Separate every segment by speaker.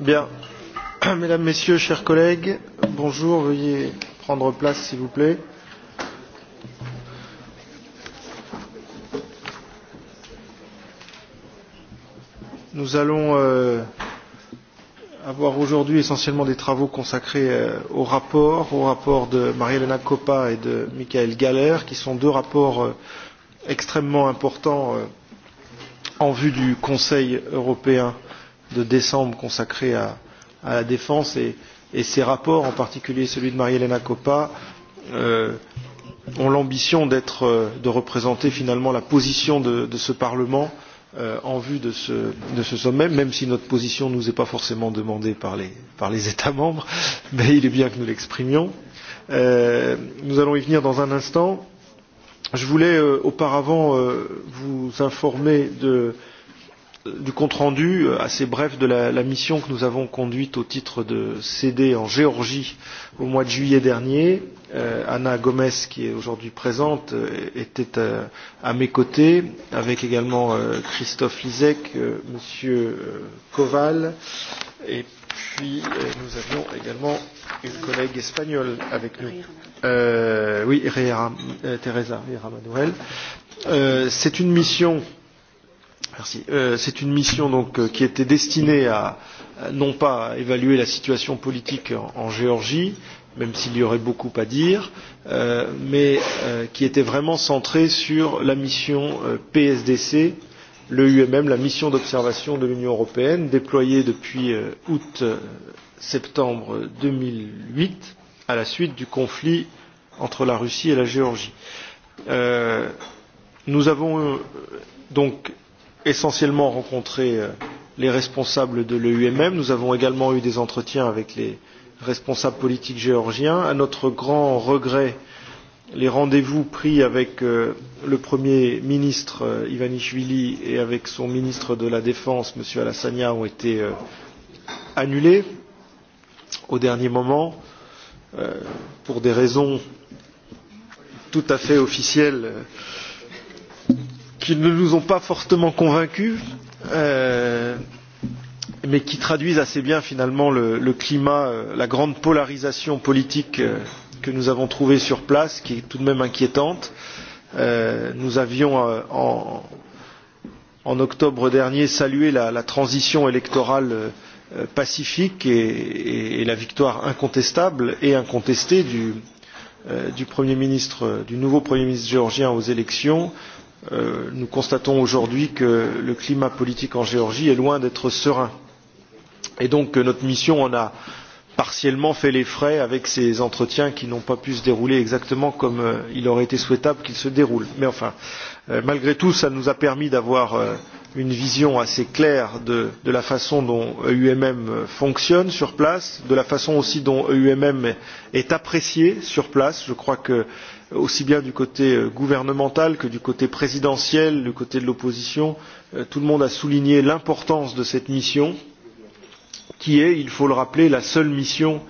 Speaker 1: Bien. Mesdames, Messieurs, chers collègues, bonjour, veuillez prendre place s'il vous plaît. Nous allons avoir aujourd'hui essentiellement des travaux consacrés au rapport, au rapport de marie elena Coppa et de Michael Galler, qui sont deux rapports extrêmement importants en vue du Conseil européen de décembre consacré à, à la défense et, et ces rapports, en particulier celui de Marie-Hélène Coppa, euh, ont l'ambition d'être, de représenter finalement la position de, de ce Parlement euh, en vue de ce, de ce sommet, même si notre position ne nous est pas forcément demandée par les, par les États membres, mais il est bien que nous l'exprimions. Euh, nous allons y venir dans un instant. Je voulais euh, auparavant euh, vous informer de euh, du compte rendu assez bref de la, la mission que nous avons conduite au titre de CD en Géorgie au mois de juillet dernier. Euh, Anna Gomez, qui est aujourd'hui présente, était à, à mes côtés, avec également euh, Christophe Lisek, euh, Monsieur euh, Koval, et puis euh, nous avions également une collègue espagnole avec nous. Euh, oui, Herrera, euh, Teresa Herrera Manuel. Euh, C'est une mission euh, Merci. Euh, C'est une mission donc, euh, qui était destinée à non pas à évaluer la situation politique en, en Géorgie, même s'il y aurait beaucoup à dire, euh, mais euh, qui était vraiment centrée sur la mission euh, PSDC, le UMM, la mission d'observation de l'Union européenne, déployée depuis euh, août-septembre 2008 à la suite du conflit entre la Russie et la Géorgie. Euh, nous avons donc essentiellement rencontré les responsables de l'EUMM. Nous avons également eu des entretiens avec les responsables politiques géorgiens. À notre grand regret, les rendez-vous pris avec le Premier ministre Ivanishvili et avec son ministre de la Défense, M. Alassania, ont été annulés au dernier moment pour des raisons tout à fait officielles qui ne nous ont pas fortement convaincus, euh, mais qui traduisent assez bien finalement le, le climat, la grande polarisation politique que nous avons trouvée sur place, qui est tout de même inquiétante. Euh, nous avions en, en octobre dernier salué la, la transition électorale euh, pacifique et, la victoire incontestable et incontestée du, premier ministre, du nouveau Premier ministre géorgien aux élections nous constatons aujourd'hui que le climat politique en Géorgie est loin d'être serein. Et donc notre mission en a partiellement fait les frais avec ces entretiens qui n'ont pas pu se dérouler exactement comme il aurait été souhaitable qu'ils se déroulent. Mais enfin, malgré tout, cela nous a permis d'avoir une vision assez claire de, la façon dont EUMM fonctionne sur place, de la façon aussi dont EUMM est apprécié sur place. Je crois que aussi bien du côté gouvernemental que du côté présidentiel, du côté de l'opposition, tout le monde a souligné l'importance de cette mission, qui est, il faut le rappeler, la seule mission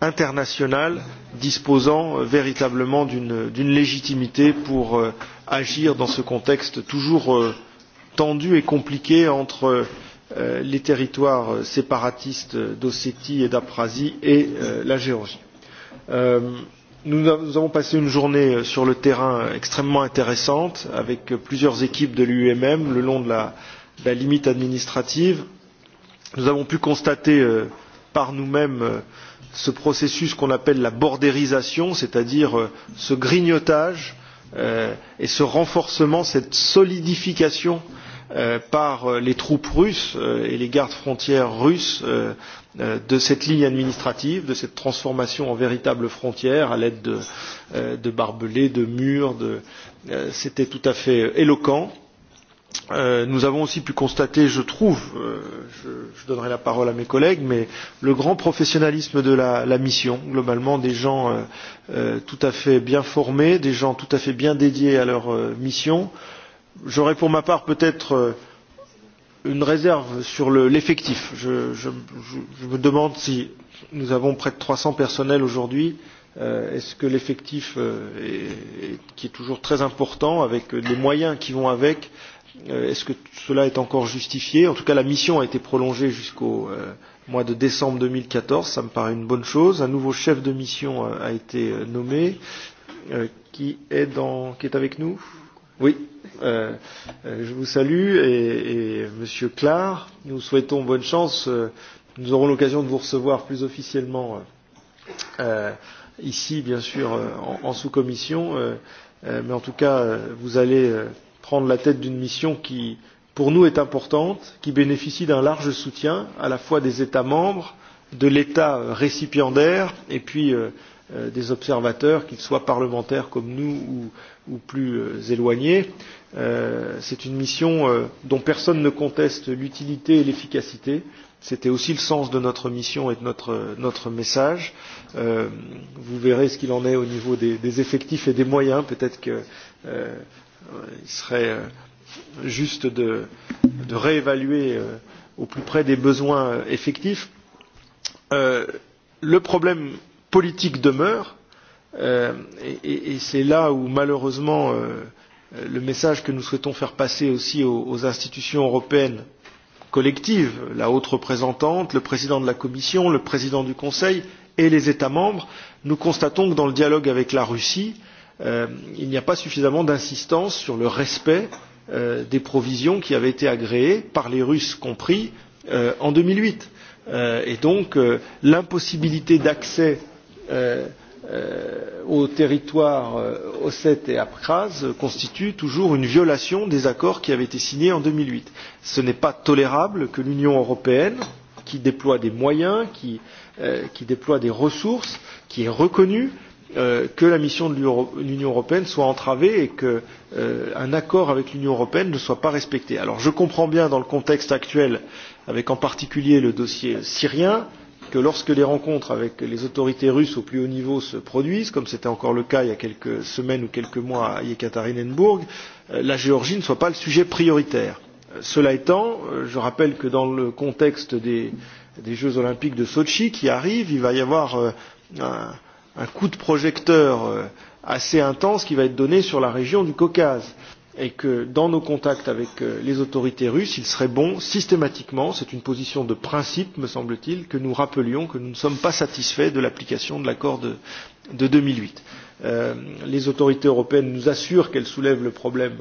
Speaker 1: internationale disposant véritablement d'une légitimité pour agir dans ce contexte toujours tendu et compliqué entre les territoires séparatistes d'ossétie et d'abkhazie et la géorgie. Nous avons passé une journée sur le terrain extrêmement intéressante avec plusieurs équipes de l'UMM le long de la, de la limite administrative. Nous avons pu constater par nous-mêmes ce processus qu'on appelle la bordérisation, c'est-à-dire ce grignotage et ce renforcement, cette solidification euh, par les troupes russes et les gardes frontières russes de cette ligne administrative, de cette transformation en véritable frontière à l'aide de, barbelés, de murs. De, C'était tout à fait éloquent. nous avons aussi pu constater, je trouve, je, donnerai la parole à mes collègues, mais le grand professionnalisme de la, mission, globalement des gens tout à fait bien formés, des gens tout à fait bien dédiés à leur mission, euh, J'aurais pour ma part peut-être une réserve sur l'effectif. je, je, je me demande si nous avons près de 300 personnels aujourd'hui. Est-ce que l'effectif, qui est toujours très important, avec les moyens qui vont avec, est-ce que cela est encore justifié En tout cas, la mission a été prolongée jusqu'au mois de décembre 2014. Ça me paraît une bonne chose. Un nouveau chef de mission a été nommé, qui est, dans, qui est avec nous. Oui, je vous salue et, et Monsieur Clar, nous souhaitons bonne chance. Nous aurons l'occasion de vous recevoir plus officiellement euh, ici, bien sûr, en, en sous-commission. Euh, mais en tout cas, vous allez prendre la tête d'une mission qui, pour nous, est importante, qui bénéficie d'un large soutien à la fois des États membres, de l'État récipiendaire et puis des observateurs, qu'ils soient parlementaires comme nous ou, plus éloignés c'est une mission dont personne ne conteste l'utilité et l'efficacité. C'était aussi le sens de notre mission et de notre, notre message. Euh, vous verrez ce qu'il en est au niveau des, des effectifs et des moyens. Peut-être qu'il euh, serait juste de, de réévaluer euh, au plus près des besoins effectifs. Euh, le problème politique demeure, euh, et, et, et c'est là où malheureusement euh, le message que nous souhaitons faire passer aussi aux, aux institutions européennes collectives, la haute représentante, le président de la Commission, le président du Conseil et les États membres, nous constatons que dans le dialogue avec la Russie, euh, il n'y a pas suffisamment d'insistance sur le respect euh, des provisions qui avaient été agréées, par les Russes compris, euh, en 2008. Euh, et donc euh, l'impossibilité d'accès euh, aux territoires ossètes et abkhazes constitue toujours une violation des accords qui avaient été signés en deux mille huit. Ce n'est pas tolérable que l'Union européenne, qui déploie des moyens, qui, déploie des ressources, qui est reconnue, que la mission de l'Union européenne soit entravée et qu'un accord avec l'Union européenne ne soit pas respecté. Alors je comprends bien dans le contexte actuel, avec en particulier le dossier syrien, euh, que lorsque les rencontres avec les autorités russes au plus haut niveau se produisent, comme c'était encore le cas il y a quelques semaines ou quelques mois à Yekaterinenburg, la Géorgie ne soit pas le sujet prioritaire. Cela étant, je rappelle que dans le contexte des, Jeux olympiques de Sotchi qui arrivent, il va y avoir un, coup de projecteur assez intense qui va être donné sur la région du Caucase et que dans nos contacts avec les autorités russes, il serait bon systématiquement, c'est une position de principe, me semble-t-il, que nous rappelions que nous ne sommes pas satisfaits de l'application de l'accord de, de 2008. Euh, les autorités européennes nous assurent qu'elles soulèvent le problème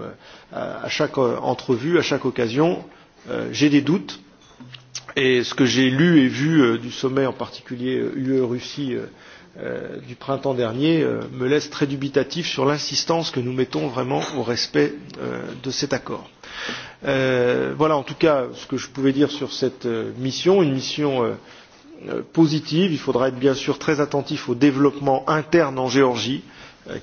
Speaker 1: à, à chaque entrevue, à chaque occasion. Euh, J'ai des doutes. Et ce que j'ai lu et vu euh, du sommet, en particulier UE-Russie euh, du printemps dernier me laisse très dubitatif sur l'insistance que nous mettons vraiment au respect de cet accord. voilà en tout cas ce que je pouvais dire sur cette mission, une mission positive. Il faudra être bien sûr très attentif aux développements internes en Géorgie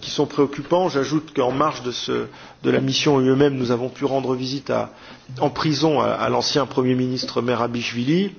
Speaker 1: qui sont préoccupants. J'ajoute qu'en marge de, ce, de la mission eux-mêmes, nous avons pu rendre visite à, en prison à, à l'ancien Premier ministre Merabishvili,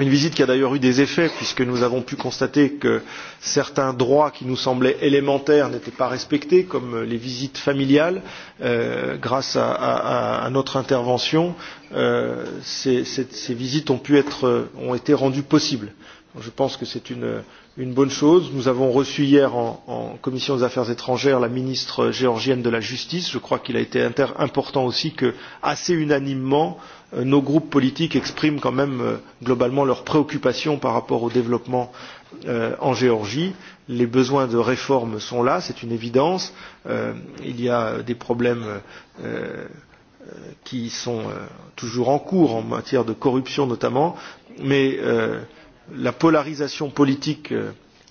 Speaker 1: Une visite qui a d'ailleurs eu des effets puisque nous avons pu constater que certains droits qui nous semblaient élémentaires n'étaient pas respectés, comme les visites familiales. Euh, grâce à, à, à notre intervention, euh, ces, ces, ces visites ont pu être ont été rendues possibles. Je pense que c'est une, une bonne chose. Nous avons reçu hier en, en commission des affaires étrangères la ministre géorgienne de la justice. Je crois qu'il a été inter important aussi que, assez unanimement, nos groupes politiques expriment quand même globalement leurs préoccupations par rapport au développement en Géorgie. Les besoins de réforme sont là, c'est une évidence. il y a des problèmes qui sont toujours en cours en matière de corruption notamment, mais la polarisation politique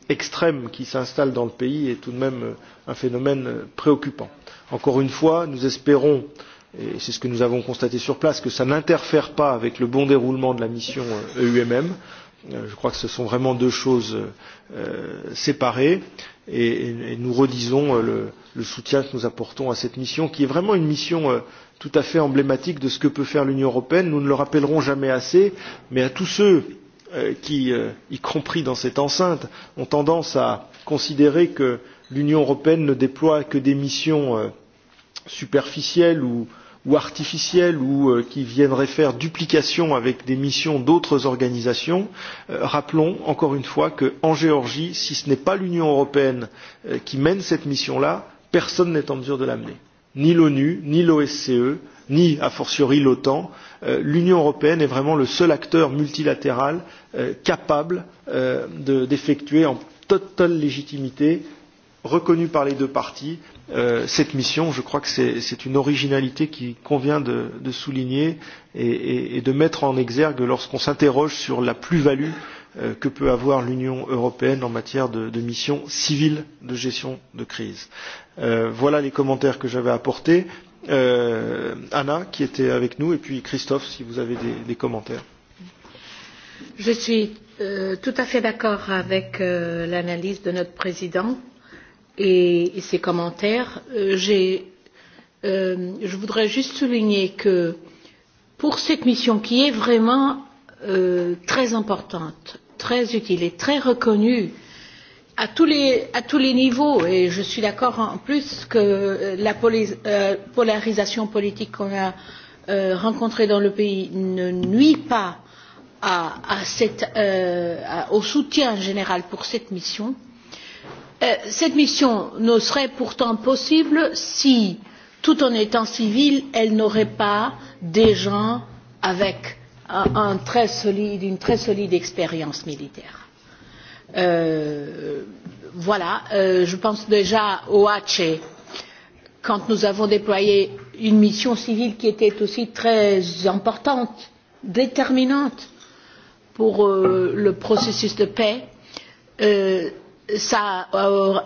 Speaker 1: extrême qui s'installe dans le pays est tout de même un phénomène préoccupant. Encore une fois, nous espérons euh, et c'est ce que nous avons constaté sur place, que ça n'interfère pas avec le bon déroulement de la mission EUMM. Je crois que ce sont vraiment deux choses euh, séparées et, et nous redisons le, le soutien que nous apportons à cette mission qui est vraiment une mission euh, tout à fait emblématique de ce que peut faire l'Union européenne. Nous ne le rappellerons jamais assez, mais à tous ceux euh, qui, euh, y compris dans cette enceinte, ont tendance à considérer que l'Union européenne ne déploie que des missions euh, superficielles ou, ou artificielles ou euh, qui viendraient faire duplication avec des missions d'autres organisations, euh, rappelons encore une fois qu'en Géorgie, si ce n'est pas l'Union européenne euh, qui mène cette mission-là, personne n'est en mesure de l'amener. Ni l'ONU, ni l'OSCE, ni a fortiori l'OTAN. Euh, L'Union européenne est vraiment le seul acteur multilatéral euh, capable euh, d'effectuer de, en totale légitimité reconnue par les deux parties cette mission. Je crois que c'est une originalité qui convient de, de souligner et, et, et de mettre en exergue lorsqu'on s'interroge sur la plus-value que peut avoir l'Union européenne en matière de, de mission civile de gestion de crise. Euh, voilà les commentaires que j'avais apportés. Euh, Anna, qui était avec nous, et puis Christophe, si vous avez des, des commentaires.
Speaker 2: Je suis euh, tout à fait d'accord avec euh, l'analyse de notre président et, ses commentaires. je voudrais juste souligner que pour cette mission qui est vraiment très importante, très utile et très reconnue à tous les, niveaux, et je suis d'accord en plus que la polarisation politique qu'on a rencontrée dans le pays ne nuit pas au soutien général pour cette mission, euh, cette mission ne serait pourtant possible si tout en étant civile elle n'aurait pas des gens avec une très solide expérience militaire. voilà je pense déjà au hatchet quand nous avons déployé une mission civile qui était aussi très importante déterminante pour le processus de paix ça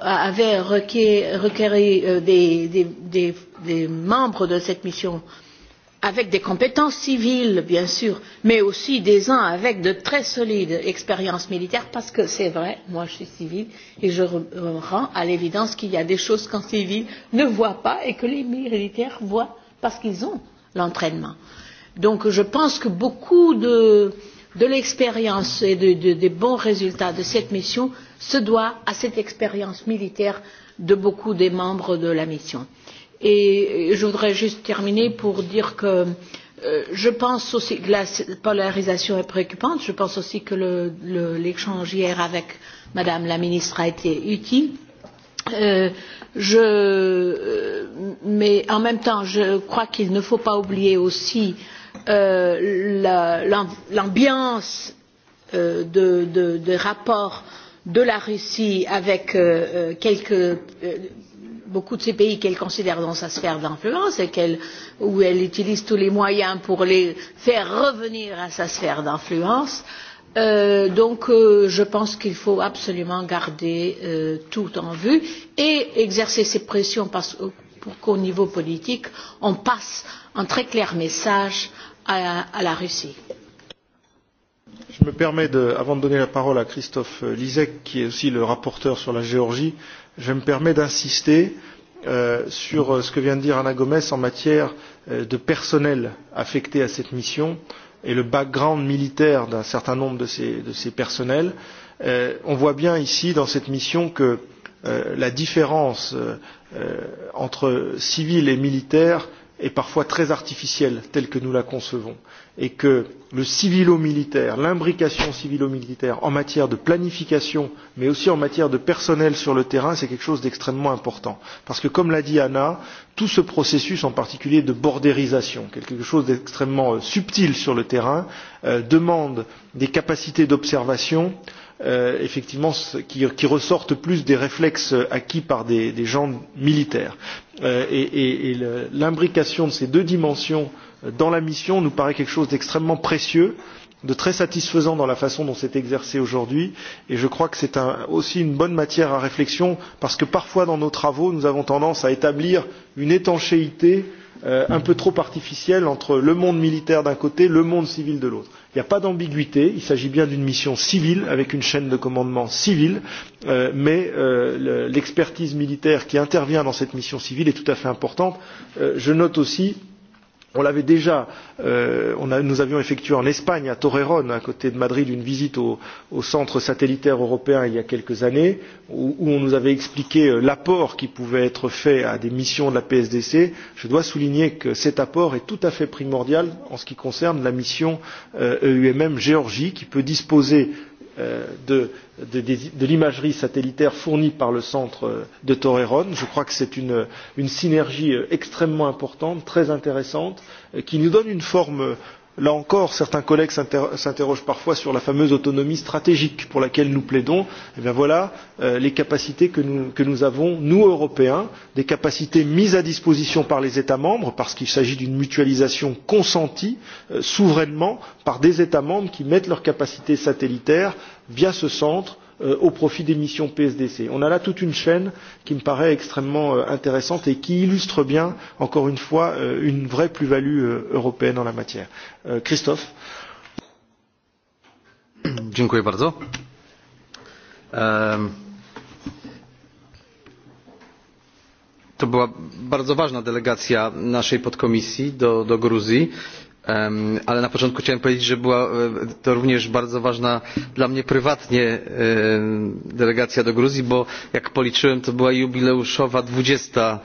Speaker 2: avait requéri des, membres de cette mission avec des compétences civiles bien sûr mais aussi des uns avec de très solides expériences militaires parce que c'est vrai moi je suis civile et je rends à l'évidence qu'il y a des choses qu'un civil ne voit pas et que les militaires voient parce qu'ils ont l'entraînement. donc je pense que beaucoup de, l'expérience et des bons résultats de cette mission se doit à cette expérience militaire de beaucoup des membres de la mission. Et je voudrais juste terminer pour dire que je pense aussi que la polarisation est préoccupante. Je pense aussi que l'échange hier avec Madame la ministre a été utile. mais en même temps, je crois qu'il ne faut pas oublier aussi l'ambiance des rapports de la Russie avec beaucoup de ces pays qu'elle considère dans sa sphère d'influence et où elle utilise tous les moyens pour les faire revenir à sa sphère d'influence. donc je pense qu'il faut absolument garder tout en vue et exercer ces pressions pour qu'au niveau politique on passe un très clair message à la Russie
Speaker 1: je me permets avant de donner la parole à christophe lisek qui est aussi le rapporteur sur la géorgie je me permets d'insister sur ce que vient de dire ana gomes en matière de personnel affecté à cette mission et le background militaire d'un certain nombre de ces personnels. on voit bien ici dans cette mission que la différence entre civils et militaires est parfois très artificielle telle que nous la concevons et que le civilo militaire, l'imbrication civilo militaire en matière de planification, mais aussi en matière de personnel sur le terrain, c'est quelque chose d'extrêmement important. Parce que, comme l'a dit Anna, tout ce processus, en particulier de bordérisation, quelque chose d'extrêmement subtil sur le terrain, demande des capacités d'observation effectivement qui, qui ressortent plus des réflexes acquis par des, des gens militaires. et et, et l'imbrication de ces deux dimensions dans la mission nous paraît quelque chose d'extrêmement précieux de très satisfaisant dans la façon dont c'est exercé aujourd'hui et je crois que c'est aussi une bonne matière à réflexion parce que parfois dans nos travaux nous avons tendance à établir une étanchéité un peu trop artificielle entre le monde militaire d'un côté et le monde civil de l'autre. Il n'y a pas d'ambiguïté, il s'agit bien d'une mission civile avec une chaîne de commandement civile, mais l'expertise militaire qui intervient dans cette mission civile est tout à fait importante. je note aussi euh, On l'avait déjà, nous avions effectué en Espagne, à Torreón, à côté de Madrid, une visite au, centre satellitaire européen il y a quelques années, où, on nous avait expliqué l'apport qui pouvait être fait à des missions de la PSDC. Je dois souligner que cet apport est tout à fait primordial en ce qui concerne la mission EUMM Géorgie, qui peut disposer de de l'imagerie satellitaire fournie par le centre de Torreón. Je crois que c'est une, synergie extrêmement importante, très intéressante, qui nous donne une forme Là encore, certains collègues s'interrogent parfois sur la fameuse autonomie stratégique pour laquelle nous plaidons. bien voilà les capacités que nous, avons, nous Européens, des capacités mises à disposition par les États membres, parce qu'il s'agit d'une mutualisation consentie souverainement par des États membres qui mettent leurs capacités satellitaires via ce centre au profit des missions PSDC. On a là toute une chaîne qui me paraît extrêmement intéressante et qui illustre bien, encore une fois, une vraie plus-value européenne en la matière. Christophe.
Speaker 3: Dziękuję bardzo. To była bardzo ważna delegacja naszej podkomisji do, do Gruzji ale na początku chciałem powiedzieć że była to również bardzo ważna dla mnie prywatnie delegacja do gruzji bo jak policzyłem to była jubileuszowa dwudziesta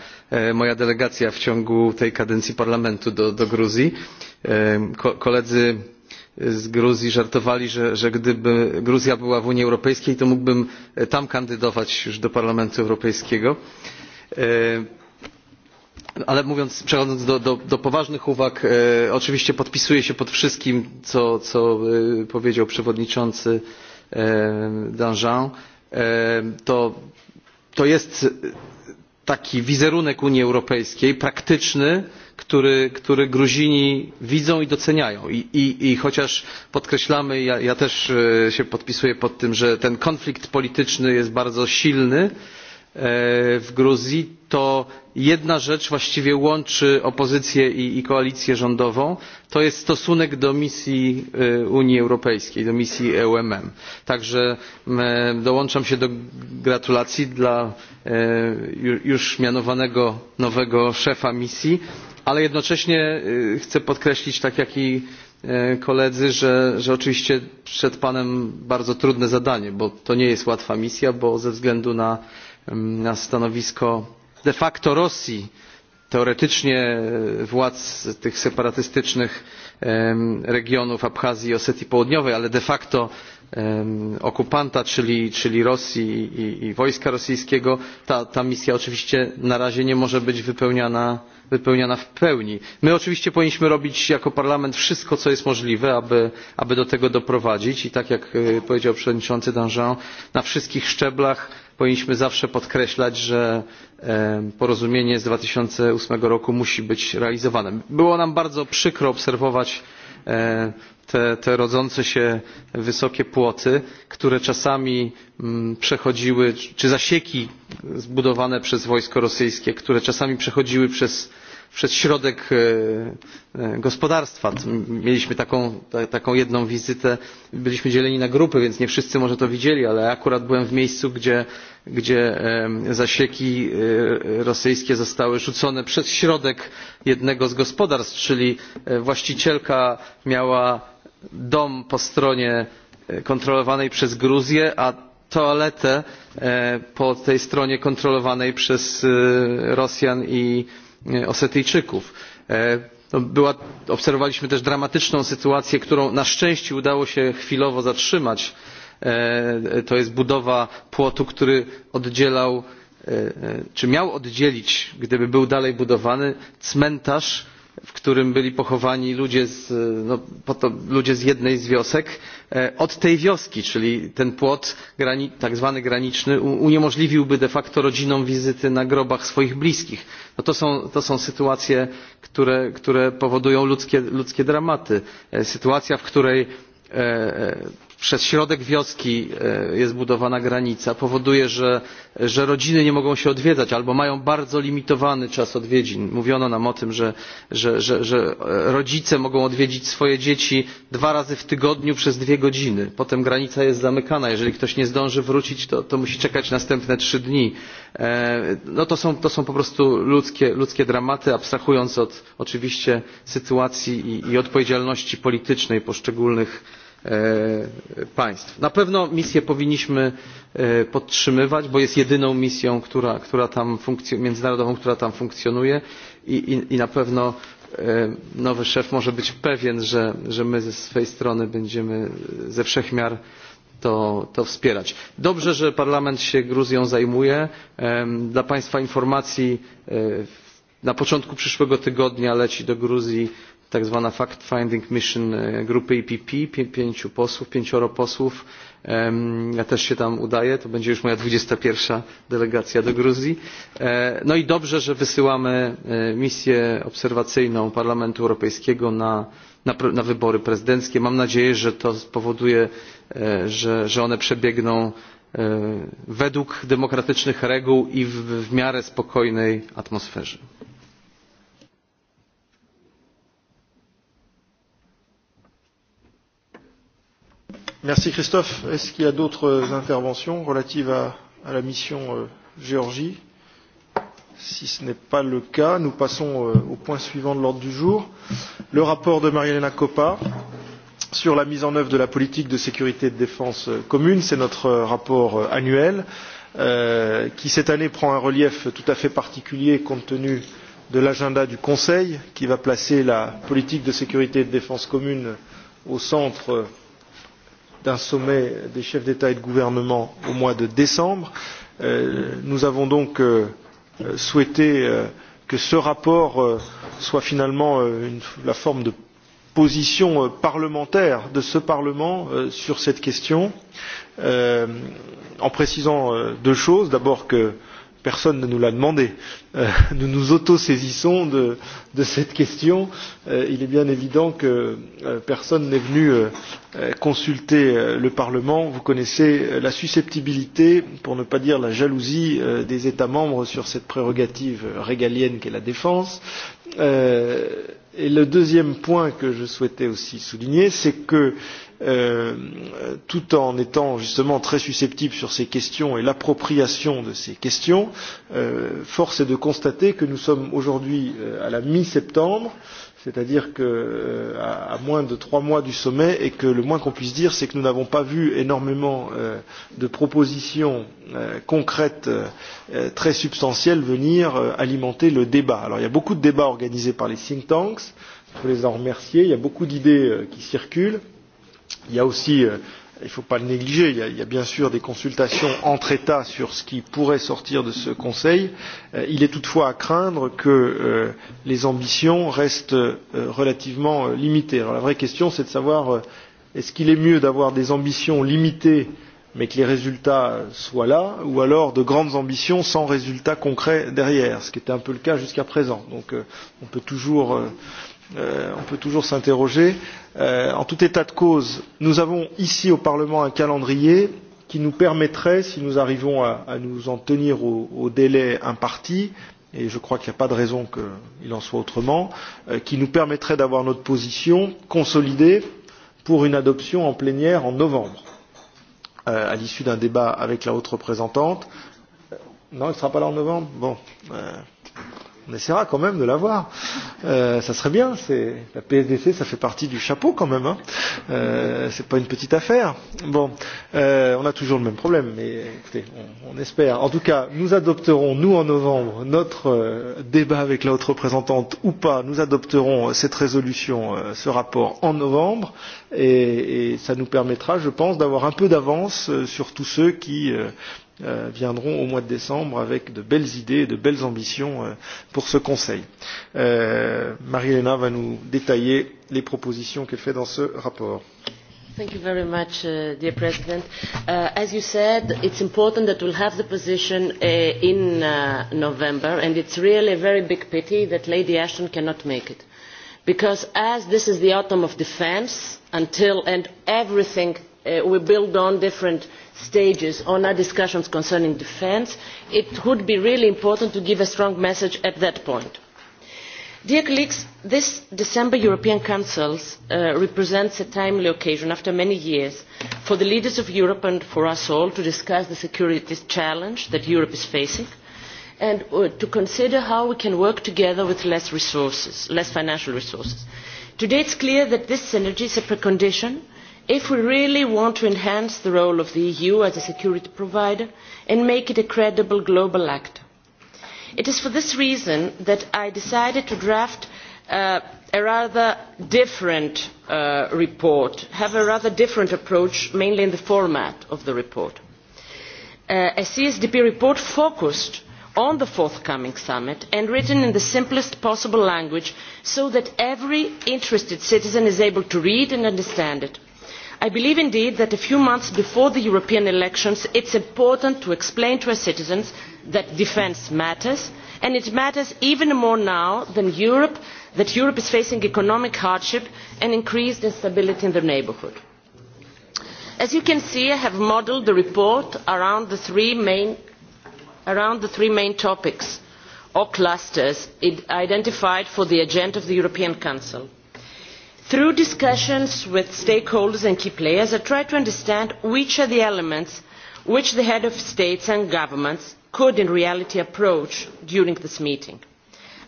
Speaker 3: moja delegacja w ciągu tej kadencji parlamentu do gruzji. koledzy z gruzji żartowali że gdyby gruzja była w unii europejskiej to mógłbym tam kandydować już do parlamentu europejskiego ale mówiąc, przechodząc do, do, do poważnych uwag, oczywiście podpisuję się pod wszystkim, co, co powiedział przewodniczący Danjean. To, to jest taki wizerunek Unii Europejskiej, praktyczny, który, Gruzini widzą i doceniają. I, chociaż podkreślamy, ja, też się podpisuję pod tym, że ten konflikt polityczny jest bardzo silny, w gruzji to jedna rzecz właściwie łączy opozycję i koalicję rządową to jest stosunek do misji unii europejskiej do misji eumm. także dołączam się do gratulacji dla już mianowanego nowego szefa misji ale jednocześnie chcę podkreślić tak jak i koledzy że oczywiście przed panem bardzo trudne zadanie bo to nie jest łatwa misja bo ze względu na na stanowisko de facto Rosji, teoretycznie władz tych separatystycznych regionów Abchazji i Osetii Południowej, ale de facto okupanta, czyli, Rosji i, wojska rosyjskiego, ta, misja oczywiście na razie nie może być wypełniana, w pełni. My oczywiście powinniśmy robić jako parlament wszystko, co jest możliwe, aby, do tego doprowadzić i tak jak powiedział przewodniczący Danjean, na wszystkich szczeblach powinniśmy zawsze podkreślać, że porozumienie z dwa tysiące 2008 roku musi być realizowane. Było nam bardzo przykro obserwować te, rodzące się wysokie płoty, które czasami przechodziły, czy zasieki zbudowane przez wojsko rosyjskie, które czasami przechodziły przez przez środek gospodarstwa. Mieliśmy taką, jedną wizytę, byliśmy dzieleni na grupy, więc nie wszyscy może to widzieli, ale akurat byłem w miejscu, gdzie, zasieki rosyjskie zostały rzucone przez środek jednego z gospodarstw, czyli właścicielka miała dom po stronie kontrolowanej przez Gruzję, a toaletę po tej stronie kontrolowanej przez Rosjan i Osetyjczyków. obserwowaliśmy też dramatyczną sytuację, którą na szczęście udało się chwilowo zatrzymać. To jest budowa płotu, który oddzielał, czy miał oddzielić, gdyby był dalej budowany, cmentarz w którym byli pochowani ludzie z jednej z wiosek od tej wioski czyli ten płot tak zwany graniczny uniemożliwiłby de facto rodzinom wizyty na grobach swoich bliskich. to są sytuacje które powodują ludzkie dramaty sytuacja w której przez środek wioski jest budowana granica powoduje że rodziny nie mogą się odwiedzać albo mają bardzo limitowany czas odwiedzin. mówiono nam o tym że rodzice mogą odwiedzić swoje dzieci dwa razy w tygodniu przez dwie godziny potem granica jest zamykana jeżeli ktoś nie zdąży wrócić to musi czekać następne trzy dni. to są po prostu ludzkie dramaty abstrahując od oczywiście sytuacji i odpowiedzialności politycznej poszczególnych państw. Na pewno misję powinniśmy podtrzymywać, bo jest jedyną misją międzynarodową, która tam funkcjonuje i na pewno nowy szef może być pewien, że my ze swej strony będziemy ze wszech miar to, wspierać. Dobrze, że Parlament się Gruzją zajmuje. Dla Państwa informacji na początku przyszłego tygodnia leci do Gruzji tak zwana fact finding mission grupy IPP, pięciu posłów, pięcioro posłów. Ja też się tam udaję, to będzie już moja 21 delegacja do Gruzji. No i dobrze, że wysyłamy misję obserwacyjną Parlamentu Europejskiego na, na wybory prezydenckie. Mam nadzieję, że to spowoduje, że, że one przebiegną według demokratycznych reguł i w, w miarę spokojnej atmosferze.
Speaker 1: Merci Christophe. Est-ce qu'il y a d'autres interventions relatives à, à la mission euh, Géorgie Si ce n'est pas le cas, nous passons euh, au point suivant de l'ordre du jour. Le rapport de Marielena Coppa sur la mise en œuvre de la politique de sécurité et de défense commune. C'est notre rapport annuel euh, qui, cette année, prend un relief tout à fait particulier compte tenu de l'agenda du Conseil qui va placer la politique de sécurité et de défense commune au centre d'un sommet des chefs d'État et de gouvernement au mois de décembre. Nous avons donc souhaité que ce rapport soit finalement la forme de position parlementaire de ce Parlement sur cette question, en précisant deux choses. D'abord que personne ne nous l'a demandé. Nous nous auto-saisissons de, de cette question. Il est bien évident que personne n'est venu consulter le Parlement. Vous connaissez la susceptibilité, pour ne pas dire la jalousie, des États membres sur cette prérogative régalienne qu'est la défense. Et le deuxième point que je souhaitais aussi souligner, c'est que euh, tout en étant justement très susceptible sur ces questions et l'appropriation de ces questions, force est de constater que nous sommes aujourd'hui à la mi-septembre, c'est-à-dire à, moins de trois mois du sommet, et que le moins qu'on puisse dire, c'est que nous n'avons pas vu énormément de propositions concrètes très substantielles venir alimenter le débat. Alors il y a beaucoup de débats organisés par les think tanks, il faut les en remercier, il y a beaucoup d'idées qui circulent il y a aussi il ne faut pas le négliger il y a bien sûr des consultations entre États sur ce qui pourrait sortir de ce Conseil. il est toutefois à craindre que les ambitions restent relativement limitées. Alors la vraie question c'est de savoir est ce qu'il est mieux d'avoir des ambitions limitées mais que les résultats soient là, ou alors de grandes ambitions sans résultats concrets derrière, ce qui était un peu le cas jusqu'à présent. Donc on peut toujours on peut toujours s'interroger. en tout état de cause, nous avons ici au Parlement un calendrier qui nous permettrait, si nous arrivons à, nous en tenir au, délai imparti, et je crois qu'il n'y a pas de raison qu'il en soit autrement, qui nous permettrait d'avoir notre position consolidée pour une adoption en plénière en novembre, à l'issue d'un débat avec la haute représentante. Non, elle ne sera pas là en novembre Bon. Euh, on essaiera quand même de l'avoir. Euh, ça serait bien. C'est la PSDC, ça fait partie du chapeau quand même. Hein. Euh, c'est pas une petite affaire. Bon, euh, on a toujours le même problème, mais écoutez, on, on espère. En tout cas, nous adopterons nous en novembre notre euh, débat avec la haute représentante ou pas. Nous adopterons cette résolution, euh, ce rapport en novembre, et, et ça nous permettra, je pense, d'avoir un peu d'avance euh, sur tous ceux qui euh, viendront au mois de décembre avec de belles idées et de belles ambitions pour ce Conseil. Euh, Marie-Hélène va nous détailler les propositions qu'elle fait dans ce rapport.
Speaker 4: Thank you very much, uh, dear President. Uh, as you said, it's important that we'll have the position uh, in uh, November, and it's really a very big pity that Lady Ashton cannot make it. Because as this is the autumn of defence, until and everything uh, we build on different stages on our discussions concerning defence it would be really important to give a strong message at that point. this december european council represents a timely occasion after many years for the leaders of europe and for us all to discuss the security challenge that europe is facing and to consider how we can work together with less resources less financial resources. today it is clear that this synergy is a precondition if we really want to enhance the role of the eu as a security provider and make it a credible global actor. it is for this reason that i decided to draft a rather different report have a rather different approach mainly in the format of the report. a csdp report focused on the forthcoming summit and written in the simplest possible language so that every interested citizen is able to read and understand it i believe indeed that a few months before the european elections it is important to explain to our citizens that defence matters and it matters even more now than that europe is facing economic hardship and increased instability in the neighbourhood. as you can see i have modelled the report around the three main topics or clusters identified for the agenda of the european council through discussions with stakeholders and key players i tried to understand which are the elements which the heads of state and governments could in reality approach during this meeting.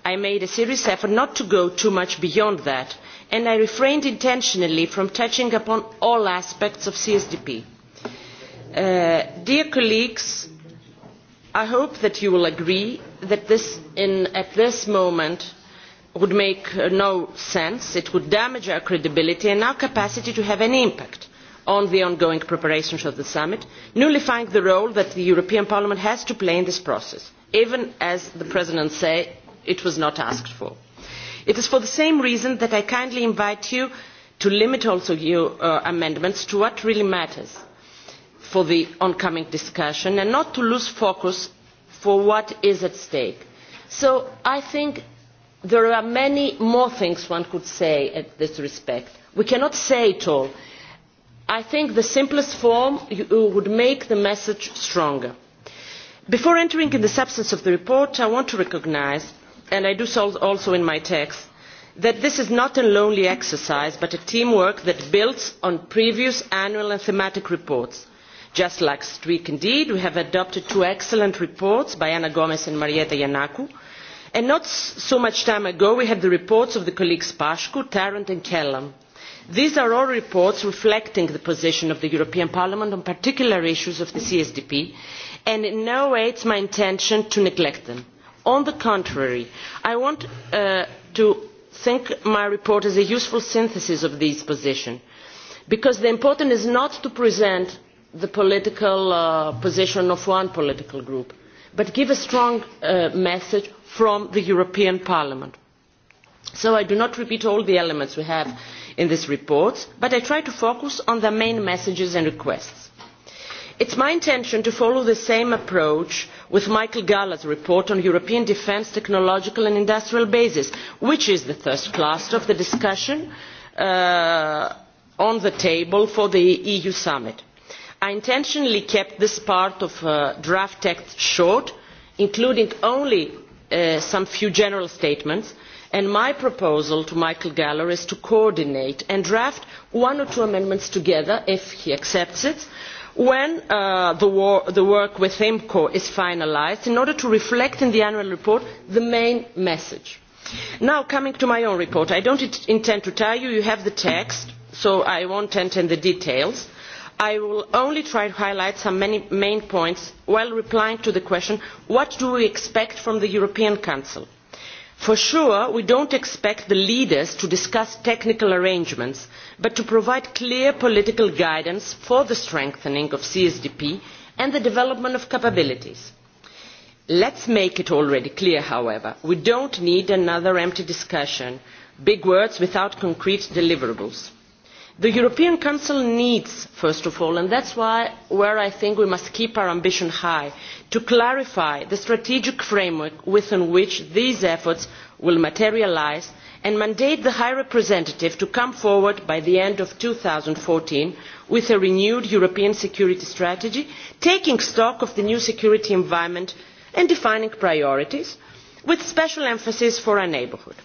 Speaker 4: i made a serious effort not to go too much beyond that and i refrained intentionally from touching upon all aspects of csdp. dear colleagues i hope that you will agree that at this moment would make no sense it would damage our credibility and our capacity to have an impact on the ongoing preparations of the summit nullifying the role that the european parliament has to play in this process even as the president said it was not asked for. it is for the same reason that i kindly invite you to limit also your amendments to what really matters for the oncoming discussion and not to lose focus on what is at stake. so i think there are many more things one could say in this respect. we cannot say it all. i think the simplest form would make the message stronger. before entering into the substance of the report i want to recognise and i do so also in my text that this is not a lonely exercise but a teamwork that builds on previous annual and thematic reports. just last week indeed we have adopted two excellent reports by ana gomes and marietta giannakou not so much time ago we had the reports of the colleagues pacu tarand and kelam. these are all reports reflecting the position of the european parliament on particular issues of the csdp and in no way is it my intention to neglect them. on the contrary i want to think my report is a useful synthesis of these positions because the important is not to present the political position of one political group but give a strong message from the european parliament. so i do not repeat all the elements we have in this report but i try to focus on the main messages and requests. it is my intention to follow the same approach with michael gahler's report on european defence technological and industrial bases which is the first cluster of the discussion on the table for the eu summit. i intentionally kept this part of the draft text short including only some few general statements and my proposal to michael gahler is to coordinate and draft one or two amendments together if he accepts it when the work with imco is finalised in order to reflect in the annual report the main message. now coming to my own report i do not intend to tire you you have the text so i will not enter into the details i will only try to highlight some main points while replying to the question what do we expect from the european council? for sure we do not expect the leaders to discuss technical arrangements but to provide clear political guidance for the strengthening of csdp and the development of capabilities. let us make it already clear however we do not need another empty discussion big words without concrete deliverables the european council needs first of all and that is where i think we must keep our ambition high to clarify the strategic framework within which these efforts will materialise and mandate the high representative to come forward by the end of two thousand and fourteen with a renewed european security strategy taking stock of the new security environment and defining priorities with special emphasis on our neighbourhood.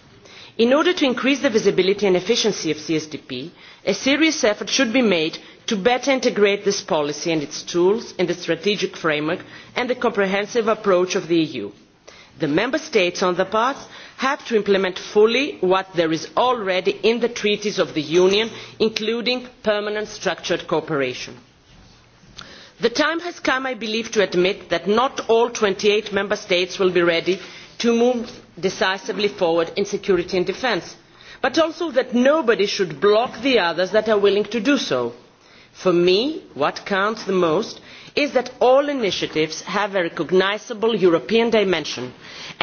Speaker 4: in order to increase the visibility and efficiency of csdp a serious effort should be made to better integrate this policy and its tools in the strategic framework and the comprehensive approach of the eu. the member states on the part have to implement fully what there is already in the treaties of the union including permanent structured cooperation. the time has come i believe to admit that not all twenty eight member states will be ready to move decisively forward in security and defence but also that nobody should block the others that are willing to do so. for me what counts the most is that all initiatives have a recognisable european dimension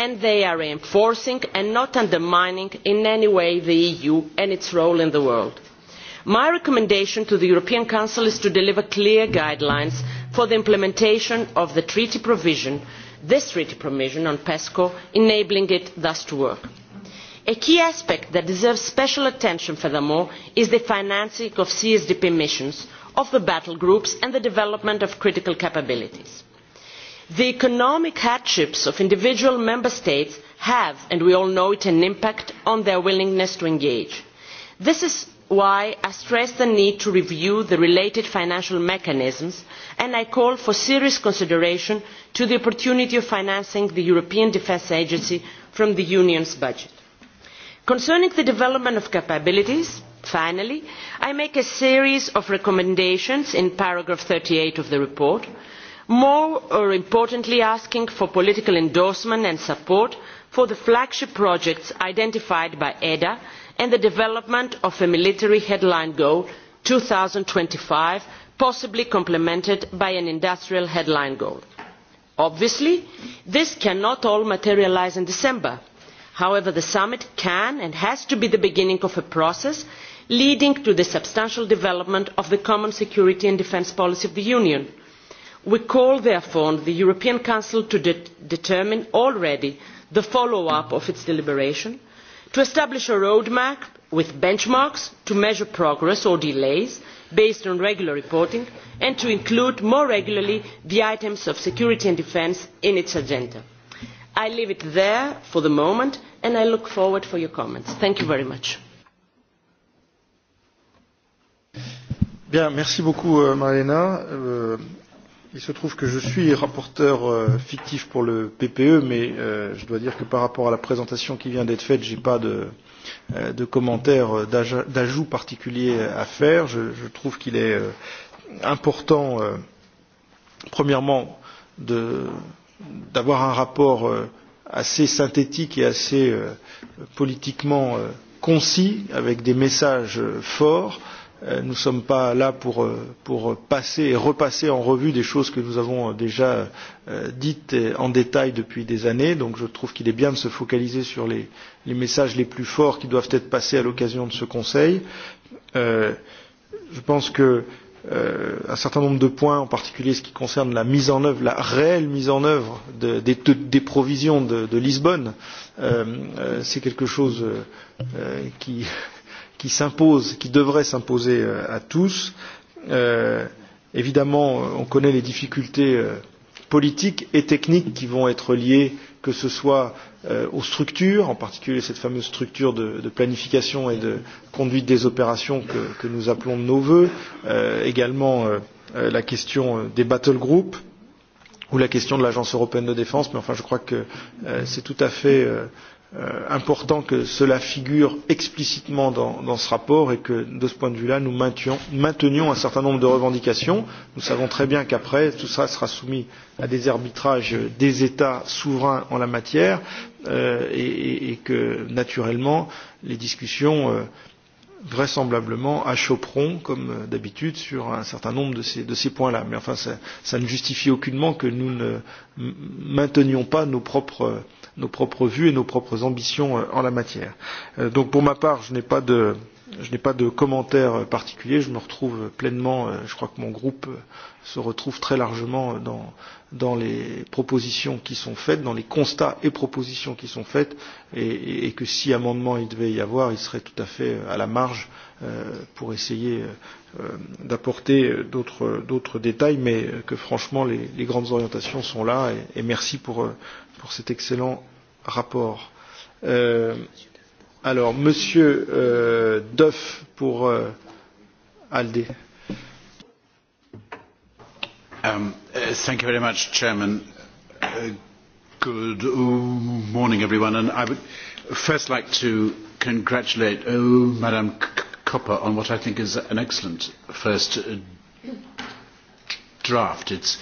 Speaker 4: and they are reinforcing and not undermining in any way the eu and its role in the world. my recommendation to the european council is to deliver clear guidelines for the implementation of the treaty provision this treaty provision on pesco enabling it thus to work a key aspect that deserves special attention furthermore is the financing of csdp missions of the battle groups and the development of critical capabilities. the economic hardships of individual member states have and we all know it an impact on their willingness to engage. this is why i stress the need to review the related financial mechanisms and i call for serious consideration of the opportunity of financing the european defence agency from the union's budget concerning the development of capabilities finally i make a series of recommendations in paragraph thirty eight of the report more importantly asking for political endorsement and support for the flagship projects identified by eda and the development of a military headline goal two thousand and twenty five possibly complemented by an industrial headline goal. obviously this cannot all materialise in december however the summit can and has to be the beginning of a process leading to the substantial development of the common security and defence policy of the union. we call therefore on the european council to determine already the follow up of its deliberation to establish a roadmap with benchmarks to measure progress or delays based on regular reporting and to include more regularly the items of security and defence in its agenda i leave it there for the moment and i look forward to your comments. thank you very much.
Speaker 1: merci beaucoup Marlena. il se trouve que je suis rapporteur fictif pour le PPE, mais je dois dire que par rapport à la présentation qui vient d'être faite, je n'ai pas de, de commentaires d'ajout particulier à faire. Je, je trouve qu'il est important, premièrement, de d'avoir un rapport assez synthétique et assez politiquement concis, avec des messages forts. Nous ne sommes pas là pour, pour passer et repasser en revue des choses que nous avons déjà dites en détail depuis des années. Donc je trouve qu'il est bien de se focaliser sur les, les messages les plus forts qui doivent être passés à l'occasion de ce Conseil. Euh, je pense que un certain nombre de points, en particulier ce qui concerne la mise en œuvre, la réelle mise en œuvre des, provisions de, Lisbonne. C'est quelque chose qui, s'impose, qui devrait s'imposer à tous. évidemment, on connaît les difficultés politiques et techniques qui vont être liées, que ce soit euh, aux structures, en particulier cette fameuse structure de, de planification et de conduite des opérations que, que nous appelons de nos voeux, euh, également euh, la question des battle groups ou la question de l'Agence européenne de défense, mais enfin je crois que euh, c'est tout à fait euh, important que cela figure explicitement dans, ce rapport et que, de ce point de vue-là, nous maintenions, un certain nombre de revendications. Nous savons très bien qu'après, tout cela sera soumis à des arbitrages des États souverains en la matière et, que, naturellement, les discussions vraisemblablement achoperont, comme d'habitude, sur un certain nombre de ces, de ces points-là. Mais enfin, ça, ça ne justifie aucunement que nous ne maintenions pas nos propres euh, nos propres vues et nos propres ambitions en la matière. donc pour ma part, je n'ai pas de, je n'ai pas de commentaires particuliers. Je me retrouve pleinement, je crois que mon groupe se retrouve très largement dans, dans les propositions qui sont faites, dans les constats et propositions qui sont faites, et, et que si amendement il devait y avoir, il serait tout à fait à la marge pour essayer d'apporter d'autres détails, mais que franchement les, les grandes orientations sont là, et, et merci pour, pour cet excellent rapport. Euh, alors, Monsieur euh, Duff pour euh, ALDE.
Speaker 5: Um, uh, thank you very much, Chairman. Uh, good morning, everyone. And I would first like to congratulate uh, Madame Copper on what I think is an excellent first uh, draft. It's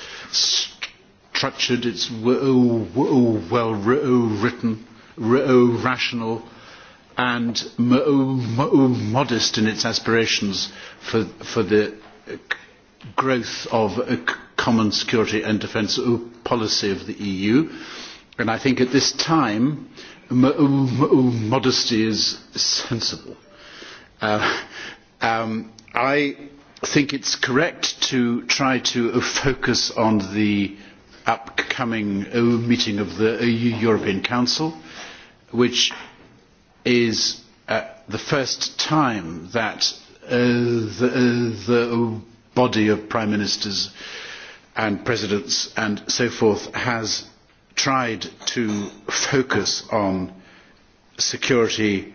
Speaker 5: structured, it's well written, rational, and modest in its aspirations for, for the growth of a common security and defence policy of the EU. And I think at this time, modesty is sensible. I think it's correct to try to focus on the upcoming meeting of the European Council, which is the first time that the body of prime ministers and presidents and so forth has tried to focus on security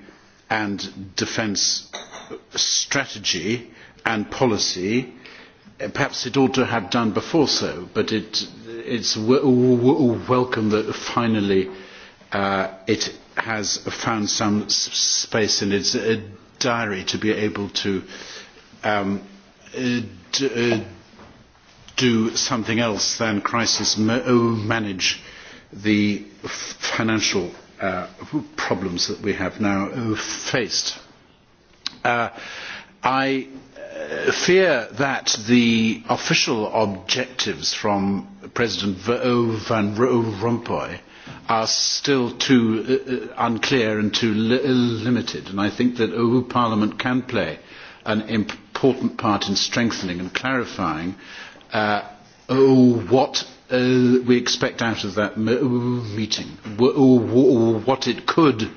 Speaker 5: and defence strategy and policy perhaps it ought to have done before so, but it, it's w- w- welcome that finally uh, it has found some space in its uh, diary to be able to um, d- uh, do something else than crisis manage the financial uh, problems that we have now faced. Uh, I fear that the official objectives from President Van Rompuy are still too unclear and too limited. And I think that Parliament can play an important part in strengthening and clarifying what we expect out of that meeting, what it could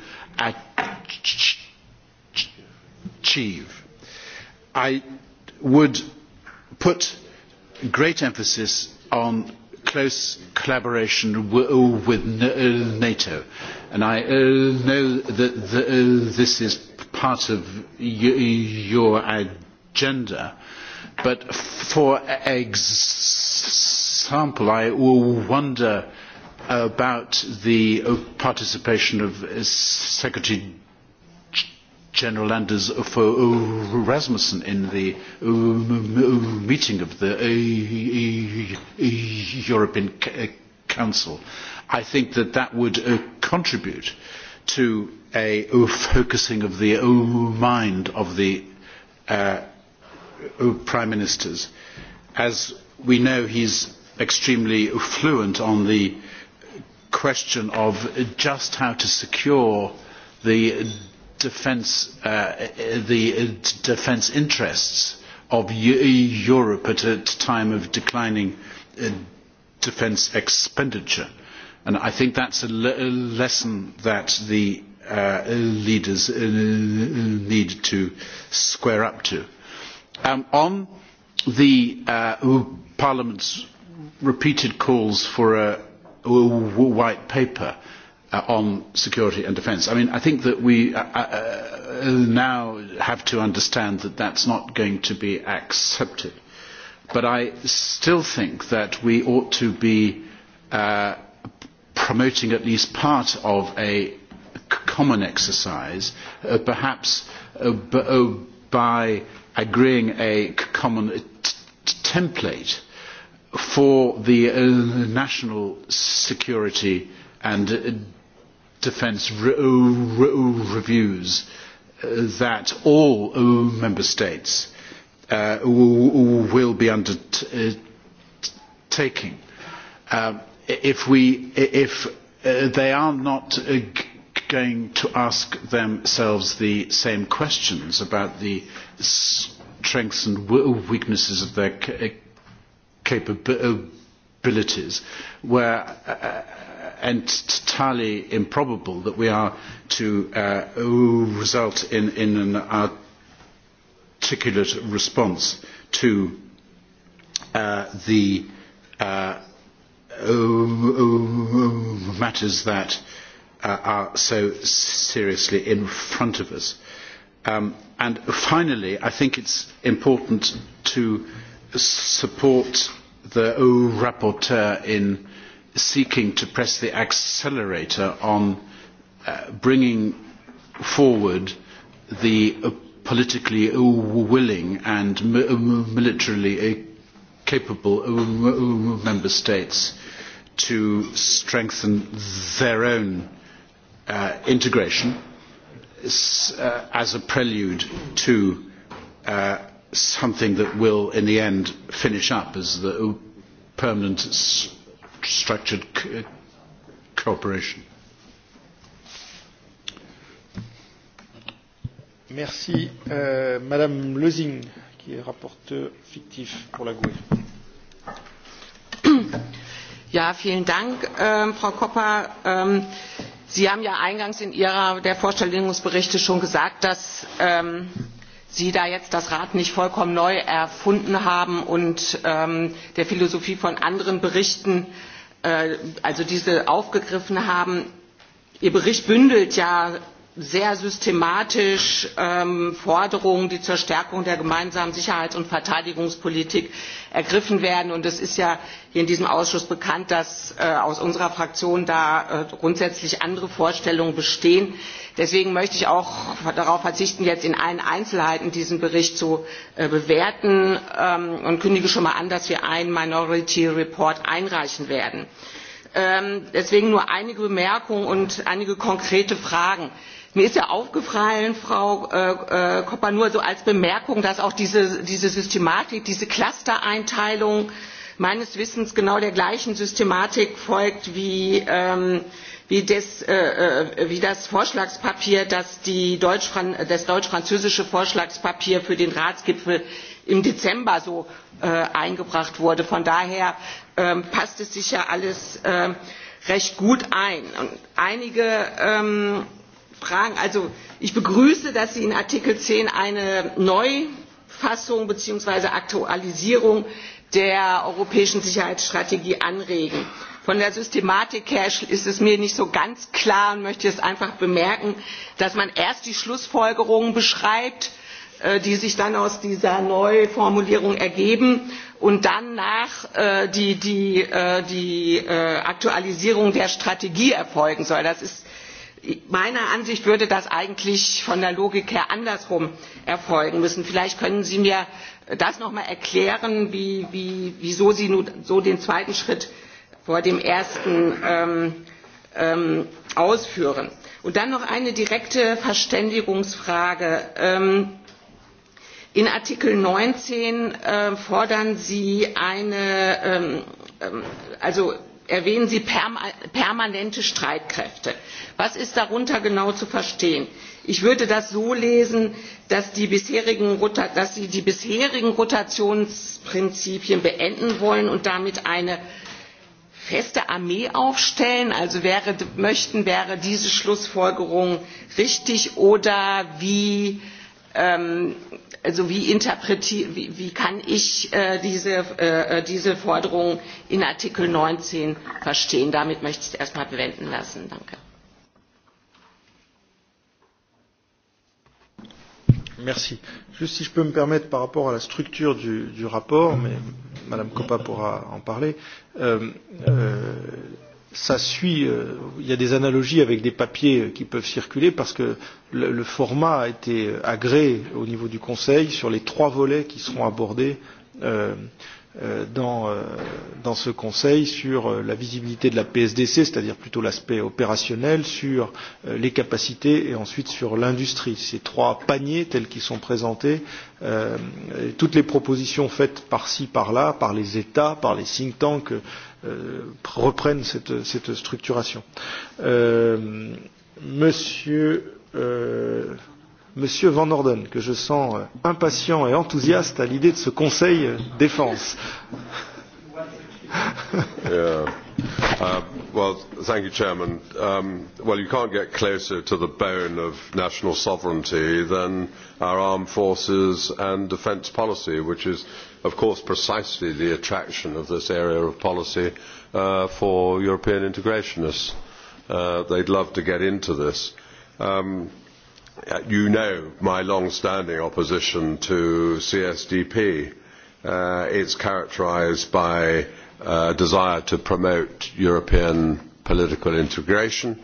Speaker 5: achieve I would put great emphasis on close collaboration with NATO. And I know that this is part of your agenda, but for example, I wonder about the participation of Secretary General Anders Rasmussen in the meeting of the European Council. I think that that would contribute to a focusing of the mind of the prime ministers. As we know, he is extremely fluent on the question of just how to secure the the defence interests of Europe at a time of declining defence expenditure. And I think that's a lesson that the leaders need to square up to. on the Parliament's repeated calls for a white paper, on security and defence. I mean, I think that we now have to understand that that's not going to be accepted. But I still think that we ought to be promoting at least part of a common exercise, perhaps by agreeing a common template for the national security and defence reviews that all member states will be undertaking. If they are not going to ask themselves the same questions about the strengths and weaknesses of their capabilities, where and entirely improbable that we are to result in, an articulate response to the matters that are so seriously in front of us. and finally, I think it's important to support the rapporteur in seeking to press the accelerator on bringing forward the politically willing and militarily capable member states to strengthen their own integration as a prelude to something that will in the end finish up as the permanent structured cooperation.
Speaker 1: Merci. Euh, Madame Lezing, qui est rapporteur fictif pour la GUE.
Speaker 6: Ja, vielen Dank, ähm, Frau Kopper. Ähm, Sie haben ja eingangs in Ihrer der Vorstellungsberichte schon gesagt, dass ähm, Sie da jetzt das Rad nicht vollkommen neu erfunden haben und ähm, der Philosophie von anderen Berichten äh, also diese aufgegriffen haben. Ihr Bericht bündelt ja sehr systematisch Forderungen, die zur Stärkung der gemeinsamen Sicherheits- und Verteidigungspolitik ergriffen werden. Und es ist ja hier in diesem Ausschuss bekannt, dass aus unserer Fraktion da grundsätzlich andere Vorstellungen bestehen deswegen möchte ich auch darauf verzichten jetzt in allen einzelheiten diesen bericht zu bewerten und kündige schon mal an dass wir einen minority report einreichen werden. deswegen nur einige bemerkungen und einige konkrete fragen mir ist ja aufgefallen frau koppa nur so als bemerkung dass auch diese systematik diese clustereinteilung meines Wissens genau der gleichen Systematik folgt wie, das Vorschlagspapier, das das deutsch-französische Vorschlagspapier für den Ratsgipfel im Dezember so eingebracht wurde. Von daher passt es sich ja alles recht gut ein. einige Fragen, also ich begrüße, dass Sie in Artikel zehn eine Neufassung bzw. Aktualisierung der europäischen Sicherheitsstrategie anregen. Von der Systematik her ist es mir nicht so ganz klar und möchte es einfach bemerken, dass man erst die Schlussfolgerungen beschreibt, die sich dann aus dieser Neuformulierung ergeben und dann nach die, Aktualisierung der Strategie erfolgen soll. meiner Ansicht würde das eigentlich von der Logik her andersherum erfolgen müssen. Vielleicht können Sie mir das noch einmal erklären, wie, wie, wieso Sie nun so den zweiten Schritt vor dem ersten ähm, ähm, ausführen. Und dann noch eine direkte Verständigungsfrage. Ähm, in Artikel 19 äh, fordern Sie eine, ähm, also erwähnen Sie permanente Streitkräfte. Was ist darunter genau zu verstehen? ich würde das so lesen dass sie die bisherigen rotationsprinzipien beenden wollen und damit eine feste armee aufstellen? also möchten wäre diese schlussfolgerung richtig oder wie kann ich diese forderung in artikel neunzehn verstehen? damit möchte ich es erst einmal bewenden lassen. danke.
Speaker 1: Merci. Juste si je peux me permettre par rapport à la structure du, du rapport, mais Madame Coppa pourra en parler, euh, euh, ça suit, euh, il y a des analogies avec des papiers qui peuvent circuler parce que le, le format a été agréé au niveau du Conseil sur les trois volets qui seront abordés. Euh, dans, dans ce Conseil sur la visibilité de la PSDC, c'est-à-dire plutôt l'aspect opérationnel, sur les capacités et ensuite sur l'industrie. Ces trois paniers tels qu'ils sont présentés, toutes les propositions faites par-ci, par-là, par les États, par les think tanks, reprennent cette, cette structuration. Euh, monsieur. Euh, Monsieur Van Orden, que je sens impatient et enthousiaste à l'idée de ce Conseil défense.
Speaker 7: yeah. uh, well, thank you, Chairman. Um, well, you can't get closer to the bone of national sovereignty than our armed forces and defence policy, which is, of course, precisely the attraction of this area of policy uh, for European integrationists. Uh, they'd love to get into this. Um, you know my long-standing opposition to CSDP. Uh, it's characterised by a desire to promote European political integration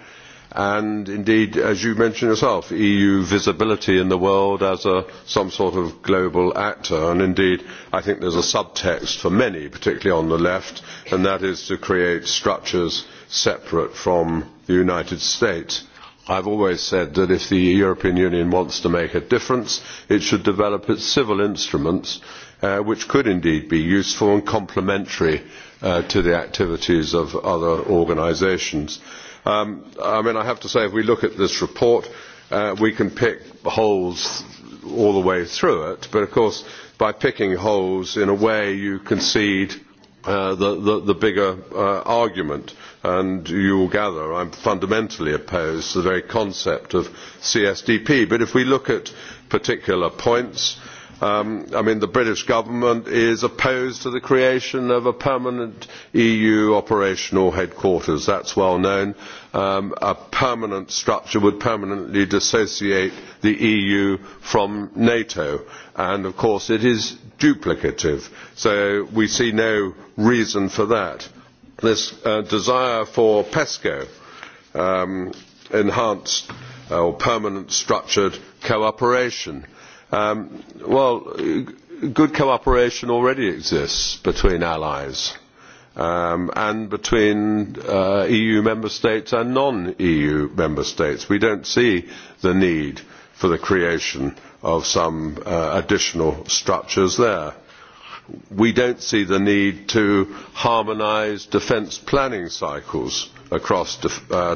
Speaker 7: and indeed, as you mentioned yourself, EU visibility in the world as a, some sort of global actor. And indeed, I think there is a subtext for many, particularly on the left, and that is to create structures separate from the United States I have always said that if the European Union wants to make a difference, it should develop its civil instruments, which could indeed be useful and complementary to the activities of other organisations. I have to say, if we look at this report, we can pick holes all the way through it, but of course, by picking holes, in a way, you concede the, bigger argument and you will gather i am fundamentally opposed to the very concept of csdp but if we look at particular points the british government is opposed to the creation of a permanent eu operational headquarters that is well known. a permanent structure would permanently dissociate the eu from nato and of course it is duplicative so we see no reason for that this desire for PESCO, enhanced or permanent structured cooperation. well, good cooperation already exists between allies and between EU member states and non-EU member states. We don't see the need for the creation of some additional structures there we do not see the need to harmonise defence planning cycles across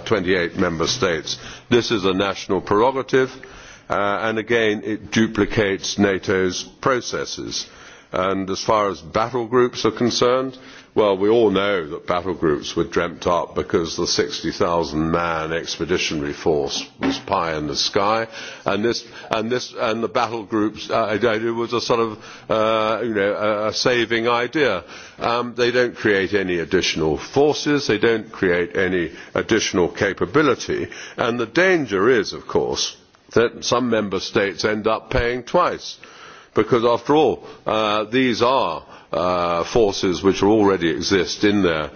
Speaker 7: twenty eight member states. this is a national prerogative and again it duplicates nato's processes. as far as battle groups are concerned Well, we all know that battle groups were dreamt up because the 60,000 man expeditionary force was pie in the sky, and this and this and the battle groups uh, was a sort of uh, you know a saving idea. Um, they don't create any additional forces, they don't create any additional capability, and the danger is, of course, that some member states end up paying twice, because after all, uh, these are forces which already exist in their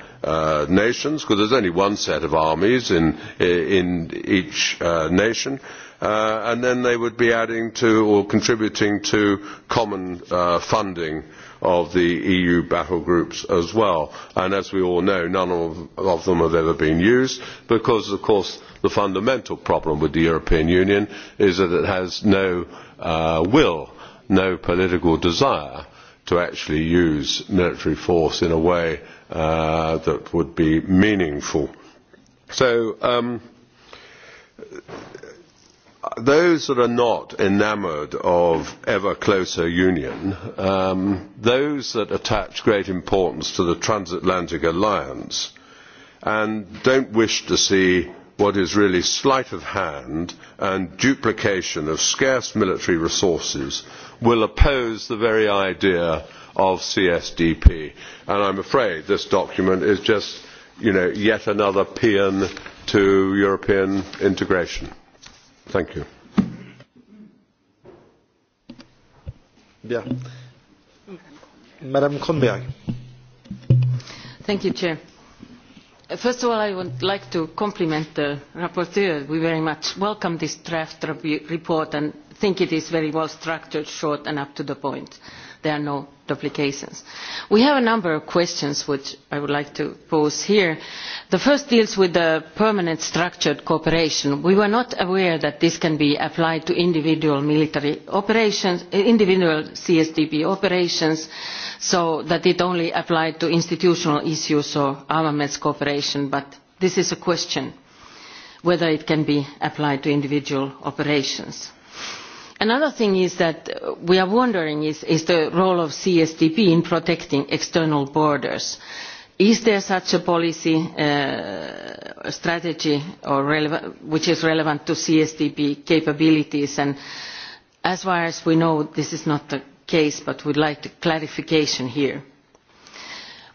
Speaker 7: nations, because there is only one set of armies in, each nation, and then they would be adding to or contributing to common funding of the EU battle groups as well. And as we all know, none of, them have ever been used because, of course, the fundamental problem with the European Union is that it has no will, no political desire to actually use military force in a way uh, that would be meaningful. So um, those that are not enamoured of ever closer union, um, those that attach great importance to the transatlantic alliance and don't wish to see what is really sleight of hand and duplication of scarce military resources will oppose the very idea of CSDP. And am afraid this document is just yet another paean to European integration. Thank you.
Speaker 8: first of all i would like to compliment the rapporteur. we very much welcome this draft report and think it is very well structured, short and up to the point. There are no duplications. We have a number of questions which I would like to pose here. The first deals with the permanent structured cooperation. We were not aware that this can be applied to individual military operations, individual CSDP operations, so that it only applied to institutional issues or armaments cooperation, but this is a question whether it can be applied to individual operations another thing is that we are wondering is, is the role of CSDP in protecting external borders. Is there such a policy strategy or which is relevant to CSDP capabilities? And as far as we know, this is not the case, but we'd like the clarification here.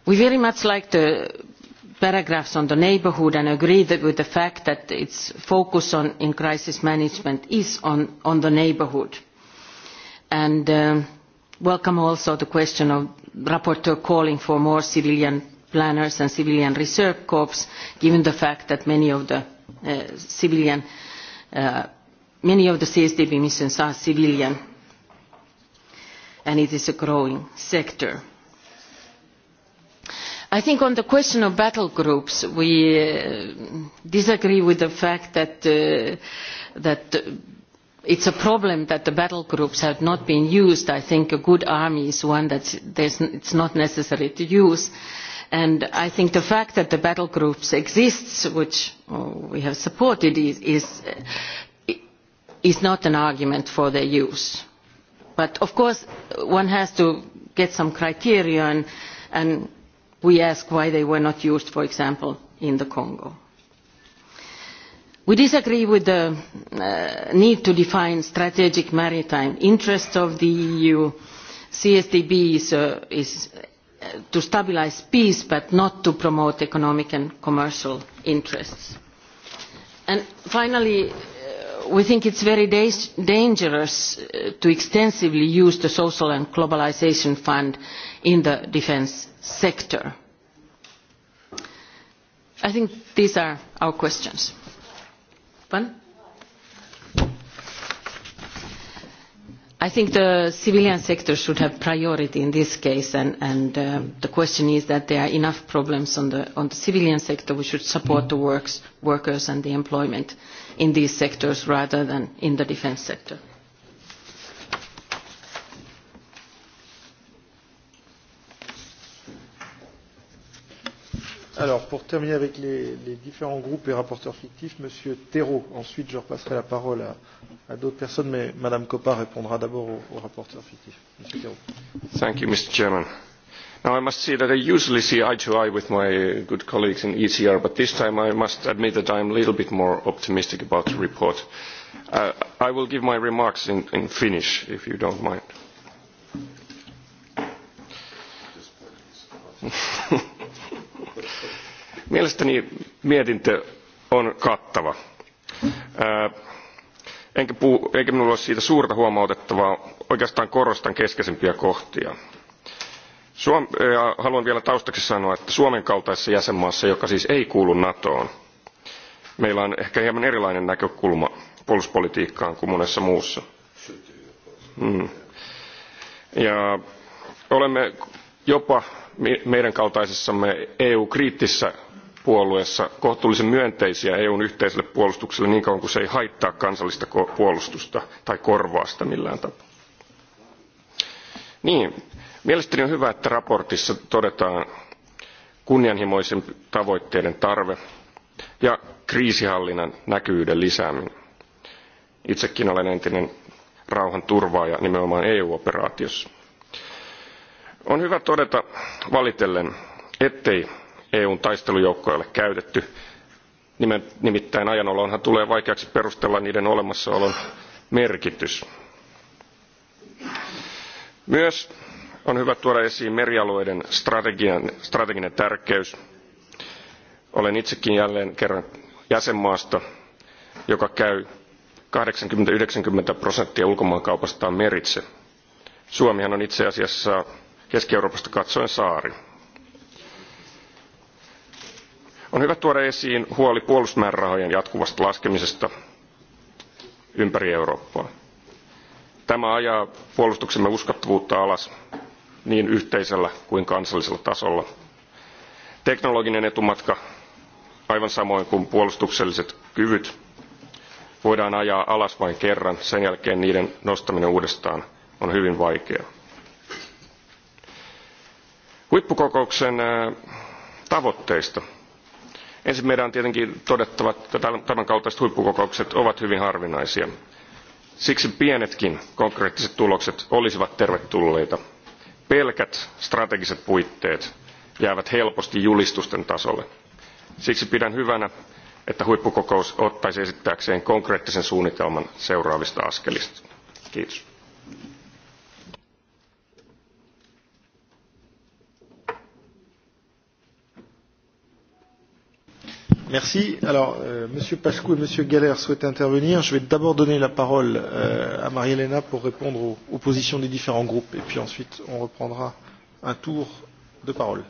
Speaker 8: We very much like the paragraphs on the neighbourhood and agree with the fact that its focus on, in crisis management is on, the neighbourhood. And welcome also the question of the rapporteur calling for more civilian planners and civilian reserve corps, given the fact that many of the csdp many of the CSDB missions are civilian, and it is a growing sector i think on the question of battle groups we disagree with the fact that it is a problem that the battle groups have not been used. i think a good army is one that it is not necessary to use and i think the fact that the battle groups exist which we have supported is not an argument for their use. but of course one has to get some criteria and we ask why they were not used for example in the congo. we disagree with the need to define strategic maritime interests of the eu. csdp is to stabilise peace but not to promote economic and commercial interests. finally we think it is very dangerous to extensively use the social and globalisation fund in the defence sector. i think these are our questions. i think the civilian sector should have priority in this case and the question is that there are enough problems on the civilian sector we should support the workers and the employment in these sectors rather than in the defence sector.
Speaker 1: Alors, pour terminer avec les, les différents groupes et rapporteurs fictifs, Monsieur Thérault. Ensuite, je repasserai la parole à, à d'autres personnes, mais Madame Coppa répondra d'abord aux, aux rapporteurs fictifs. Monsieur Thérault.
Speaker 9: Thank you, Mr. Chairman. Now I must say that I usually see eye to eye with my good colleagues in the ECR, but this time I must admit that I am a little bit more optimistic about the report. I will give my remarks in, Finnish, if you do not mind. Mielestäni mietintö on kattava. Enkä, eikä minulla ole siitä suurta huomautettavaa, oikeastaan korostan keskeisimpiä kohtia haluan vielä taustaksi sanoa että suomen kaltaisessa jäsenmaassa joka siis ei kuulu natoon meillä on ehkä hieman erilainen näkökulma puolustuspolitiikkaan kuin monessa muussa. Ja olemme jopa meidän kaltaisessamme EU-kriittisessä puolueessa kohtuullisen myönteisiä EUn yhteiselle puolustukselle niin kauan kuin se ei haittaa kansallista puolustusta tai korvaa sitä millään tapaa. Niin, mielestäni on hyvä että mietinnössä todetaan kunnianhimoisten tavoitteiden tarve ja kriisinhallinnan näkyvyyden lisääminen. itsekin olen entinen rauhanturvaaja nimenomaan eu operaatiossa. on hyvä todeta valitellen ettei eun taistelujoukkoja ole käytetty nimittäin ajanolonhan tulee vaikeaksi perustella niiden olemassaolon merkitys. myös on hyvä tuoda esiin merialueiden strateginen tärkeys. olen itsekin jälleen kerran jäsenmaasta joka käy kahdeksankymmentä yhdeksänkymmentä prosenttia ulkomaankaupastaan meritse. suomihan on itse asiassa keski euroopasta katsoen saari. on hyvä tuoda esiin huoli puolustusmäärärahojen jatkuvasta laskemisesta ympäri eurooppaa. tämä ajaa puolustuksemme uskottavuutta alas niin yhteisellä kuin kansallisella tasolla. Teknologinen etumatka, aivan samoin kuin puolustukselliset kyvyt, voidaan ajaa alas vain kerran, sen jälkeen niiden nostaminen uudestaan on hyvin vaikeaa. Huippukokouksen tavoitteista. Ensin meidän on tietenkin todettava, että tämänkaltaiset huippukokoukset ovat hyvin harvinaisia. Siksi pienetkin konkreettiset tulokset olisivat tervetulleita pelkät strategiset puitteet jäävät helposti julistusten tasolle. siksi pidän hyvänä että huippukokous ottaisi esittääkseen konkreettisen suunnitelman seuraavista askelista. kiitos.
Speaker 1: Merci. Monsieur Pascou et Monsieur Galler souhaitent intervenir. Je vais d'abord donner la parole à marie Helena pour répondre aux, positions des différents groupes, et puis ensuite on reprendra un tour de parole.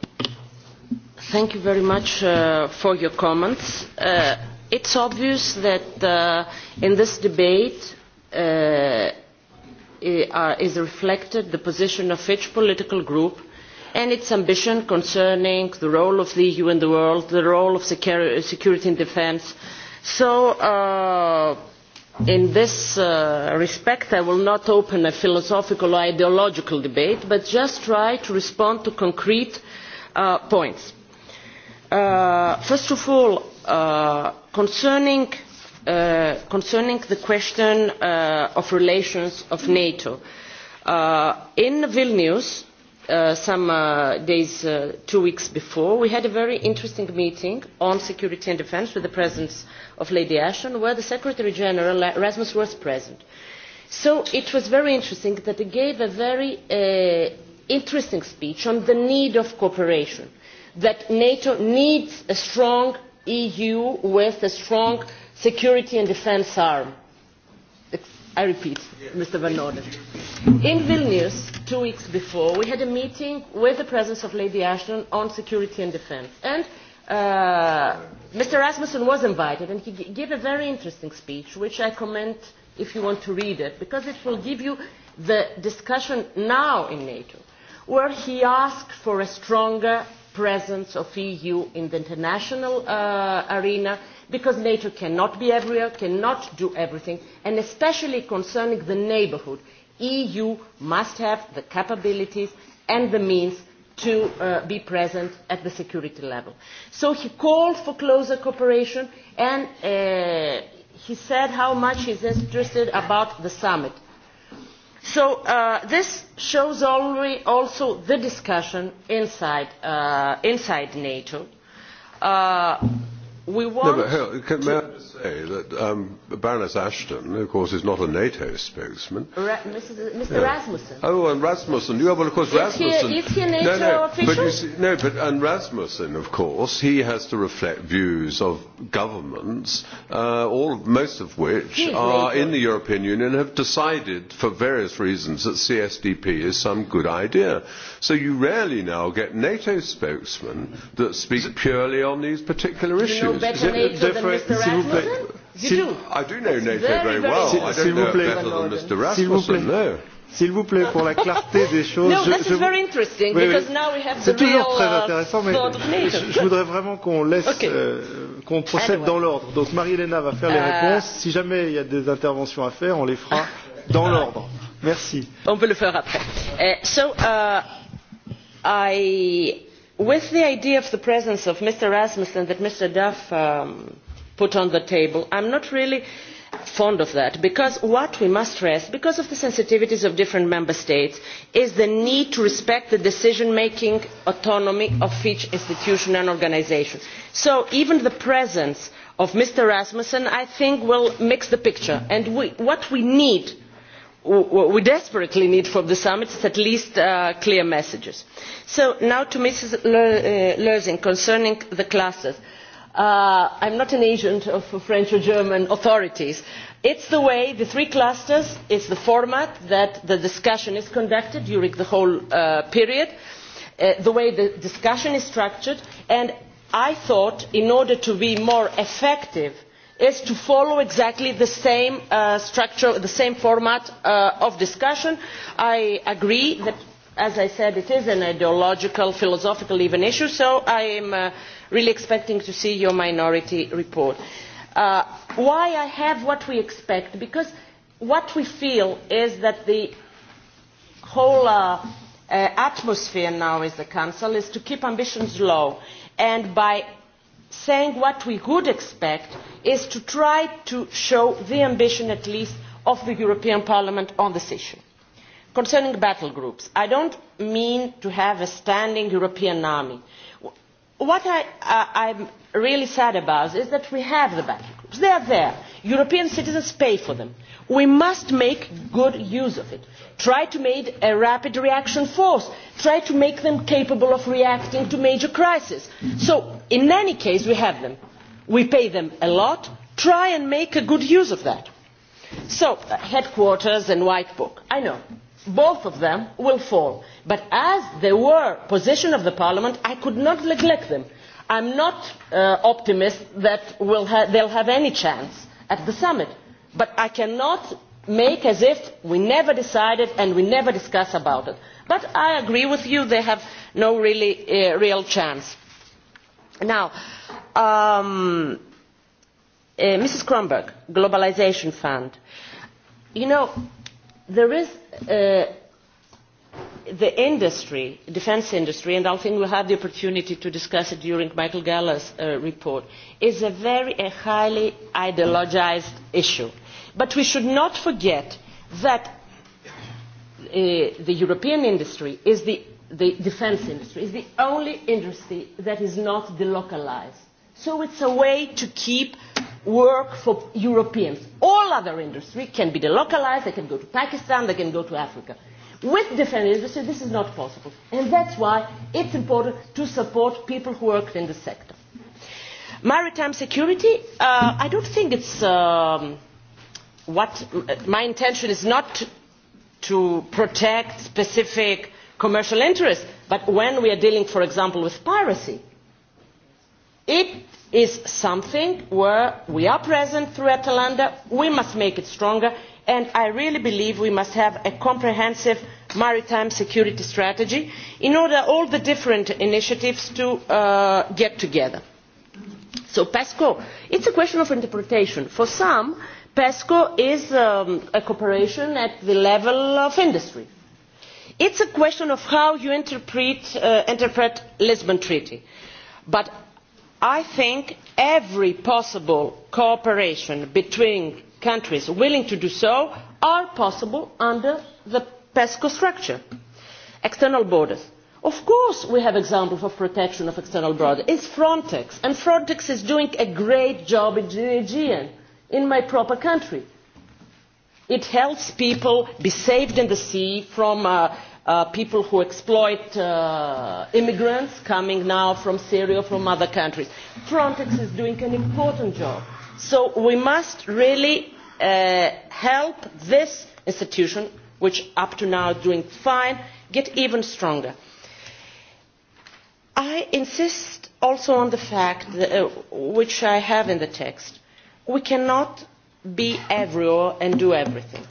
Speaker 4: Thank you very much uh, for your comments. Uh, it's obvious that uh, in this debate uh, is reflected the position of each political group and its ambition concerning the role of the eu in the world the role of security and defence so in this respect i will not open a philosophical or ideological debate but just try to respond to concrete points. first of all concerning the question of relations of nato in vilnius some days, two weeks before, we had a very interesting meeting on security and defence with the presence of Lady Ashton, where the Secretary General Rasmus was present. So it was very interesting that he gave a very interesting speech on the need of cooperation, that NATO needs a strong EU with a strong security and defence arm I repeat, Mr. Van Orden. In Vilnius, two weeks before, we had a meeting with the presence of Lady Ashton on security and defense. And uh, Mr. Rasmussen was invited, and he g- gave a very interesting speech, which I commend if you want to read it, because it will give you the discussion now in NATO, where he asked for a stronger presence of EU in the international uh, arena because nato cannot be everywhere cannot do everything and especially concerning the neighbourhood the eu must have the capabilities and the means to uh, be present at the security level. So he called for closer cooperation and uh, he said how much he's interested about the summit. So uh, this shows also the discussion inside, uh, inside NATO. Uh, we want. No, but hell, can, may I
Speaker 7: say that um, Baroness Ashton, of course, is not a NATO spokesman.
Speaker 4: Ra- Mr. Mr. Yeah. Rasmussen.
Speaker 7: Oh, and Rasmussen. Yeah, well, of course, is Rasmussen.
Speaker 4: He, is he a NATO no, no, official? But you
Speaker 7: see, no, but and Rasmussen, of course, he has to reflect views of governments, uh, all most of which He's are NATO. in the European Union have decided, for various reasons, that CSDP is some good idea. So you rarely now get NATO spokesmen that speak purely on these particular issues better NATO than
Speaker 1: S'il vous plaît, pour la clarté des choses. C'est
Speaker 4: toujours très intéressant, mais je,
Speaker 1: voudrais vraiment qu'on laisse, qu'on procède dans l'ordre. Donc Marie-Hélène va faire les réponses. Si jamais il y a des interventions à faire, on les fera dans l'ordre. Merci. On peut le faire après.
Speaker 4: so I with the idea of the presence of mr rasmussen that mr duff put on the table i am not really fond of that because what we must stress because of the sensitivities of different member states is the need to respect the decision making autonomy of each institution and organisation. so even the presence of mr rasmussen i think will mix the picture and what we need what we desperately need from the summit is at least clear messages. So now to mrs lsing concerning the clusters i am not an agent of the french or german authorities it is the way the three clusters it is the format that the discussion is conducted during the whole period the way the discussion is structured and i thought in order to be more effective is to follow exactly the same structure the same format of discussion. i agree that as i said it is an ideological philosophical even issue so i am really expecting to see your minority report. why i have what we expect? because what we feel is that the whole atmosphere now in the council is to keep ambitions low and by saying what we would expect is to try to show the ambition at least of the european parliament on this issue. concerning battle groups i do not mean to have a standing european army. what i am really sad about is that we have the battle groups they are there european citizens pay for them. we must make good use of it try to make a rapid reaction force try to make them capable of reacting to major crises. so in any case we have them we pay them a lot try and make a good use of that. so headquarters and white book i know both of them will fall but as they were the position of parliament i could not neglect them. i am not an optimist that they will have any chance at the summit but i cannot make as if we never decided and we never discussed about it but i agree with you they have no real chance. now ms kronberg the globalisation fund you know there is the industry, defence industry, and I think will have the opportunity to discuss it during Michael Gallagher's uh, report, is a very a highly ideologised issue. But we should not forget that uh, the European industry is the, the defence industry, is the only industry that is not delocalised. So it's a way to keep work for Europeans. All other industries can be delocalised, they can go to Pakistan, they can go to Africa With defence industry, this is not possible. And that's why it's important to support people who work in the sector. Maritime security, uh, I don't think it's um, what my intention is not to protect specific commercial interests, but when we are dealing, for example, with piracy, it is something where we are present through Atalanta, we must make it stronger, and i really believe we must have a comprehensive maritime security strategy in order for all the different initiatives to get together. so pesco is a question of interpretation. for some pesco is a cooperation at the level of industry. it is a question of how you interpret the lisbon treaty but i think every possible cooperation between countries willing to do so are possible under the pesco structure external borders. of course we have examples of protection of external borders. it is frontex and frontex is doing a great job in the aegean in my proper country. it helps people be saved in the sea from people who exploit immigrants coming now from syria or from other countries. frontex is doing an important job so we must really help this institution which up to now is doing fine get even stronger. i insist also on the fact which i have in the text we cannot be everywhere and do everything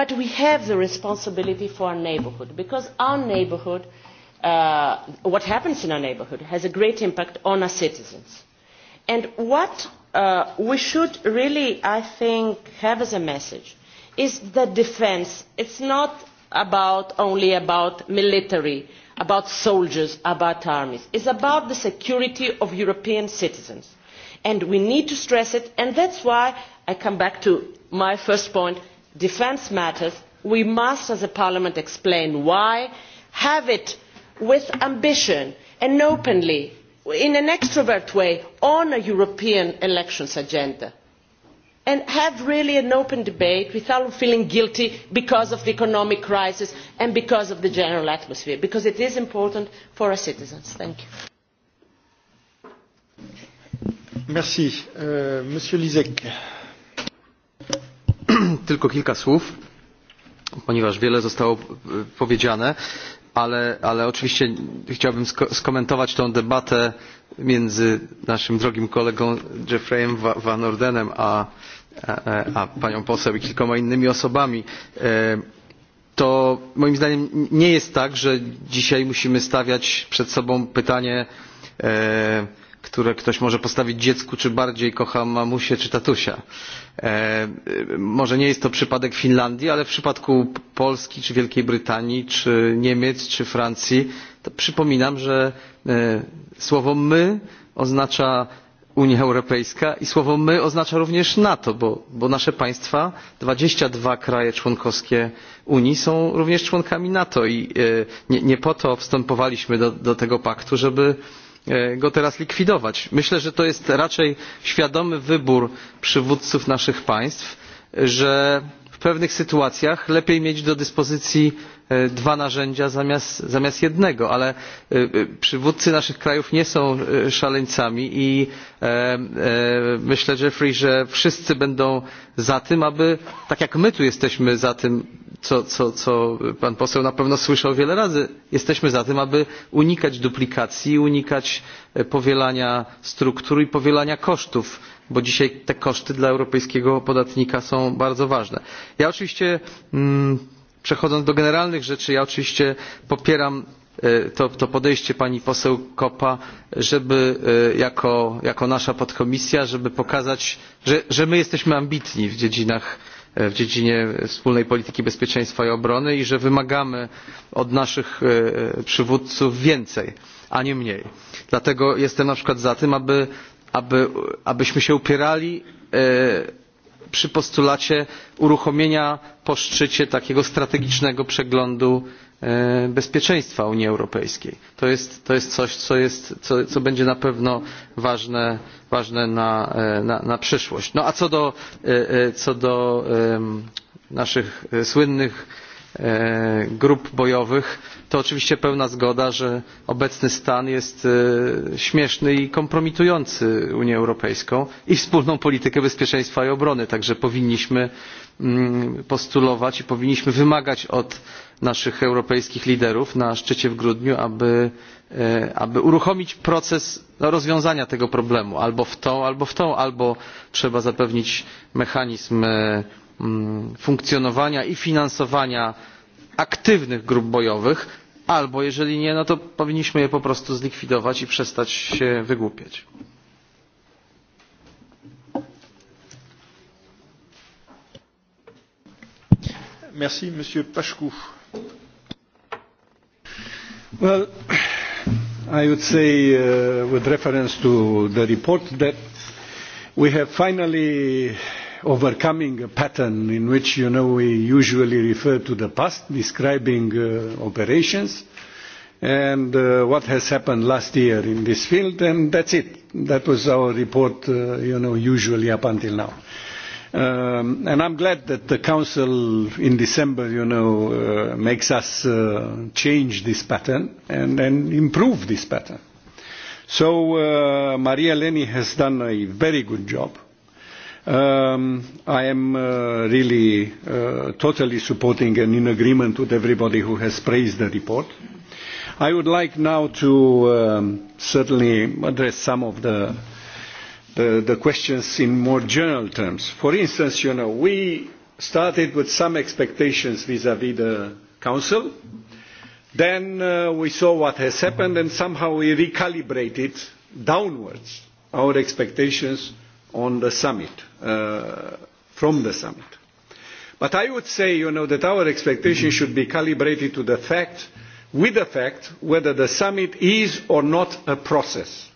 Speaker 4: but we have the responsibility for our neighbourhood because our neighbourhood what happens in our neighbourhood has a great impact on our citizens and what we should really, I think, have as a message is that defence. is not about only about military, about soldiers, about armies. It is about the security of European citizens. And we need to stress it, and that is why I come back to my first point, defence matters. We must, as a parliament, explain why, have it with ambition and openly in an extrovert way on a european elections agenda and have really an open debate without feeling guilty because of the economic crisis and because of the general atmosphere because it is important for our citizens. thank you.
Speaker 3: tylko kilka słów ponieważ wiele zostało powiedziane ale oczywiście chciałbym skomentować tę debatę między naszym drogim kolegą Jeffreyem Van Ordenem a, panią poseł i kilkoma innymi osobami. To moim zdaniem nie jest tak, że dzisiaj musimy stawiać przed sobą pytanie które ktoś może postawić dziecku, czy bardziej kocha mamusię czy tatusia. może nie jest to przypadek Finlandii, ale w przypadku Polski, czy Wielkiej Brytanii, czy Niemiec, czy Francji, to przypominam, że słowo my oznacza Unia Europejska i słowo my oznacza również NATO, bo, nasze państwa, dwadzieścia dwa kraje członkowskie Unii są również członkami NATO i nie, po to wstępowaliśmy do, tego paktu, żeby go teraz likwidować. myślę że to jest raczej świadomy wybór przywódców naszych państw że w pewnych sytuacjach lepiej mieć do dyspozycji dwa narzędzia zamiast jednego ale przywódcy naszych krajów nie są szaleńcami i myślę jeffrey że wszyscy będą za tym aby tak jak my tu jesteśmy za tym co pan poseł na pewno słyszał wiele razy jesteśmy za tym aby unikać duplikacji unikać powielania struktur i powielania kosztów bo dzisiaj te koszty dla europejskiego podatnika są bardzo ważne. Ja oczywiście, przechodząc do generalnych rzeczy, ja oczywiście popieram to, podejście pani poseł Kopa, żeby jako, nasza podkomisja, żeby pokazać, że, my jesteśmy ambitni w dziedzinach w dziedzinie wspólnej polityki bezpieczeństwa i obrony i że wymagamy od naszych przywódców więcej, a nie mniej. Dlatego jestem na przykład za tym, aby abyśmy się upierali przy postulacie uruchomienia po szczycie takiego strategicznego przeglądu bezpieczeństwa Unii Europejskiej. To jest, coś, co, będzie na pewno ważne, na, przyszłość. No a co do, naszych słynnych grup bojowych to oczywiście pełna zgoda że obecny stan jest śmieszny i kompromitujący unię europejską i wspólną politykę bezpieczeństwa i obrony także powinniśmy postulować i powinniśmy wymagać od naszych europejskich liderów na szczycie w grudniu aby uruchomić proces rozwiązania tego problemu albo w tą albo w tą albo trzeba zapewnić mechanizm funkcjonowania i finansowania aktywnych grup bojowych albo jeżeli nie no to powinniśmy je po prostu zlikwidować i przestać się wygłupiać.
Speaker 1: Merci, Monsieur Pashkou. Well,
Speaker 10: I would say, uh, with reference to the report, that we have finally uh, overcoming a pattern in which you know we usually refer to the past describing uh, operations and uh, what has happened last year in this field and that's it that was our report uh, you know usually up until now um, and I'm glad that the Council in December, you know, uh, makes us uh, change this pattern and, and improve this pattern. So uh, Maria Leni has done a very good job Um, I am uh, really uh, totally supporting and in agreement with everybody who has praised the report. I would like now to um, certainly address some of the, the, the questions in more general terms. For instance, you know, we started with some expectations vis-à-vis the Council. Then uh, we saw what has happened and somehow we recalibrated downwards our expectations – on the summit, uh, from the summit. But I would say, you know, that our expectations should be calibrated to the fact, with the fact, whether the summit is or not a process.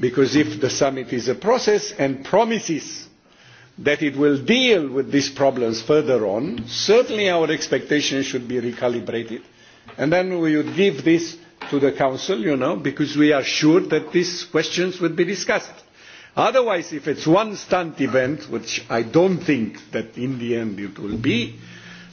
Speaker 10: Because if the summit is a process and promises that it will deal with these problems further on, certainly our expectations should be recalibrated. And then we would give this to the Council, you know, because we are sure that these questions would be discussed Otherwise, if it's one stunt event, which I don't think that in the end it will be,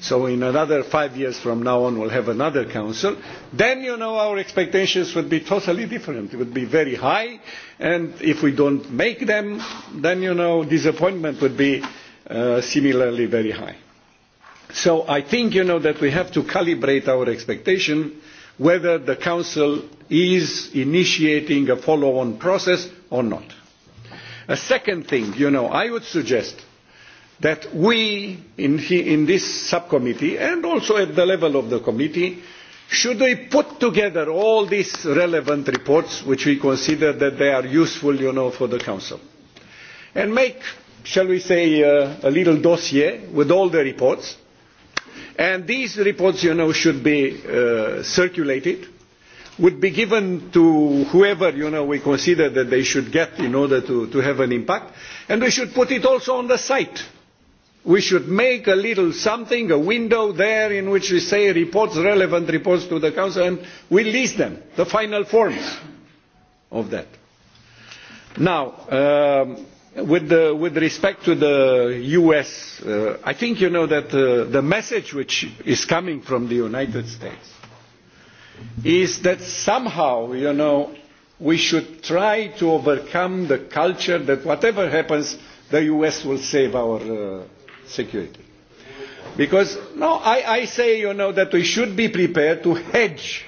Speaker 10: so in another five years from now on we'll have another council, then you know our expectations would be totally different. It would be very high, and if we don't make them, then you know disappointment would be uh, similarly very high. So I think you know that we have to calibrate our expectation whether the council is initiating a follow-on process or not. A second thing, I would suggest that we in, this subcommittee and also at the level of the committee should we put together all these relevant reports which we consider that they are useful for the council and make shall we say a little dossier with all the reports and these reports should be circulated would be given to whoever you know we consider that they should get in order to, to have an impact and we should put it also on the site we should make a little something a window there in which we say reports relevant reports to the council and we list them the final forms of that now with, the, with respect to the US, uh, I think you know that uh, the message which is coming from the United States is that somehow, we should try to overcome the culture that whatever happens, the US will save our uh, security. Because, no, I, I say, you know, that we should be prepared to hedge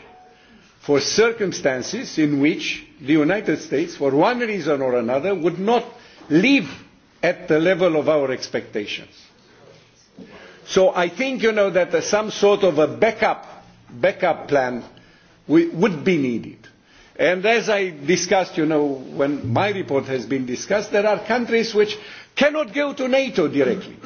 Speaker 10: for circumstances in which the United States, for one reason or another, would not live at the level of our expectations. So I think, you know, that some sort of a backup, backup plan would be needed. And as I discussed, you know, when my report has been discussed, there are countries which cannot go to NATO directly.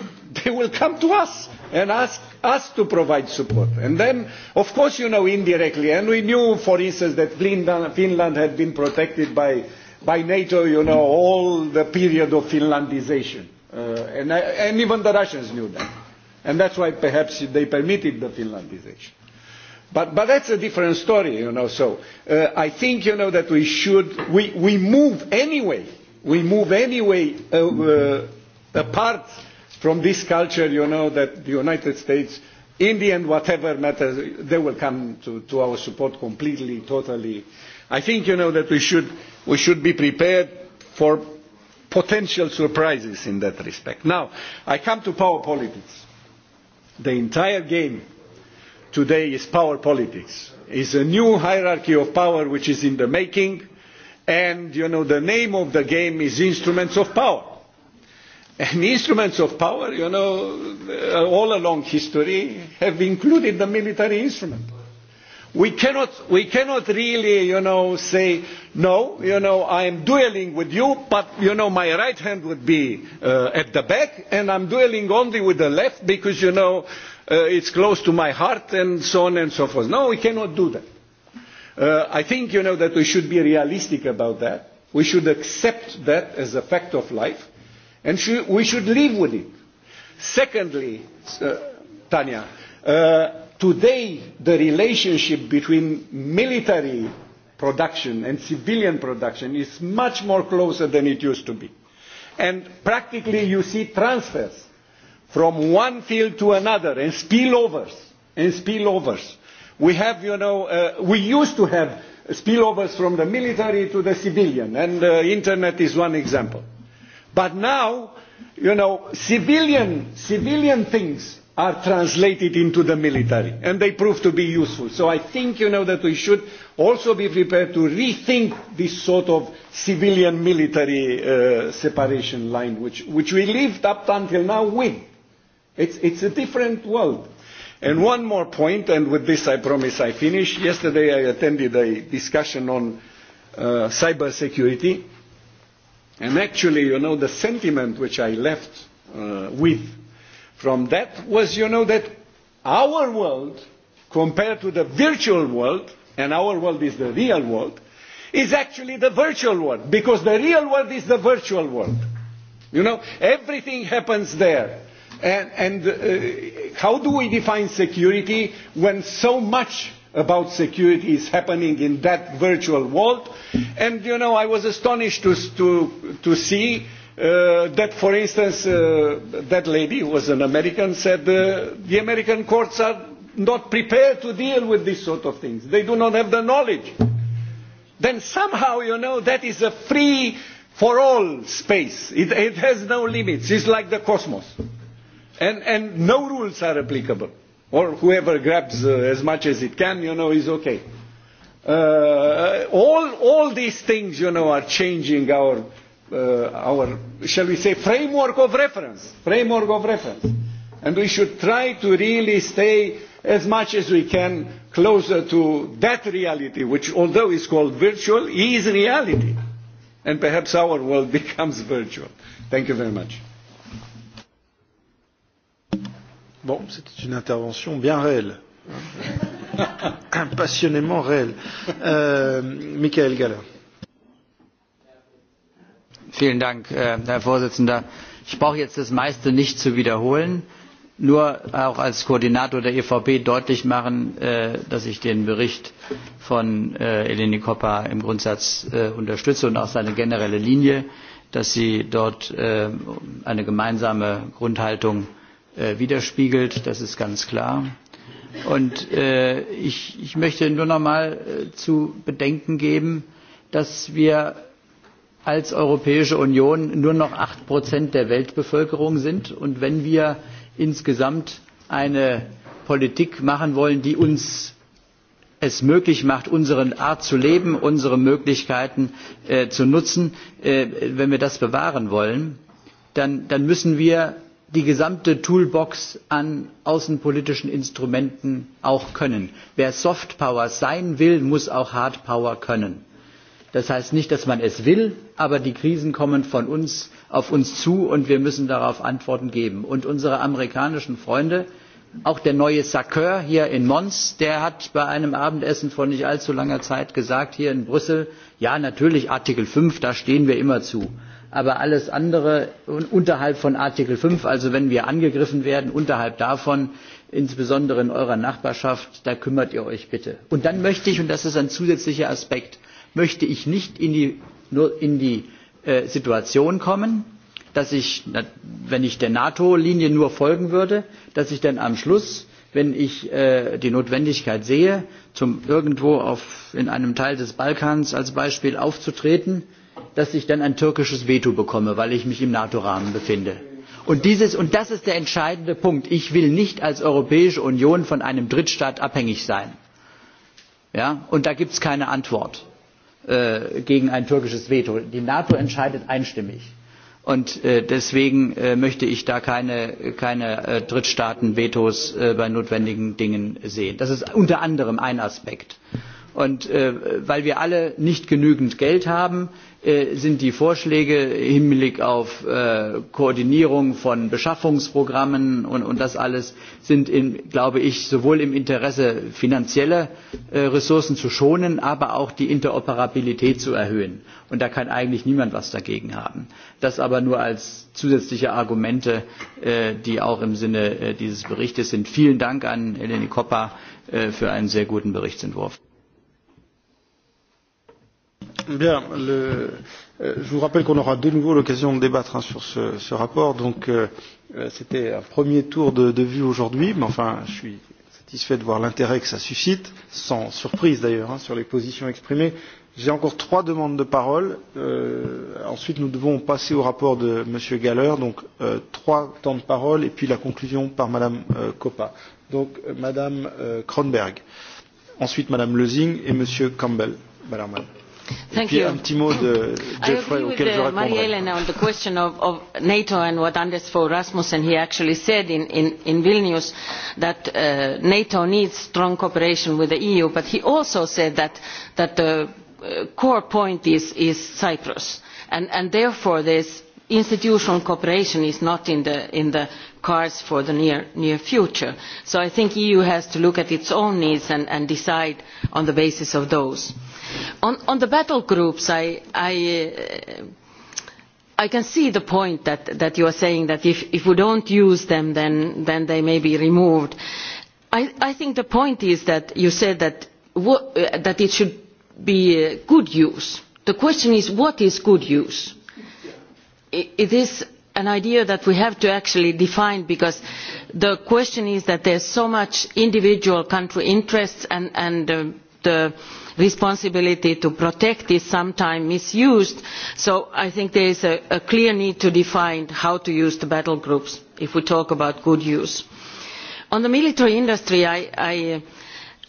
Speaker 10: They will come to us and ask us to provide support. And then, of course, you know, indirectly, and we knew, for instance, that Finland had been protected by, by NATO, you know, all the period of Finlandization. Uh, and, and even the Russians knew that. And that's why perhaps they permitted the Finlandization But, but that's a different story, you know. So uh, I think, you know, that we should, we, we move anyway, we move anyway uh, uh, apart from this culture, you know, that the United States, in the end, whatever matters, they will come to, to our support completely, totally. I think, you know, that we should, we should be prepared for potential surprises in that respect. Now, I come to power politics. The entire game today is power politics. It is a new hierarchy of power which is in the making, and you know, the name of the game is instruments of power. And instruments of power, you know, all along history have included the military instrument. We cannot, we cannot really, you know, say, no, you know, I am dueling with you, but, you know, my right hand would be uh, at the back, and I'm dueling only with the left because, you know, uh, it is close to my heart and so on and so forth. No, we cannot do that. I think that we should be realistic about that. We should accept that as a fact of life and we should live with it. Secondly, Tanya, today the relationship between military production and civilian production is much more closer than it used to be. And practically you see transfers from one field to another and spillovers and spillovers we have you know uh, we used to have spillovers from the military to the civilian and the internet is one example but now you know civilian civilian things are translated into the military and they prove to be useful so i think you know that we should also be prepared to rethink this sort of civilian military uh, separation line which which we lived up until now with It's, it's a different world. And one more point, and with this I promise I finish. Yesterday I attended a discussion on uh, cyber security. And actually, you know, the sentiment which I left uh, with from that was, you know, that our world, compared to the virtual world, and our world is the real world, is actually the virtual world, because the real world is the virtual world. You know, everything happens there And, and uh, how do we define security when so much about security is happening in that virtual world? And, you know, I was astonished to, to, to see uh, that, for instance, uh, that lady who was an American said uh, the American courts are not prepared to deal with these sort of things. They do not have the knowledge. Then somehow, you know, that is a free for all space. It, it has no limits. It's like the cosmos and, and no rules are applicable. Or whoever grabs uh, as much as it can, you know, is okay. Uh, all, all these things, you know, are changing our, uh, our, shall we say, framework of reference. Framework of reference. And we should try to really stay as much as we can closer to that reality, which although is called virtual, is reality. And perhaps our world becomes virtual.
Speaker 1: Thank you very much. Bon, c'était une intervention bien réelle, passionnément réelle. Euh, Michael Galler.
Speaker 11: Vielen Dank, Herr Vorsitzender. Ich brauche jetzt das meiste nicht zu wiederholen, nur auch als Koordinator der EVP deutlich machen, dass ich den Bericht von Eleni Koppa im Grundsatz unterstütze und auch seine generelle Linie, dass sie dort eine gemeinsame Grundhaltung äh, widerspiegelt das ist ganz klar. und ich möchte nur noch mal zu bedenken geben dass wir als europäische union nur noch acht Prozent der weltbevölkerung sind und wenn wir insgesamt eine politik machen wollen die uns es möglich macht unsere art zu leben unsere möglichkeiten zu nutzen wenn wir das bewahren wollen dann müssen wir die gesamte Toolbox an außenpolitischen Instrumenten auch können. Wer Soft Power sein will, muss auch Hard Power können. Das heißt nicht, dass man es will, aber die Krisen kommen von uns auf uns zu und wir müssen darauf Antworten geben. Und unsere amerikanischen Freunde, auch der neue Sacker hier in Mons, der hat bei einem Abendessen vor nicht allzu langer Zeit gesagt, hier in Brüssel, ja, natürlich Artikel fünf, da stehen wir immer zu aber alles andere unterhalb von Artikel fünf, also wenn wir angegriffen werden, unterhalb davon, insbesondere in eurer Nachbarschaft, da kümmert ihr euch bitte. Und dann möchte ich, und das ist ein zusätzlicher Aspekt, möchte ich nicht in die, nur in die Situation kommen, dass ich, wenn ich der NATO-Linie nur folgen würde, dass ich dann am Schluss, wenn ich die Notwendigkeit sehe, zum irgendwo auf, in einem Teil des Balkans als Beispiel aufzutreten, dass ich dann ein türkisches veto bekomme weil ich mich im nato rahmen befinde. und das ist der entscheidende punkt ich will nicht als europäische union von einem drittstaat abhängig sein. und da gibt es keine antwort gegen ein türkisches veto. die nato entscheidet einstimmig und deswegen möchte ich da keine drittstaaten vetos bei notwendigen dingen sehen. das ist unter anderem ein aspekt. und weil wir alle nicht genügend geld haben sind die Vorschläge im Hinblick auf Koordinierung von Beschaffungsprogrammen und, das alles sind, glaube ich, sowohl im Interesse finanzieller Ressourcen zu schonen, aber auch die Interoperabilität zu erhöhen. Und da kann eigentlich niemand etwas dagegen haben. Das aber nur als zusätzliche Argumente, die auch im Sinne dieses Berichts sind. Vielen Dank an Eleni Koppa für einen sehr guten Berichtsentwurf.
Speaker 1: Bien, je vous rappelle qu'on aura de nouveau l'occasion de débattre sur ce, rapport. Donc, c'était un premier tour de, de vue aujourd'hui, mais enfin, je suis satisfait de voir l'intérêt que ça suscite, sans surprise d'ailleurs, hein, sur les positions exprimées. J'ai encore trois demandes de parole. Euh, ensuite, nous devons passer au rapport de M. Galler, donc euh, trois temps de parole, et puis la conclusion par Mme euh, Coppa. Donc, euh, Mme euh, Kronberg, ensuite Mme Lezing et M. Campbell. Madame, madame. Puis un petit mot de Marie-Hélène
Speaker 8: on the question of, of NATO and what Anders Fogh Rasmussen he actually said in, in, in Vilnius that uh, NATO needs strong cooperation with the EU but he also said that, that the core point is, is Cyprus and, and therefore there's institutional cooperation is not in the cards for the near future so i think the eu has to look at its own needs and decide on the basis of those. on the battle groups i can see the point that you are saying that if we do not use them then they may be removed. i think the point is that you said that it should be good use. the question is what is good use? it is an idea that we have to actually define because the question is that there are so many individual country interests and the responsibility to protect is sometimes misused so i think there is a clear need to define how to use the battle groups if we talk about good use. on the military industry i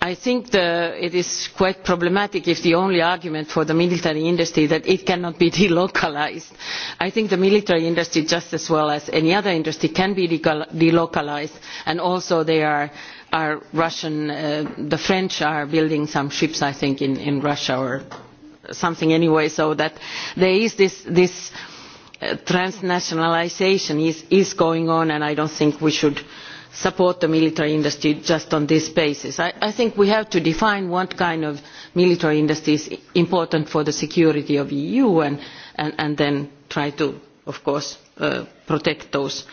Speaker 8: i think it is quite problematic if the only argument for the military industry is that it cannot be delocalised. i think the military industry just as well as any other industry can be delocalised and also the french are building some ships i think in russia or something anyway so that there is this transnationalisation going on and i do not think we should support the military industry just on this basis. I, think we have to define what kind of military industry is important for the security of the EU and, and, then try to, of course, protect those.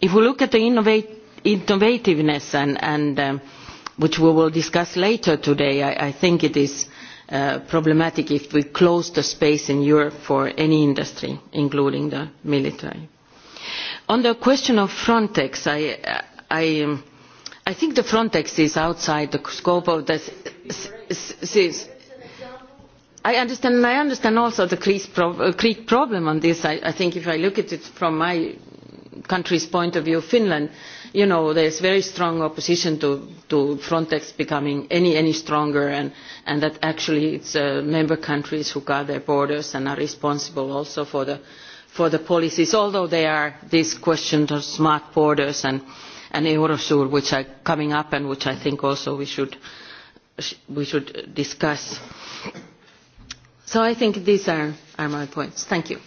Speaker 8: If we look at the innovativeness and, which we will discuss later today, I, I think it is problematic if we close the space in Europe for any industry, including the military. On the question of Frontex, I, I, I think the Frontex is outside the scope of this. I understand, and I understand also the Greek problem on this. I, I think if I look at it from my country's point of view, Finland, you know, there is very strong opposition to, to Frontex becoming any, any stronger, and, and that actually is uh, member countries who guard their borders and are responsible also for the, for the policies, although they are these questions of smart borders and, and Eurosur, which are coming up and which I think also we should, discuss. So I think these are, my points. Thank you.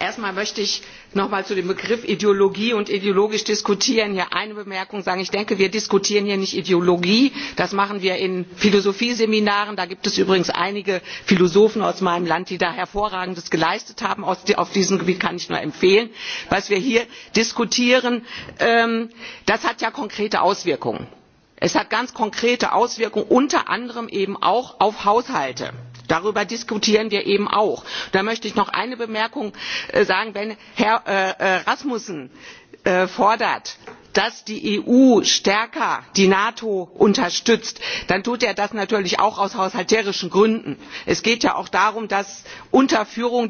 Speaker 6: erstmal möchte ich nochmal zu dem Begriff Ideologie und ideologisch diskutieren hier eine Bemerkung sagen. Ich denke, wir diskutieren hier nicht Ideologie. Das machen wir in Philosophieseminaren. Da gibt es übrigens einige Philosophen aus meinem Land, die da hervorragendes geleistet haben. Auf diesem Gebiet kann ich nur empfehlen. Was wir hier diskutieren, das hat ja konkrete Auswirkungen. Es hat ganz konkrete Auswirkungen, unter anderem eben auch auf Haushalte darüber diskutieren wir eben auch. da möchte ich noch eine bemerkung sagen wenn herr rasmussen fordert dass die eu stärker die nato unterstützt dann tut er das natürlich auch aus haushalterischen gründen. es geht ja auch darum dass unter führung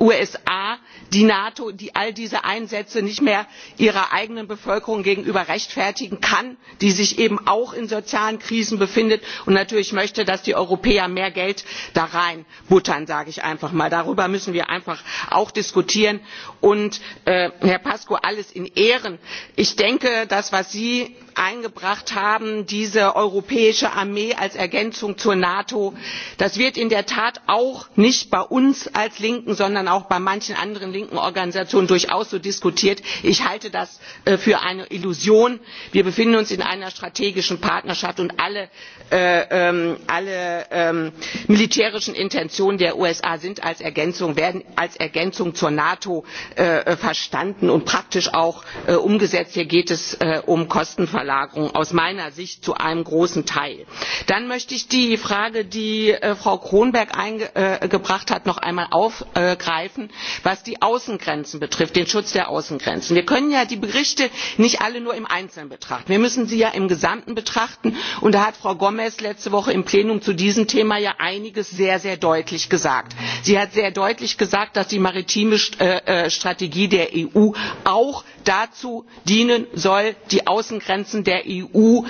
Speaker 6: usa die nato die all diese einsätze nicht mehr ihrer eigenen bevölkerung gegenüber rechtfertigen kann die sich eben auch in sozialen krisen befindet und natürlich möchte dass die europäer mehr geld da reinbuttern sage ich einfach mal. darüber müssen wir einfach auch diskutieren. und herr pacu alles in ehren ich denke das was sie eingebracht haben diese europäische armee als ergänzung zur nato das wird in der tat auch nicht bei uns als linken sondern auch bei manchen anderen linken organisationen durchaus so diskutiert. ich halte das für eine illusion. wir befinden uns in einer strategischen partnerschaft und alle militärischen intentionen der usa sind als ergänzung werden als ergänzung zur nato verstanden und praktisch auch umgesetzt. hier geht es um kostenverlagerung aus meiner sicht zu einem großen teil. dann möchte ich die frage die frau kronberg eingebracht hat noch einmal aufgreifen greifen was die außengrenzen betrifft den schutz der außengrenzen. wir können ja die berichte nicht alle nur im einzelnen betrachten wir müssen sie ja im gesamten betrachten und da hat frau gomes letzte woche im plenum zu diesem thema ja einiges sehr sehr deutlich gesagt. sie hat sehr deutlich gesagt dass die maritime strategie der eu auch dazu dienen soll die außengrenzen der eu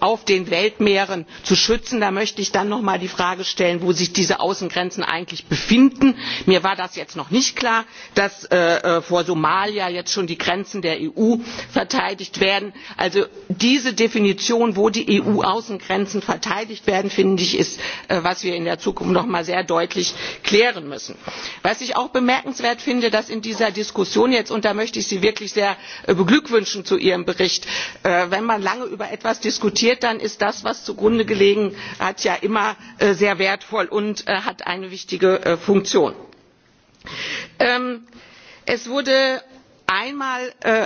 Speaker 6: auf den weltmeeren zu schützen. da möchte ich dann noch einmal die frage stellen wo sich diese außengrenzen eigentlich befinden. mir war das jetzt noch nicht klar dass vor somalia jetzt schon die grenzen der eu verteidigt werden. also diese definition wo die eu außengrenzen verteidigt werden finde ich ist was wir in der zukunft noch einmal sehr deutlich klären müssen. was ich auch bemerkenswert finde dass in dieser diskussion jetzt und da möchte ich sie sehr beglückwünschen zu ihrem bericht. wenn man lange über etwas diskutiert dann ist das was zugrunde gelegen hat ja immer sehr wertvoll und hat eine wichtige funktion. es wurde einmal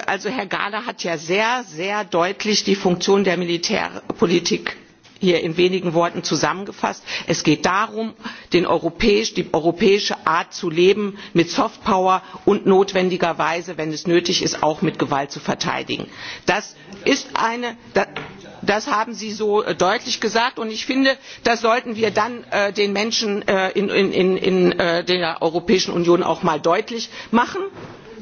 Speaker 6: also herr gahler hat ja sehr sehr deutlich die funktion der militärpolitik hier in wenigen worten zusammengefasst es geht darum die europäische art zu leben mit soft power und notwendigerweise wenn es nötig ist auch mit gewalt zu verteidigen. das haben sie so deutlich gesagt und ich finde das sollten wir dann den menschen in der europäischen union auch mal deutlich machen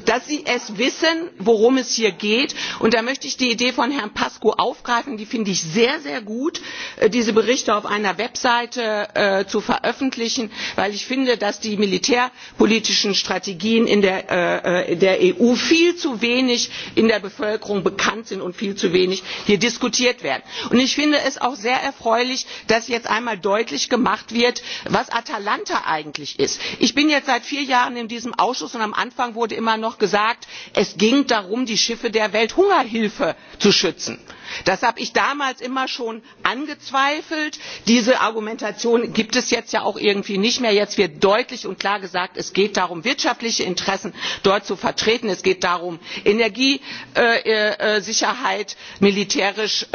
Speaker 6: dass sie es wissen worum es hier geht und da möchte ich die idee von herrn pacu aufgreifen die finde ich sehr sehr gut diese berichte auf einer webseite zu veröffentlichen weil ich finde dass die militärpolitischen strategien der eu viel zu wenig in der bevölkerung bekannt sind und viel zu wenig hier diskutiert werden. ich finde es auch sehr erfreulich dass jetzt einmal deutlich gemacht wird was atalanta eigentlich ist. ich bin jetzt seit vier jahren in diesem ausschuss und am anfang wurde immer noch gesagt es ging darum die schiffe der welthungerhilfe zu schützen. das habe ich damals immer schon angezweifelt. diese argumentation gibt es jetzt ja auch irgendwie nicht mehr. jetzt wird deutlich und klar gesagt es geht darum wirtschaftliche interessen dort zu vertreten es geht darum energiesicherheit militärisch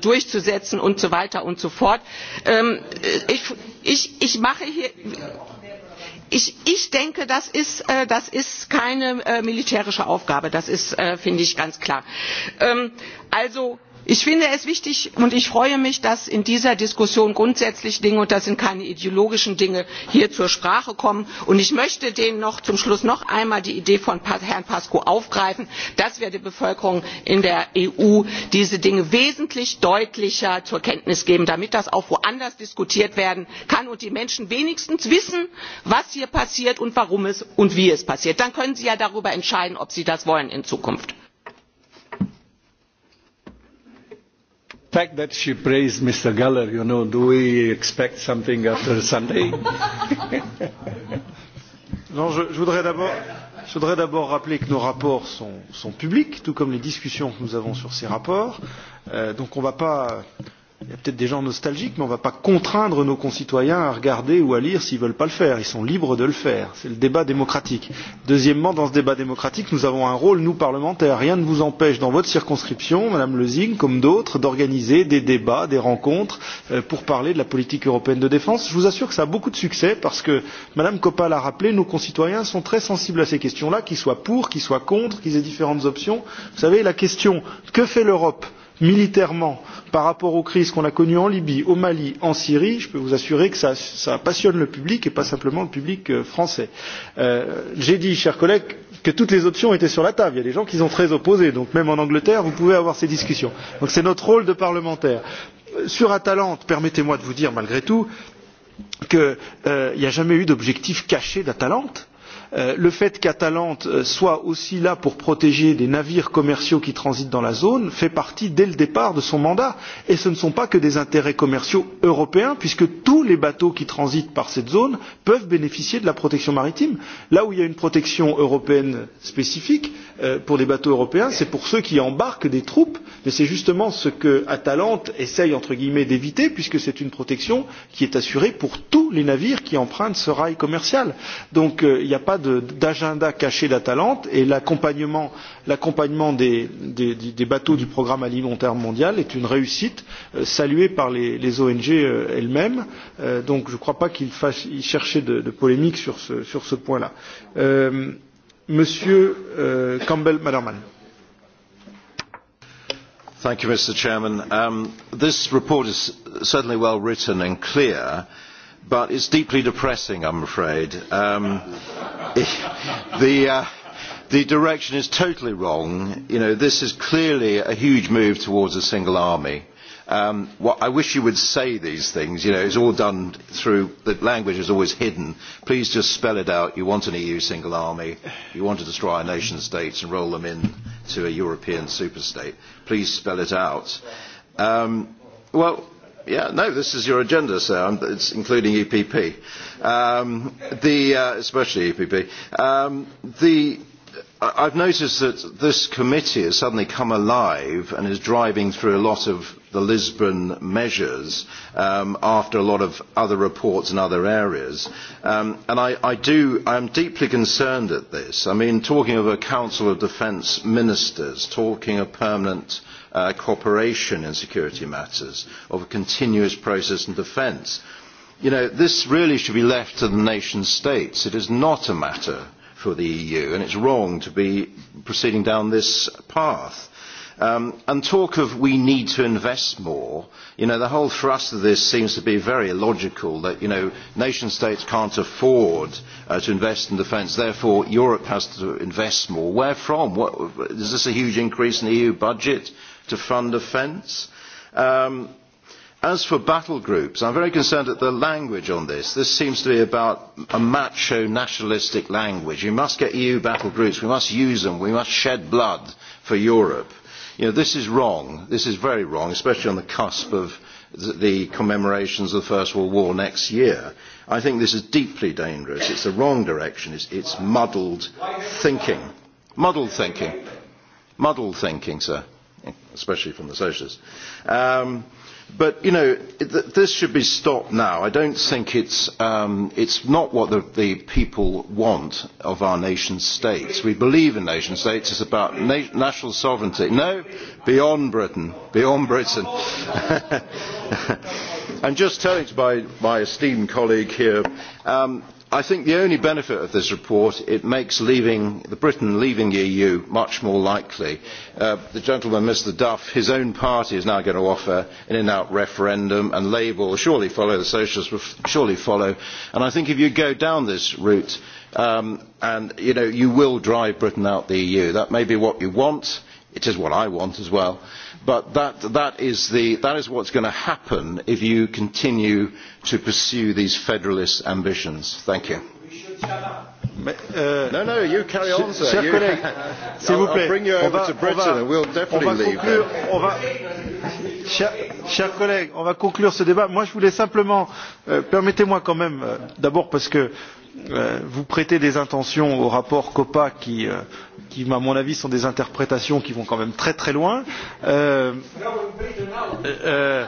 Speaker 6: durchzusetzen und so weiter und so fort. ich mache hier ich denke das ist keine militärische aufgabe das ist finde ich ganz klar. also ich finde es wichtig und ich freue mich dass in dieser diskussion grundsätzlich dinge und das sind keine ideologischen dinge hier zur sprache kommen und ich möchte zum schluss noch einmal die idee von herrn pacu aufgreifen dass wir der bevölkerung in der eu diese dinge wesentlich deutlicher zur kenntnis geben damit das auch woanders diskutiert werden kann und die menschen wenigstens wissen was hier passiert und warum es und wie es passiert. dann können sie ja darüber entscheiden ob sie das wollen in zukunft. fact
Speaker 10: that she praised Mr. Geller, you know, do we expect something after Sunday?
Speaker 1: non, je, je voudrais d'abord. Je voudrais d'abord rappeler que nos rapports sont, sont publics, tout comme les discussions que nous avons sur ces rapports. Euh, donc on ne va pas euh, Il y a peut-être des gens nostalgiques, mais on ne va pas contraindre nos concitoyens à regarder ou à lire s'ils ne veulent pas le faire. Ils sont libres de le faire. C'est le débat démocratique. Deuxièmement, dans ce débat démocratique, nous avons un rôle, nous, parlementaires. Rien ne vous empêche, dans votre circonscription, Madame Lezing, comme d'autres, d'organiser des débats, des rencontres pour parler de la politique européenne de défense. Je vous assure que ça a beaucoup de succès parce que, Madame Coppa l'a rappelé, nos concitoyens sont très sensibles à ces questions-là, qu'ils soient pour, qu'ils soient contre, qu'ils aient différentes options. Vous savez, la question que fait l'Europe militairement par rapport aux crises qu'on a connues en Libye, au Mali, en Syrie, je peux vous assurer que cela passionne le public et pas simplement le public français. J'ai dit, chers collègues, que toutes les options étaient sur la table. Il y a des gens qui sont très opposés, donc même en Angleterre, vous pouvez avoir ces discussions. c'est notre rôle de parlementaire. Sur Atalante, permettez-moi de vous dire malgré tout qu'il n'y a jamais eu d'objectif caché d'Atalante le fait qu'Atalante soit aussi là pour protéger des navires commerciaux qui transitent dans la zone fait partie dès le départ de son mandat et ce ne sont pas que des intérêts commerciaux européens puisque tous les bateaux qui transitent par cette zone peuvent bénéficier de la protection maritime. Là où il y a une protection européenne spécifique pour les bateaux européens, c'est pour ceux qui embarquent des troupes, mais c'est justement ce que Atalante essaye entre guillemets d'éviter puisque c'est une protection qui est assurée pour tous les navires qui empruntent ce rail commercial. Donc il n'y a pas pas d'agenda caché d'Atalante et l'accompagnement des, bateaux du programme alimentaire mondial est une réussite saluée par les, ONG elles mêmes. donc je ne crois pas qu'il faille y chercher de, polémique sur ce, point là. monsieur Campbell Maderman.
Speaker 12: Mr President, this report is certainly well written and clear but it is deeply depressing i am afraid. the direction is totally wrong. this is clearly a huge move towards a single army. i wish you would say these things. it is all done through the language is always hidden. please just spell it out. you want an eu single army. you want to destroy our nation states and roll them into a european superstate. please spell it out. well Yeah, no, this is your agenda, sir. I'm, it's including EPP, um, the, uh, especially EPP. Um, the, I've noticed that this committee has suddenly come alive and is driving through a lot of the Lisbon measures um, after a lot of other reports in other areas. Um, and I, I do, I'm deeply concerned at this. I mean, talking of a Council of Defence Ministers, talking of permanent cooperation in security matters, of a continuous process in defence. this really should be left to the nation states. It is not a matter for the EU, and it is wrong to be proceeding down this path. and talk of we need to invest more, the whole thrust of this seems to be very illogical, that nation states can't afford to invest in defence, therefore Europe has to invest more. Where from? What, is this a huge increase in the EU budget? to fund offence. as for battle groups, I'm very concerned at the language on this. This seems to be about a macho nationalistic language. You must get EU battle groups. We must use them. We must shed blood for Europe. You know, this is wrong. This is very wrong, especially on the cusp of the commemorations of the First World War next year. I think this is deeply dangerous. It's the wrong direction. It's, it's muddled thinking. Muddled thinking. Muddled thinking, sir especially from the socialists. Um, but, you know, th- this should be stopped now. I don't think it's, um, it's not what the, the people want of our nation states. We believe in nation states. It's about na- national sovereignty. No, beyond Britain. Beyond Britain. I'm just telling to my, my esteemed colleague here, um, I think the only benefit of this report, is that it makes Britain leaving the EU much more likely. the gentleman, Mr Duff, his own party is now going to offer an in-out referendum and Labour will surely follow, the Socialists will surely follow. And I think if you go down this route, and you, will drive Britain out of the EU. That may be what you want, it is what I want as well but that is what is going to happen if you continue to pursue these federalist ambitions. thank you. No, no, you carry on, sir. Chers collègues, s'il vous
Speaker 13: plaît. bring you over to Britain and we'll definitely leave. On va
Speaker 1: Chers collègues, on va conclure ce débat. Moi, je voulais simplement, permettez-moi quand même, d'abord parce que vous prêtez des intentions au rapport COPA qui qui, à mon avis, sont des interprétations qui vont quand même très très loin. Euh, euh,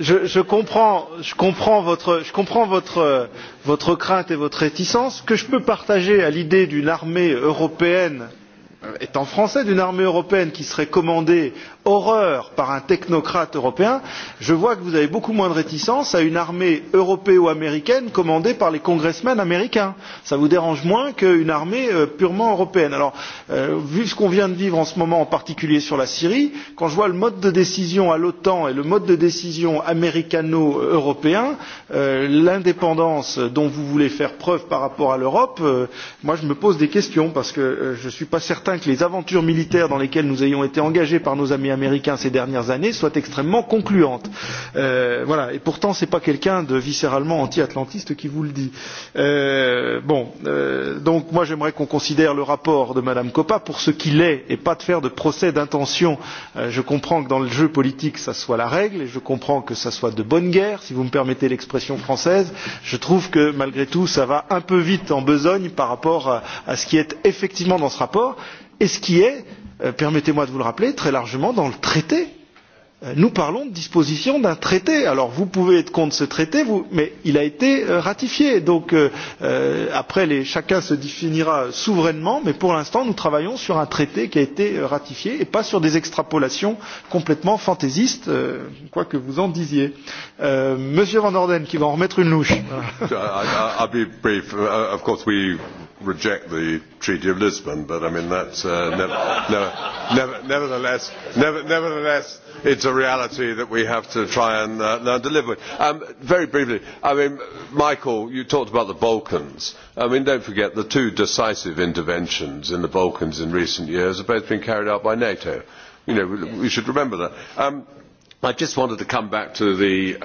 Speaker 1: je, je comprends, je comprends, votre, je comprends votre, votre crainte et votre réticence, que je peux partager à l'idée d'une armée européenne étant français d'une armée européenne qui serait commandée horreur par un technocrate européen je vois que vous avez beaucoup moins de réticence à une armée européo américaine commandée par les congressmen américains cela vous dérange moins qu'une armée purement européenne. alors vu ce qu'on vient de vivre en ce moment en particulier sur la syrie quand je vois le mode de décision à l'otan et le mode de décision américano européen l'indépendance dont vous voulez faire preuve par rapport à l'europe moi je me pose des questions parce que je ne suis pas certain certain que les aventures militaires dans lesquelles nous ayons été engagés par nos amis américains ces dernières années soient extrêmement concluantes. voilà. Et pourtant, ce n'est pas quelqu'un de viscéralement anti-atlantiste qui vous le dit. bon. donc, moi, j'aimerais qu'on considère le rapport de Mme Coppa pour ce qu'il est et pas de faire de procès d'intention. je comprends que dans le jeu politique, ça soit la règle et je comprends que ça soit de bonne guerre, si vous me permettez l'expression française. Je trouve que malgré tout, ça va un peu vite en besogne par rapport à ce qui est effectivement dans ce rapport et ce qui est permettez moi de vous le rappeler très largement dans le traité. Nous parlons de disposition d'un traité. Alors vous pouvez être contre ce traité, mais il a été ratifié. Donc après, chacun se définira souverainement, mais pour l'instant, nous travaillons sur un traité qui a été ratifié et pas sur des extrapolations complètement fantaisistes, quoi que vous en disiez. Monsieur Van Orden, qui va en remettre une louche
Speaker 7: reject the Treaty of Lisbon, but I mean that's uh, never, never, never, nevertheless, never, nevertheless, it's a reality that we have to try and uh, learn to live with. Um, very briefly, I mean, Michael, you talked about the Balkans. I mean, don't forget the two decisive interventions in the Balkans in recent years have both been carried out by NATO. You know, we we should remember that. Um, I just wanted to come back to the,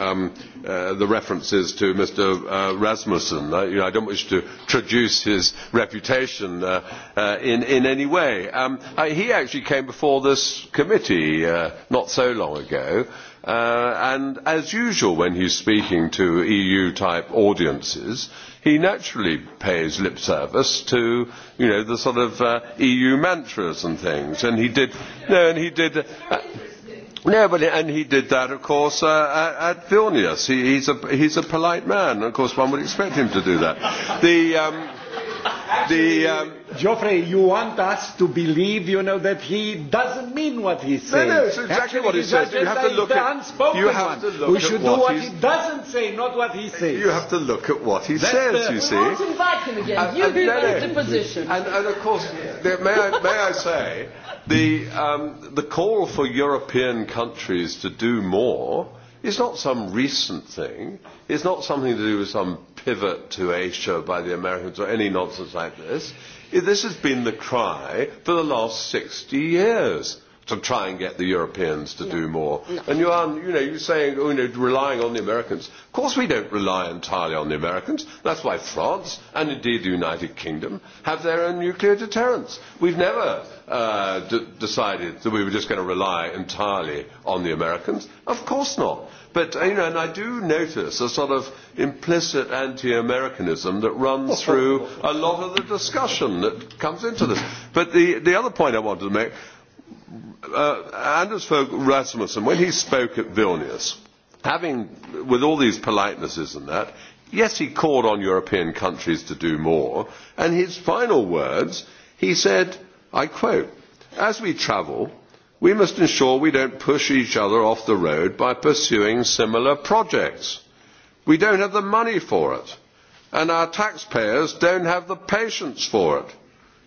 Speaker 7: references to Mr. Rasmussen. I, don't wish to traduce his reputation in, any way. he actually came before this committee not so long ago, and as usual when he is speaking to EU-type audiences, he naturally pays lip service to the sort of EU mantras and things, and he did. No, and he did. No, but and he did that, of course, uh, at Vilnius. He, he's a he's a polite man. Of course, one would expect him to do that. The um, the um, Geoffrey, you want us to believe,
Speaker 10: you know, that he doesn't mean what he says. No, no, it's exactly Actually, what he he says. You have to look at unspoken you have to look We should do what he doesn't say, not what he says. You have to look at what he That's says. The, you see. Let's invite him again. And, you and, be no, no. the position. And, and of course,
Speaker 7: the, may I may I say, the um, the call for European countries to do more is not some recent thing. It's not something to do with some pivot to Asia by the Americans or any nonsense like this. This has been the cry for the last 60 years to try and get the Europeans to do more. And you are, you know, you're saying, oh, you know, relying on the Americans. Of course we don't rely entirely on the Americans. That's why France, and indeed the United Kingdom, have their own nuclear deterrence. We've never uh, d- decided that we were just going to rely entirely on the Americans? Of course not. But you know, and I do notice a sort of implicit anti-Americanism that runs through a lot of the discussion that comes into this. But the, the other point I wanted to make, uh, Anders Fogh Rasmussen, when he spoke at Vilnius, having with all these politenesses and that, yes, he called on European countries to do more, and his final words, he said I quote, as we travel, we must ensure we don't push each other off the road by pursuing similar projects. We don't have the money for it, and our taxpayers don't have the patience for it.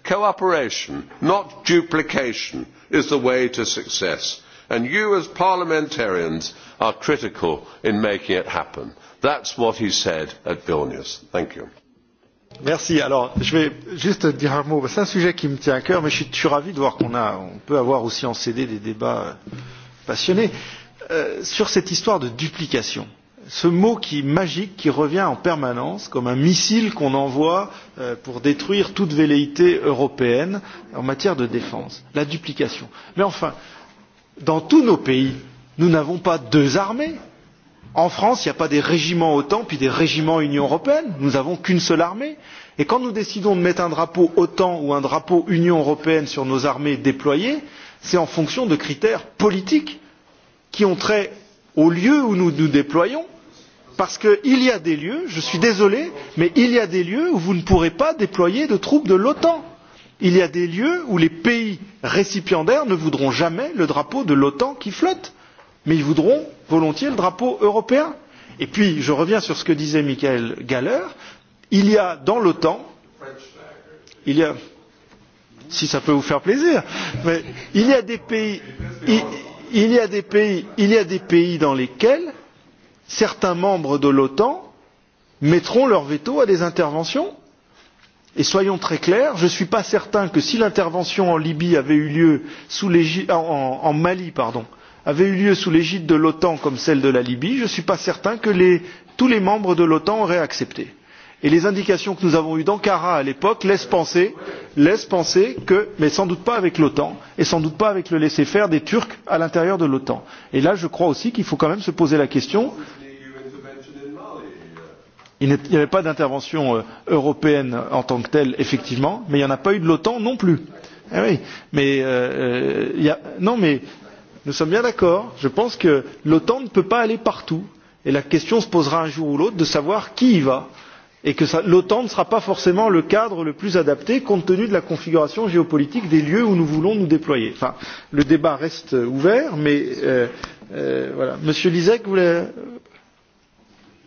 Speaker 7: Cooperation, not duplication, is the way to success, and you as parliamentarians are critical in making it happen. That is what he said at Vilnius. Thank you.
Speaker 1: Merci. Alors, je vais juste dire un mot. C'est un sujet qui me tient à cœur, mais je suis, je suis ravi de voir qu'on a, on peut avoir aussi en CD des débats passionnés euh, sur cette histoire de duplication. Ce mot qui est magique qui revient en permanence comme un missile qu'on envoie euh, pour détruire toute velléité européenne en matière de défense. La duplication. Mais enfin, dans tous nos pays, nous n'avons pas deux armées en France, il n'y a pas des régiments OTAN puis des régiments Union européenne. Nous n'avons qu'une seule armée. Et quand nous décidons de mettre un drapeau OTAN ou un drapeau Union européenne sur nos armées déployées, c'est en fonction de critères politiques qui ont trait au lieu où nous nous déployons. Parce qu'il y a des lieux, je suis désolé, mais il y a des lieux où vous ne pourrez pas déployer de troupes de l'OTAN. Il y a des lieux où les pays récipiendaires ne voudront jamais le drapeau de l'OTAN qui flotte mais ils voudront volontiers le drapeau européen. Et puis, je reviens sur ce que disait Michael Galler, il y a dans l'OTAN, il y a, si ça peut vous faire plaisir, mais il y a des pays, il, il y a des pays, il y a des pays dans lesquels certains membres de l'OTAN mettront leur veto à des interventions. Et soyons très clairs, je ne suis pas certain que si l'intervention en Libye avait eu lieu sous en, en Mali, pardon, euh, avait eu lieu sous l'égide de l'otan comme celle de la libye je ne suis pas certain que tous les membres de l'otan auraient accepté et les indications que nous avons eues d'ankara à l'époque laissent penser que mais sans doute pas avec l'otan et sans doute pas avec le laisser faire des turcs à l'intérieur de l'otan. et là je crois aussi qu'il faut quand même se poser la question il n'y avait pas d'intervention européenne en tant que telle effectivement mais il n'y en a pas eu de l'otan non plus. mais nous sommes bien d'accord je pense que l'otan ne peut pas aller partout et la question se posera un jour ou l'autre de savoir qui y va et que l'otan ne sera pas forcément le cadre le plus adapté compte tenu de la configuration géopolitique des lieux où nous voulons nous déployer. enfin le débat reste ouvert mais voilà. monsieur lisek voulait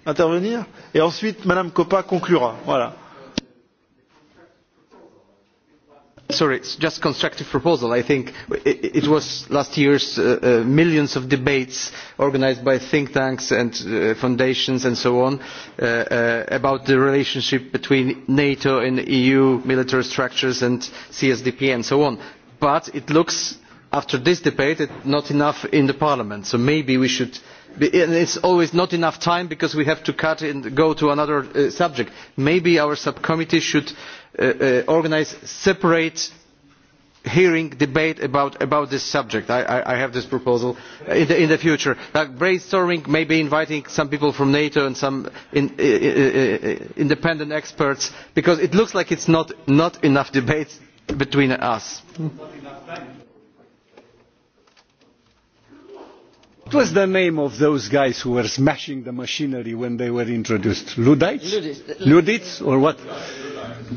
Speaker 1: intervenir et ensuite mme koppa conclura. voilà.
Speaker 3: Sorry, it's just a constructive proposal. I think it, it was last year's millions of debates organised by think tanks and foundations and so on about the relationship between NATO and EU military structures and CSDP and so on. But it looks, after this debate, not enough in the Parliament. So maybe we should it is always not enough time because we have to cut and go to another subject. maybe our subcommittee should organise a separate hearing debate about this subject i have this proposal in the future like brainstorming maybe inviting some people from nato and some independent experts because it looks like there is not enough debates between us.
Speaker 10: What was the name of those guys who were smashing the machinery when they were introduced? Luddites? Luddites or what?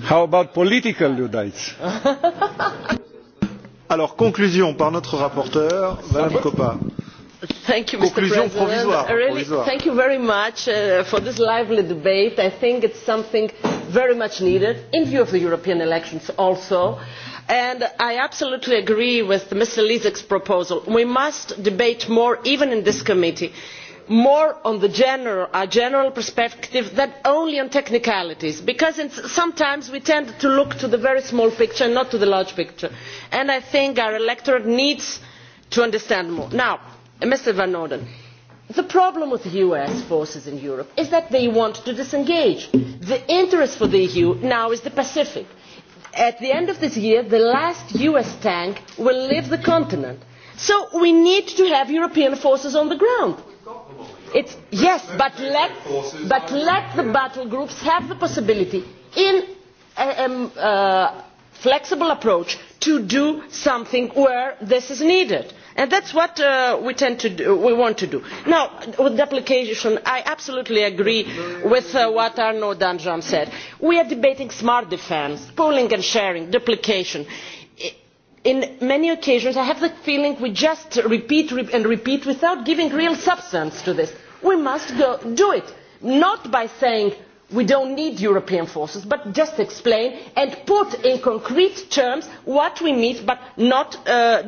Speaker 1: How about political Luddites? Alors, conclusion par notre rapporteur, Madame Coppa.
Speaker 6: Thank you, Mr. President. provisoire.
Speaker 1: Really, thank
Speaker 4: you very much uh, for this lively debate. I think it's something very much needed in view of the European elections also i absolutely agree with mr lisek's proposal we must debate more even in this committee more on a general perspective than only on technicalities because sometimes we tend to look to the very small picture and not to the large picture and i think our electorate needs to understand more. now mr van orden the problem with the us forces in europe is that they want to disengage. the interest for the eu now is the pacific at the end of this year the last us tank will leave the continent so we need to have european forces on the ground it's, yes but let, but let the battle groups have the possibility in a, a, a flexible approach to do something where this is needed that is what we want to do. now with the application i absolutely agree with what arnaud danjean said. we are debating smart defence pooling and sharing duplication. on many occasions i have the feeling we just repeat and repeat without giving real substance to this. we must do it not by saying we do not need european forces but just explain and put in concrete terms what we mean but not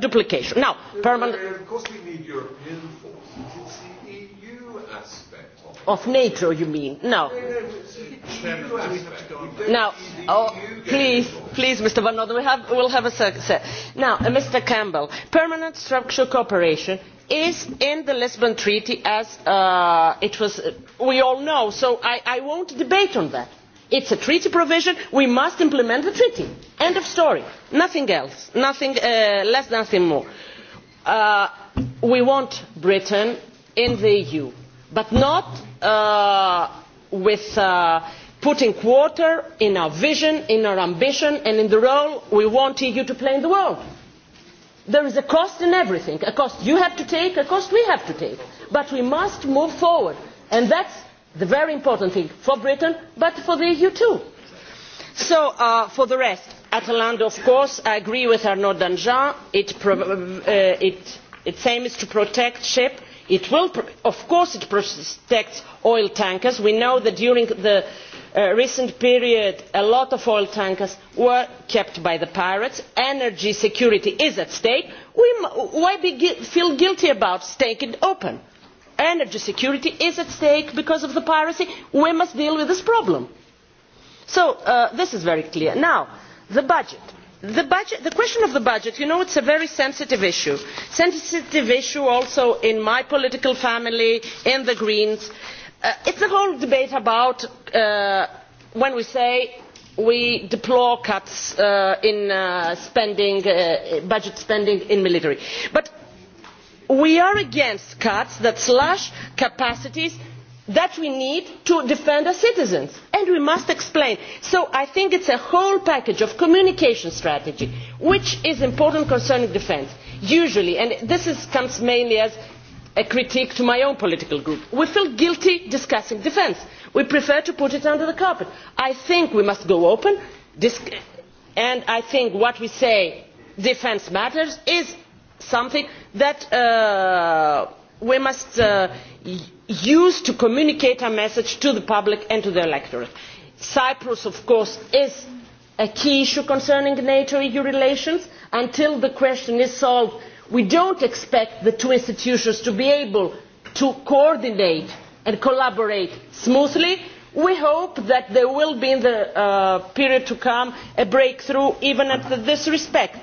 Speaker 4: duplication. now permanent of course we need european forces it's the
Speaker 7: eu aspect
Speaker 4: of nato you mean no now please please mr van orden we will have a now mr campbell permanent structural cooperation is in the lisbon treaty as we all know so i will not debate on that. it is a treaty provision we must implement the treaty end of story nothing else nothing less nothing more. we want britain in the eu but not with putting quarter in our vision in our ambition and in the role we want the eu to play in the world there is a cost in everything a cost you have to take a cost we have to take but we must move forward and that is the very important thing for britain but for the eu too. so for the rest atalanta of course i agree with arnaud danjean its aim is to protect ships of course it protects oil tankers we know that during the recent period a lot of oil tankers were kept by the pirates energy security is at stake why feel guilty about staying it open? energy security is at stake because of the piracy we must deal with this problem. so this is very clear. now the budget the question of the budget you know it is a very sensitive issue a sensitive issue also in my political family in the greens. it is the whole debate about when we say we deplore cuts in budget spending in the military but we are against cuts that slash capacities that we need to defend our citizens and we must explain. so i think it is a whole package of communication strategy which is important concerning defence usually and this comes mainly as a critique to my own political group we feel guilty discussing defence we prefer to put it under the carpet. i think we must go open and i think what we say defence matters' is something that uh we must use to communicate our message to the public and to the electorate. cyprus of course is a key issue concerning nato eu relations. until the question is solved we do not expect the two institutions to be able to coordinate and collaborate smoothly. we hope that there will be in the period to come a breakthrough even in this respect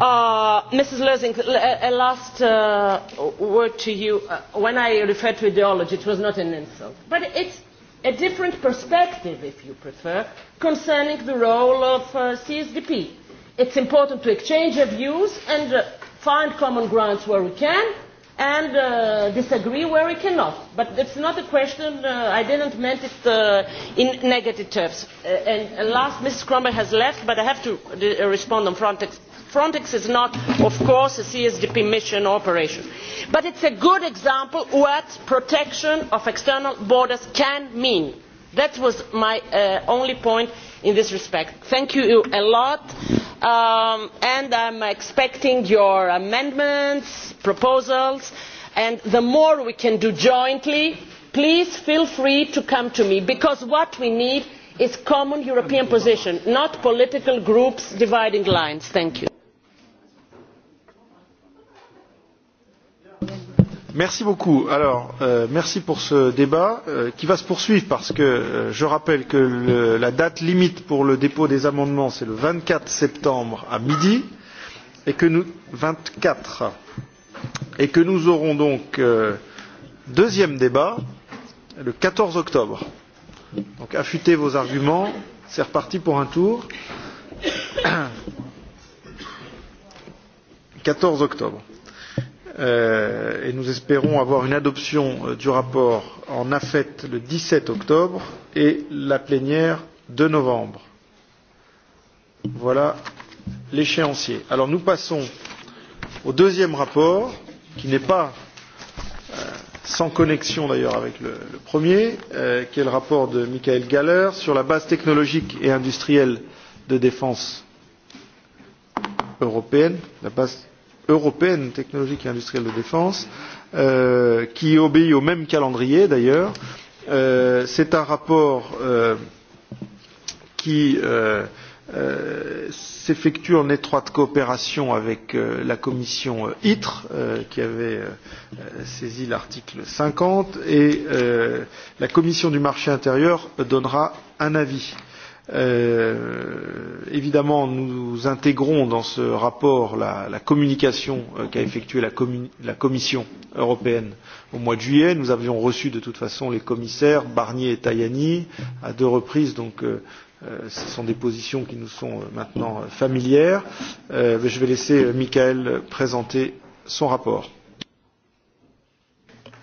Speaker 4: Mrs. lsing a last uh, word to you. When I referred to ideology, it was not an insult. But it's a different perspective, if you prefer, concerning the role of uh, CSDP. It's important to exchange views and uh, find common grounds where we can and uh, disagree where we cannot. But it's not a question, uh, I didn't mean it uh, in negative terms. Uh, and, and last, Mrs. Cromer has left, but I have to respond on Frontex frontex is not of course a csdp mission or operation but it is a good example of what protection of external borders can mean. that was my only point in this respect. thank you a lot and i am expecting your amendments and proposals and the more we can do jointly please feel free to come to me because what we need is a common european position not political groups' dividing lines. thank you.
Speaker 1: Merci beaucoup. Alors, merci pour ce débat qui va se poursuivre parce que je rappelle que la date limite pour le dépôt des amendements, c'est le vingt quatre septembre à midi et que nous, et que nous aurons donc un deuxième débat le quatorze octobre. Donc affûtez vos arguments, c'est reparti pour un tour. quatorze octobre et nous espérons avoir une adoption du rapport en AFET le dix sept octobre et la plénière de novembre. Voilà l'échéancier. Alors nous passons au deuxième rapport, qui n'est pas sans connexion d'ailleurs avec le, premier, qui est le rapport de Michael Galler sur la base technologique et industrielle de défense européenne, la base européenne technologique et industrielle de défense, euh, qui obéit au même calendrier d'ailleurs. Euh, C'est un rapport euh, qui euh, euh, s'effectue en étroite coopération avec euh, la commission euh, ITRE, euh, qui avait euh, saisi l'article 50, et euh, la commission du marché intérieur donnera un avis. Euh, évidemment, nous intégrons dans ce rapport la, communication qu'a effectuée la, Commission européenne au mois de juillet. Nous avions reçu de toute façon les commissaires Barnier et Tajani à deux reprises, donc ce sont des positions qui nous sont maintenant familières. je vais laisser Michael présenter son rapport.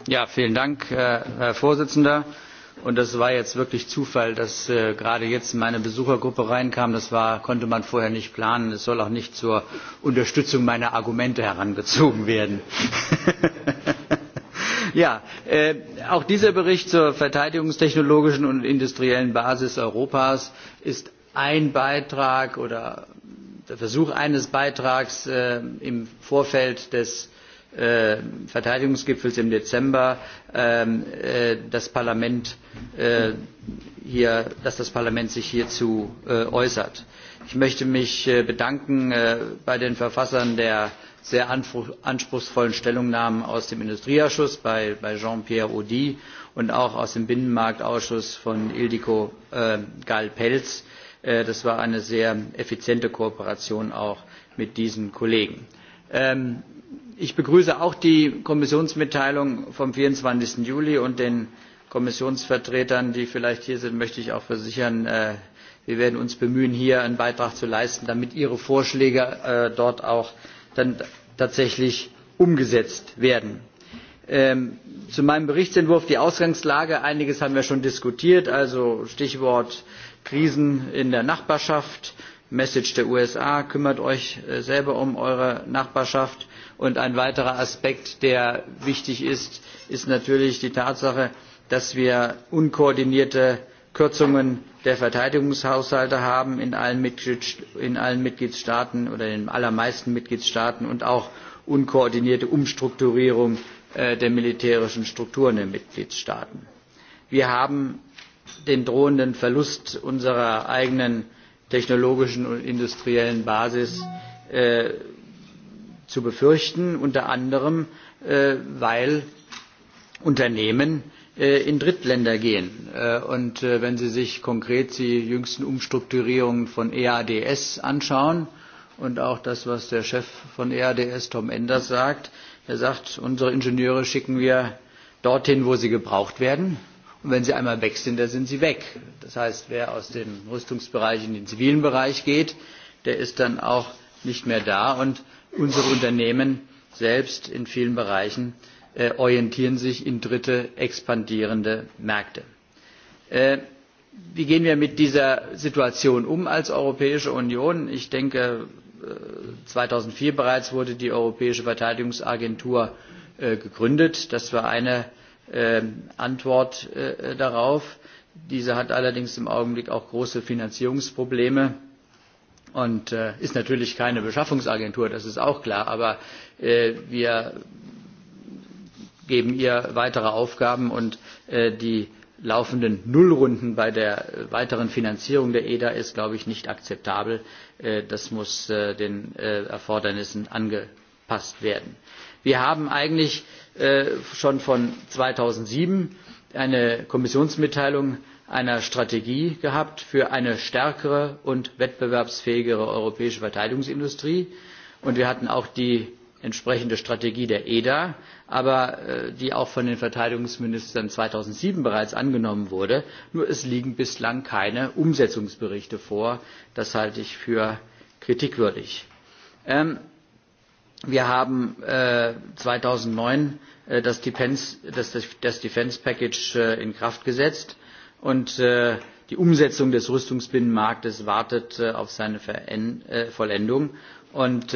Speaker 11: herr Und das war jetzt wirklich Zufall, dass gerade jetzt meine Besuchergruppe reinkam. Das konnte man vorher nicht planen. Es soll auch nicht zur Unterstützung meiner Argumente herangezogen werden. Ja, auch dieser Bericht zur verteidigungstechnologischen und industriellen Basis Europas ist ein Beitrag oder der Versuch eines Beitrags im Vorfeld des Verteidigungsgipfels im Dezember dass das Parlament sich hierzu äußert. Ich möchte mich bedanken bei den Verfassern der sehr anspruchsvollen Stellungnahmen aus dem Industrieausschuss bei, Jean-Pierre Audy und auch aus dem Binnenmarktausschuss von Ildiko gll pelcz. pelz das war eine sehr effiziente Kooperation auch mit diesen Kollegen ich begrüße auch die kommissionsmitteilung vom. vierundzwanzig juli und den kommissionsvertretern die vielleicht hier sind möchte ich auch versichern wir werden uns bemühen hier einen beitrag zu leisten damit ihre vorschläge dort auch dann tatsächlich umgesetzt werden. zu meinem berichtsentwurf die ausgangslage einiges haben wir schon diskutiert also stichwort krisen in der nachbarschaft message der usa kümmert euch selber um eure nachbarschaft und ein weiterer aspekt der wichtig ist ist natürlich die tatsache dass wir unkoordinierte kürzungen der verteidigungshaushalte haben in allen mitgliedstaaten oder in den allermeisten mitgliedstaaten und auch unkoordinierte umstrukturierung der militärischen strukturen der mitgliedstaaten. wir haben den drohenden verlust unserer eigenen technologischen und industriellen basis zu befürchten, unter anderem, weil Unternehmen in Drittländer gehen. Und wenn Sie sich konkret die jüngsten Umstrukturierungen von EADS anschauen und auch das, was der Chef von EADS, Tom Enders, sagt, er sagt, unsere Ingenieure schicken wir dorthin, wo sie gebraucht werden. Und wenn sie einmal weg sind, dann sind sie weg. Das heißt, wer aus dem Rüstungsbereich in den zivilen Bereich geht, der ist dann auch nicht mehr da. Und unsere Unternehmen selbst in vielen Bereichen orientieren sich in dritte expandierende Märkte. Wie gehen wir mit dieser Situation um als Europäische Union? Ich denke, 2004 bereits wurde die Europäische Verteidigungsagentur gegründet. Das war eine Antwort darauf. Diese hat allerdings im Augenblick auch große Finanzierungsprobleme und ist natürlich keine Beschaffungsagentur, das ist auch klar, aber wir geben ihr weitere Aufgaben und die laufenden Nullrunden bei der weiteren Finanzierung der EDA ist, glaube ich, nicht akzeptabel. Das muss den Erfordernissen angepasst werden. Wir haben eigentlich schon von 2007 eine Kommissionsmitteilung einer strategie gehabt für eine stärkere und wettbewerbsfähigere europäische verteidigungsindustrie und wir hatten auch die entsprechende strategie der eda aber die auch von den verteidigungsministern zweitausendsieben bereits angenommen wurde nur es liegen bislang keine umsetzungsberichte vor. das halte ich für kritikwürdig. wir haben zweitausendneun das defence package in kraft gesetzt und die Umsetzung des Rüstungsbinnenmarktes wartet auf seine Vollendung. Und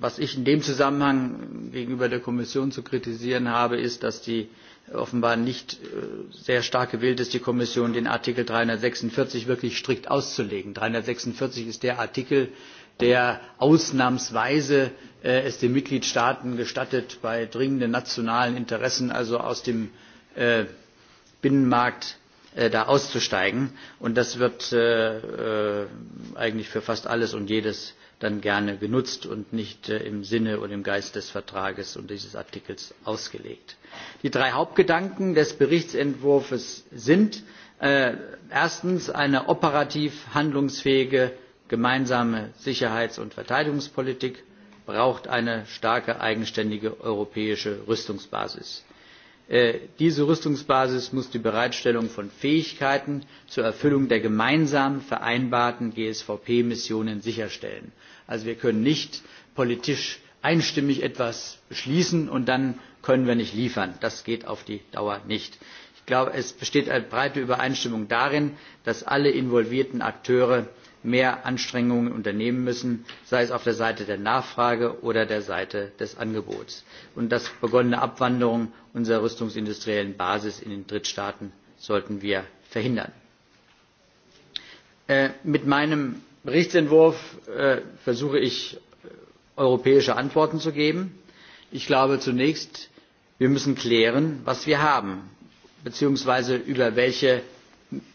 Speaker 11: was ich in dem Zusammenhang gegenüber der Kommission zu kritisieren habe, ist, dass die offenbar nicht sehr stark gewillt ist, die Kommission den Artikel dreihundertsechsundvierzig wirklich strikt auszulegen. dreihundertsechsundvierzig ist der Artikel, der es ausnahmsweise es den Mitgliedstaaten gestattet, bei dringenden nationalen Interessen, also aus dem Binnenmarkt da auszusteigen. Und das wird eigentlich für fast alles und jedes dann gerne genutzt und nicht im Sinne und im Geist des Vertrages und dieses Artikels ausgelegt. Die drei Hauptgedanken des Berichtsentwurfs sind erstens eine operativ handlungsfähige gemeinsame Sicherheits- und Verteidigungspolitik braucht eine starke eigenständige europäische Rüstungsbasis diese rüstungsbasis muss die bereitstellung von fähigkeiten zur erfüllung der gemeinsam vereinbarten gsvp missionen sicherstellen. also wir können nicht politisch einstimmig etwas beschließen und dann können wir nicht liefern. das geht auf die dauer nicht. ich glaube es besteht eine breite übereinstimmung darin dass alle involvierten akteure mehr anstrengungen unternehmen müssen sei es auf der seite der nachfrage oder der seite des angebots und das begonnene Abwanderung unserer rüstungsindustriellen basis in den drittstaaten sollten wir verhindern. mit meinem berichtsentwurf versuche ich europäische antworten zu geben. ich glaube zunächst wir müssen klären was wir haben beziehungsweise über welche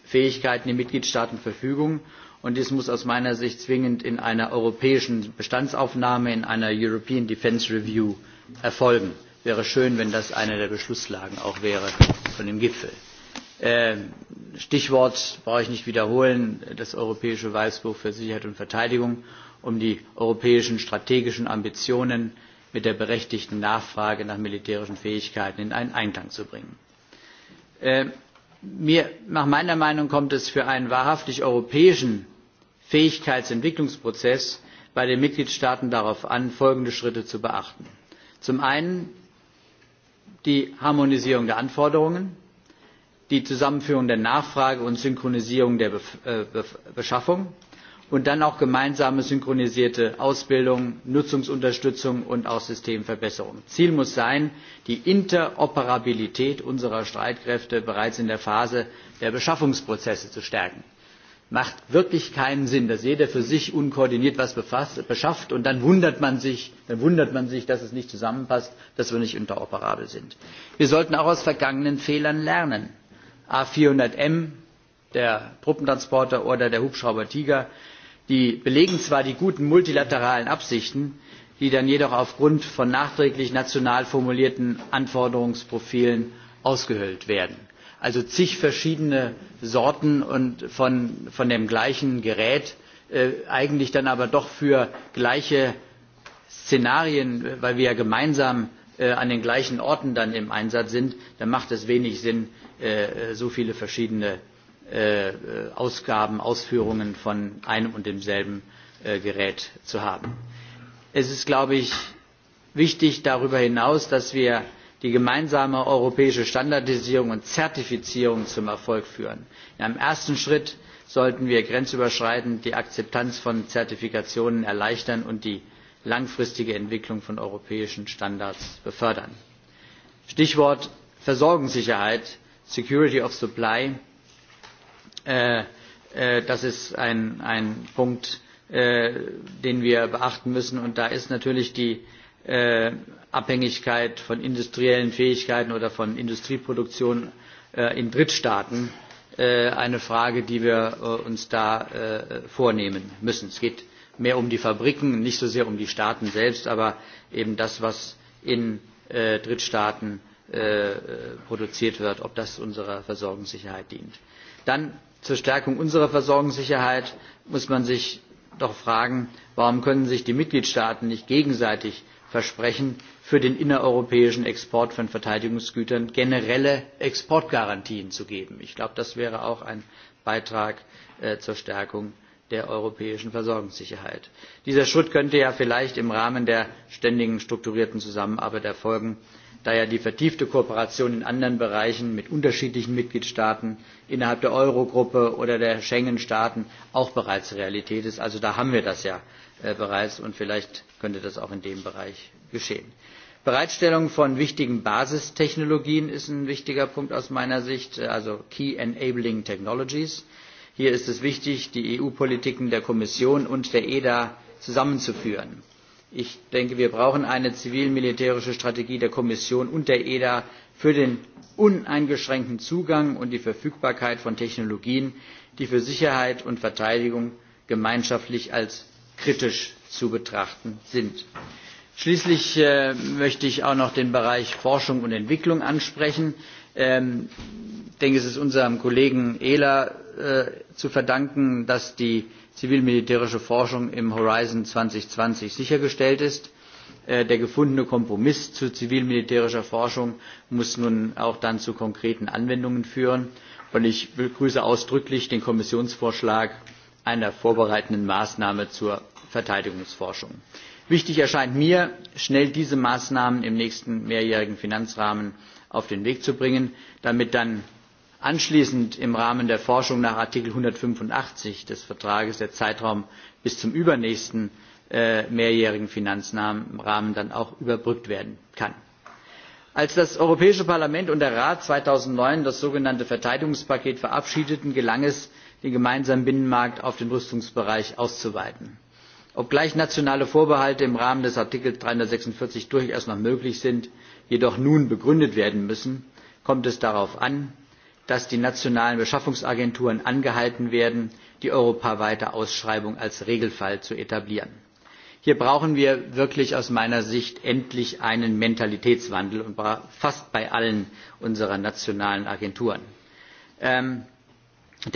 Speaker 11: fähigkeiten die mitgliedstaaten verfügen Und dies muss aus meiner Sicht zwingend in einer europäischen Bestandsaufnahme, in einer European Defence Review erfolgen. Wäre schön, wenn das eine der Beschlusslagen auch wäre von dem Gipfel. Stichwort brauche ich nicht wiederholen, das Europäische Weißbuch für Sicherheit und Verteidigung, um die europäischen strategischen Ambitionen mit der berechtigten Nachfrage nach militärischen Fähigkeiten in einen Einklang zu bringen. nach meiner Meinung kommt es für einen wahrhaftig europäischen fähigkeitsentwicklungsprozess bei den mitgliedstaaten darauf an folgende schritte zu beachten zum einen die harmonisierung der anforderungen die zusammenführung der nachfrage und synchronisierung der beschaffung und dann auch gemeinsame synchronisierte ausbildung nutzungsunterstützung und auch systemverbesserung. ziel muss sein die interoperabilität unserer streitkräfte bereits in der phase der beschaffungsprozesse zu stärken macht wirklich keinen Sinn, dass jeder für sich unkoordiniert was beschafft und dann wundert man sich, dann wundert man sich, dass es nicht zusammenpasst, dass wir nicht interoperabel sind. Wir sollten auch aus vergangenen Fehlern lernen. A400M, der Truppentransporter oder der Hubschrauber Tiger, die belegen zwar die guten multilateralen Absichten, die dann jedoch aufgrund von nachträglich national formulierten Anforderungsprofilen ausgehöhlt werden also zig verschiedene sorten von dem gleichen gerät eigentlich dann aber doch für gleiche szenarien weil wir ja gemeinsam an den gleichen orten dann im einsatz sind dann macht es wenig sinn so viele verschiedene ausgaben ausführungen von einem und demselben gerät zu haben. es ist glaube ich wichtig darüber hinaus dass wir die gemeinsame europäische standardisierung und zertifizierung zum erfolg führen. in einem ersten schritt sollten wir grenzüberschreitend die akzeptanz von zertifikationen erleichtern und die langfristige entwicklung von europäischen standards befördern. stichwort versorgungssicherheit security of supply das ist ein punkt den wir beachten müssen und da ist natürlich die Abhängigkeit von industriellen Fähigkeiten oder von Industrieproduktion in Drittstaaten eine Frage, die wir uns da vornehmen müssen. Es geht mehr um die Fabriken, nicht so sehr um die Staaten selbst, aber eben das, was in Drittstaaten produziert wird, ob das unserer Versorgungssicherheit dient. Dann zur Stärkung unserer Versorgungssicherheit muss man sich doch fragen, warum können sich die Mitgliedstaaten nicht gegenseitig versprechen für den innereuropäischen export von verteidigungsgütern generelle exportgarantien zu geben. ich glaube das wäre auch ein beitrag zur stärkung der europäischen versorgungssicherheit. dieser schritt könnte ja vielleicht im rahmen der ständigen strukturierten zusammenarbeit erfolgen da ja die vertiefte kooperation in anderen bereichen mit unterschiedlichen mitgliedstaaten innerhalb der eurogruppe oder der schengen staaten auch bereits realität ist. also da haben wir das ja bereits und vielleicht könnte das auch in dem Bereich geschehen. Bereitstellung von wichtigen Basistechnologien ist ein wichtiger Punkt aus meiner Sicht, also Key Enabling Technologies. Hier ist es wichtig, die EU-Politiken der Kommission und der EDA zusammenzuführen. Ich denke, wir brauchen eine zivil-militärische Strategie der Kommission und der EDA für den uneingeschränkten Zugang und die Verfügbarkeit von Technologien, die für Sicherheit und Verteidigung gemeinschaftlich als kritisch zu betrachten sind. Schließlich möchte ich auch noch den Bereich Forschung und Entwicklung ansprechen. ich denke, es ist unserem Kollegen Ehler zu verdanken, dass die zivil-militärische Forschung im Horizont 2020 sichergestellt ist. Der gefundene Kompromiss zu zivil-militärischer Forschung muss nun auch dann zu konkreten Anwendungen führen. Und ich begrüße ausdrücklich den Kommissionsvorschlag einer vorbereitenden Maßnahme zur verteidigungsforschung. wichtig erscheint mir schnell diese maßnahmen im nächsten mehrjährigen finanzrahmen auf den weg zu bringen damit dann anschließend im rahmen der forschung nach artikel einhundertfünfundachtzig des vertrags der zeitraum bis zum übernächsten mehrjährigen finanzrahmen dann auch überbrückt werden kann. als das europäische parlament und der rat zweitausendneun das sogenannte verteidigungspaket verabschiedeten gelang es den gemeinsamen binnenmarkt auf den rüstungsbereich auszuweiten obgleich nationale vorbehalte im rahmen des artikels dreihundertsechsundvierzig durchaus noch möglich sind jedoch nun begründet werden müssen kommt es darauf an dass die nationalen beschaffungsagenturen angehalten werden die europaweite ausschreibung als regelfall zu etablieren. hier brauchen wir wirklich aus meiner sicht endlich einen mentalitätswandel und zwar fast bei allen unserer nationalen agenturen. der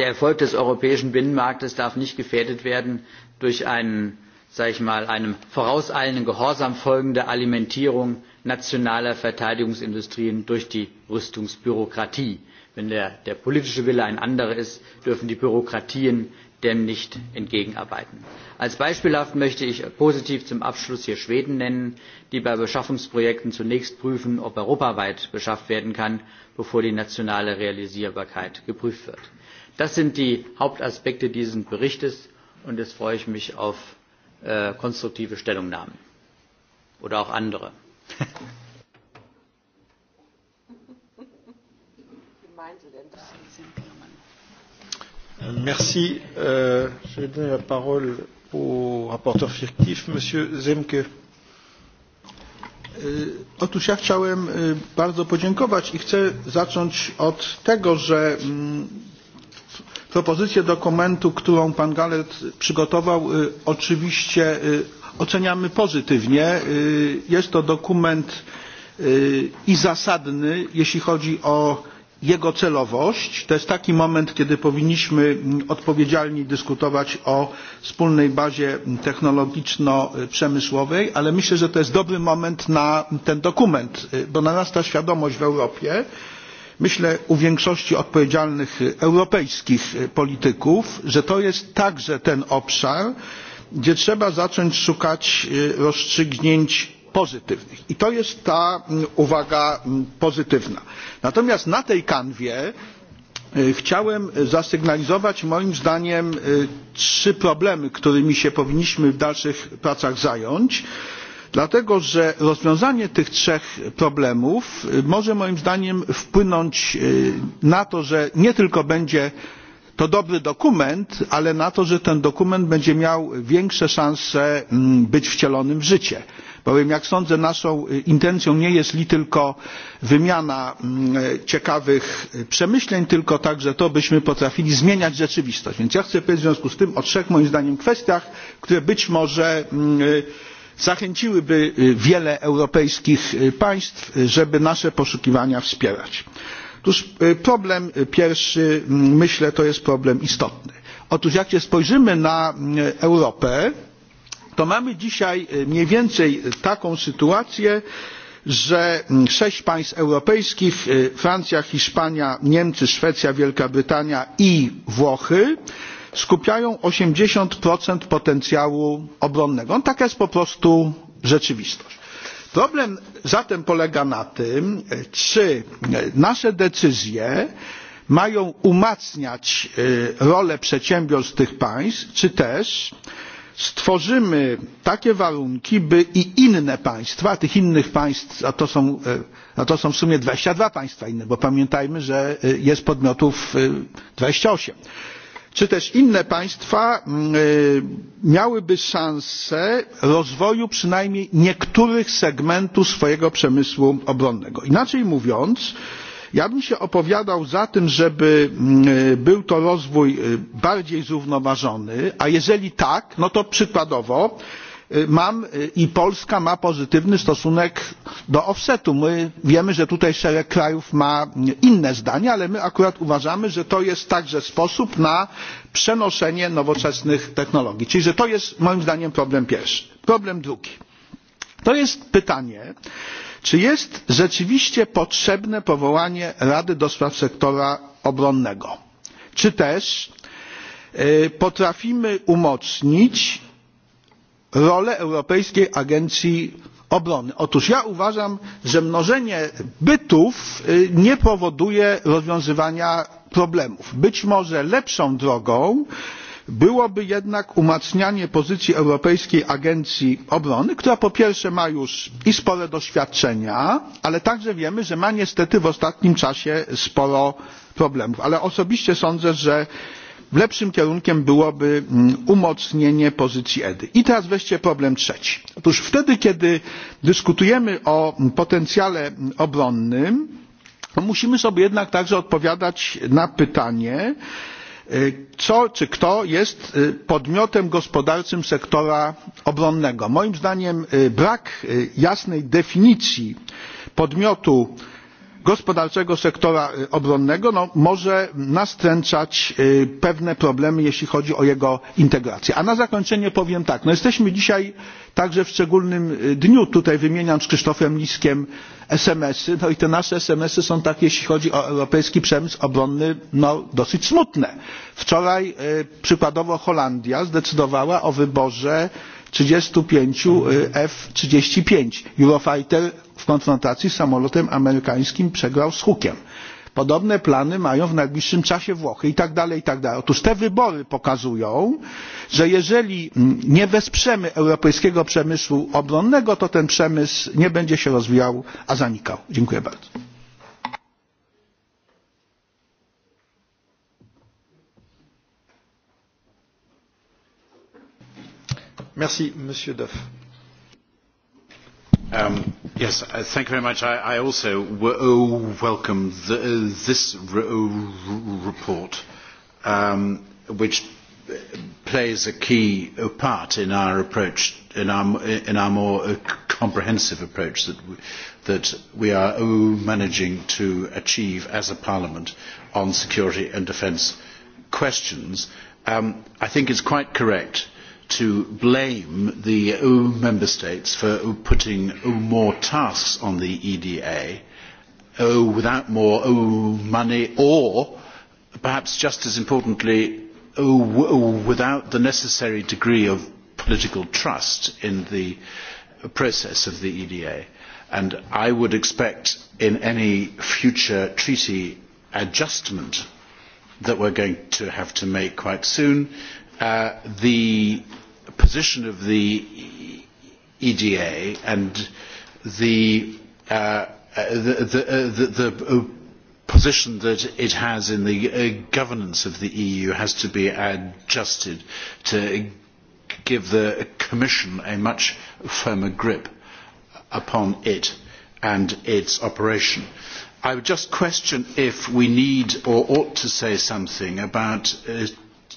Speaker 11: erfolg des europäischen binnenmarktes darf nicht gefährdet werden durch einen sage ich mal einem vorauseilenden gehorsam folgende alimentierung nationaler verteidigungsindustrien durch die rüstungsbürokratie. wenn der politische wille ein anderer ist dürfen die bürokratien dem nicht entgegenarbeiten. als beispielhaft möchte ich positiv zum abschluss hier schweden nennen die bei beschaffungsprojekten zunächst prüfen ob europaweit beschafft werden kann bevor die nationale realisierbarkeit geprüft wird. das sind die hauptaspekte dieses berichts und jetzt freue ich mich auf äh, konstruktive Stellungnahmen oder auch andere. Merci.
Speaker 1: Euh, je vais donner la parole au rapporteur fictif, M. Zemke.
Speaker 13: Otóż ja chciałem bardzo podziękować i chcę zacząć od tego, że Propozycję dokumentu, którą pan Galet przygotował, oczywiście oceniamy pozytywnie. Jest to dokument i zasadny, jeśli chodzi o jego celowość. To jest taki moment, kiedy powinniśmy odpowiedzialnie dyskutować o wspólnej bazie technologiczno-przemysłowej, ale myślę, że to jest dobry moment na ten dokument, bo narasta świadomość w Europie, myślę u większości odpowiedzialnych europejskich polityków że to jest także ten obszar gdzie trzeba zacząć szukać rozstrzygnięć pozytywnych i to jest ta uwaga pozytywna. natomiast na tej kanwie chciałem zasygnalizować moim zdaniem trzy problemy którymi się powinniśmy w dalszych pracach zająć. po dlatego że rozwiązanie tych trzech problemów może moim zdaniem wpłynąć na to że nie tylko będzie to dobry dokument ale na to że ten dokument będzie miał większe szanse być wcielonym w życie bowiem jak sądzę naszą intencją nie jest li tylko wymiana ciekawych przemyśleń tylko także to byśmy potrafili zmieniać rzeczywistość. więc ja chcę powiedzieć w związku z tym o trzech moim zdaniem kwestiach które być może zachęciłyby wiele europejskich państw żeby nasze poszukiwania wspierać. otóż problem pierwszy myślę to jest problem istotny. otóż jak się spojrzymy na europę to mamy dzisiaj mniej więcej taką sytuację że sześć państw europejskich francja hiszpania niemcy szwecja wielka brytania i włochy skupiają osiemdziesiąt potencjału obronnego. taka jest po prostu rzeczywistość. problem zatem polega na tym czy nasze decyzje mają umacniać rolę przedsiębiorstw tych państw czy też stworzymy takie warunki by i inne państwa tych innych państw a to są, a to są w sumie dwadzieścia dwa państwa inne bo pamiętajmy że jest podmiotów dwadzieścia osiem czy też inne państwa miałyby szansę rozwoju przynajmniej niektórych segmentów swojego przemysłu obronnego. inaczej mówiąc ja bym się opowiadał za tym żeby był to rozwój bardziej zrównoważony a jeżeli tak no to przykładowo mam i polska ma pozytywny stosunek do offsetu. my wiemy że tutaj szereg krajów ma inne zdanie ale my akurat uważamy że to jest także sposób na przenoszenie nowoczesnych technologii czyli że to jest moim zdaniem problem pierwszy. problem drugi to jest pytanie czy jest rzeczywiście potrzebne powołanie rady do spraw sektora obronnego czy też potrafimy umocnić rolę Europejskiej Agencji Obrony. Otóż ja uważam, że mnożenie bytów nie powoduje rozwiązywania problemów. Być może lepszą drogą byłoby jednak umacnianie pozycji Europejskiej Agencji Obrony, która po pierwsze ma już i spore doświadczenia, ale także wiemy, że ma niestety w ostatnim czasie sporo problemów. Ale osobiście sądzę, że lepszym kierunkiem byłoby umocnienie pozycji edy. i teraz wreszcie problem trzeci otóż wtedy kiedy dyskutujemy o potencjale obronnym musimy sobie jednak także odpowiadać na pytanie co czy kto jest podmiotem gospodarczym sektora obronnego. moim zdaniem brak jasnej definicji podmiotu gospodarczego sektora obronnego może nastręczać pewne problemy jeśli chodzi o jego integrację. a na zakończenie powiem tak jesteśmy dzisiaj także w szczególnym dniu tutaj wymieniam z krzysztofem liskiem smsy no i te nasze smsy są takie jeśli chodzi o europejski przemysł obronny dosyć smutne. wczoraj przykładowo holandia zdecydowała o wyborze trzydzieści pięć f trzydzieści pięć eurofighter w konfrontacji z samolotem amerykańskim przegrał z hukiem. Podobne plany mają w najbliższym czasie Włochy i tak dalej, i tak dalej. Otóż te wybory pokazują, że jeżeli nie wesprzemy europejskiego przemysłu obronnego, to ten przemysł nie będzie się rozwijał, a zanikał. Dziękuję bardzo.
Speaker 1: Merci, Monsieur Duff
Speaker 5: thank you very much. I, also welcome this report, which plays a key part in our approach, in our, in our more comprehensive approach that we are managing to achieve as a parliament on security and defence questions. I think it is quite correct to blame the member states for putting more tasks on the EDA without more money or perhaps just as importantly without the necessary degree of political trust in the process of the EDA. And I would expect in any future treaty adjustment that we are going to have to make quite soon, the position of the EDA and the, uh, the, the, the position that it has in the governance of the EU has to be adjusted to give the Commission a much firmer grip upon it and its operation. I would just question if we need or ought to say something about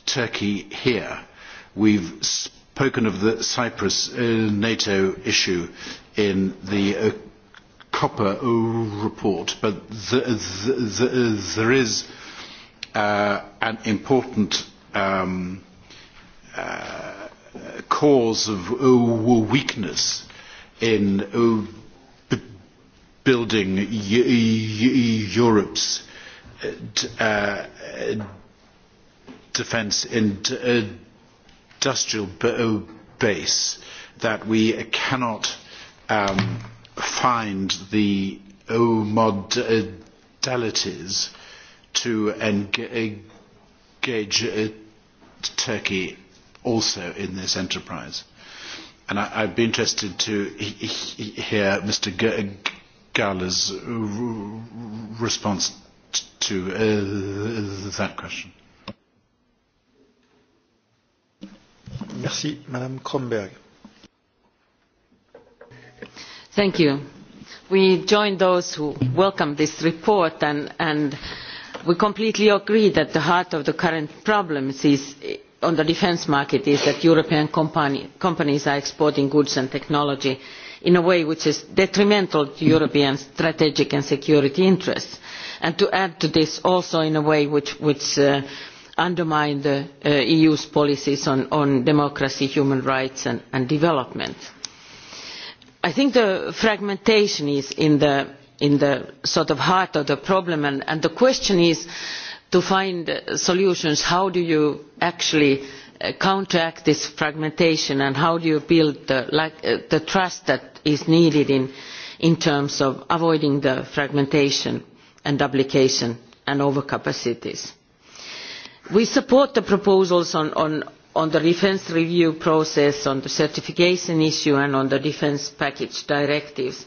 Speaker 5: Turkey here. We've spoken of the Cyprus NATO issue in the copper report, but there is an important cause of weakness in building Europe's defence in industrial base that we cannot find the modalities to engage Turkey also in this enterprise. And I, I'd be interested to hear Mr. Gala's response to that question.
Speaker 1: Merci, Madame Kronberg. Thank you.
Speaker 8: We join those who welcome this report and, and we completely agree that the heart of the current problems is, on the defence market is that European companies are exporting goods and technology in a way which is detrimental to European strategic and security interests. And to add to this also in a way which, which undermine the eu's policies on democracy human rights and development. i think the fragmentation is in the sort of heart of the problem and the question is to find solutions how do you actually counteract this fragmentation and how do you build the trust that is needed in terms of avoiding the fragmentation and duplication and overcapacities? we support the proposals on the defence review process on the certification issue and on the defence package directives.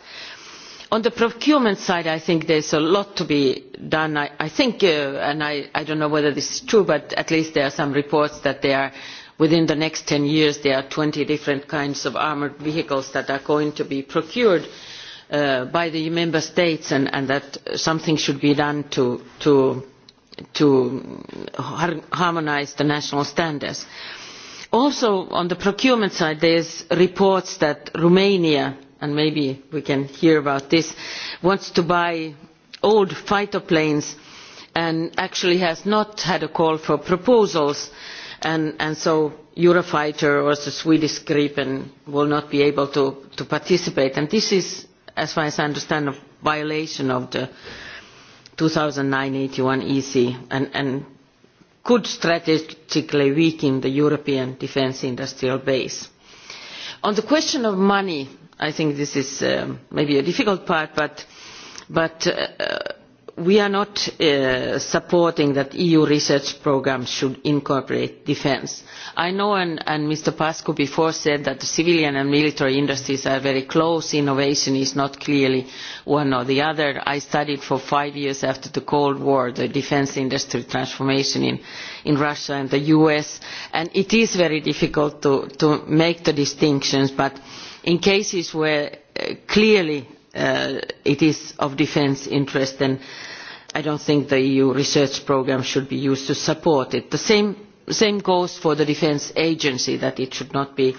Speaker 8: on the procurement side i think there is a lot to be done. i think and i do not know whether this is true but at least there are some reports that within the next ten years there are twenty different kinds of armoured vehicles that are going to be procured by the member states and that something should be done to to harmonise the national standards. Also on the procurement side there are reports that Romania and maybe we can hear about this wants to buy old fighter planes and actually has not had a call for proposals and so Eurofighter or the Swedish Gripen will not be able to, participate and this is as far as I understand a violation of the two thousand nine eighty one EC and could strategically weaken the European defence industrial base. On the question of money, I think this is maybe a difficult part, but we are not supporting that eu research programmes should incorporate defence. i know and mr pacu before said that the civilian and military industries are very close innovation is not clearly one or the other. i studied for five years after the cold war the defence industry transformation in russia and the us and it is very difficult to make the distinctions but in cases where clearly it is of defence interest and I do not think the EU research programme should be used to support it. The same, same goes for the Defence Agency, that it should not be,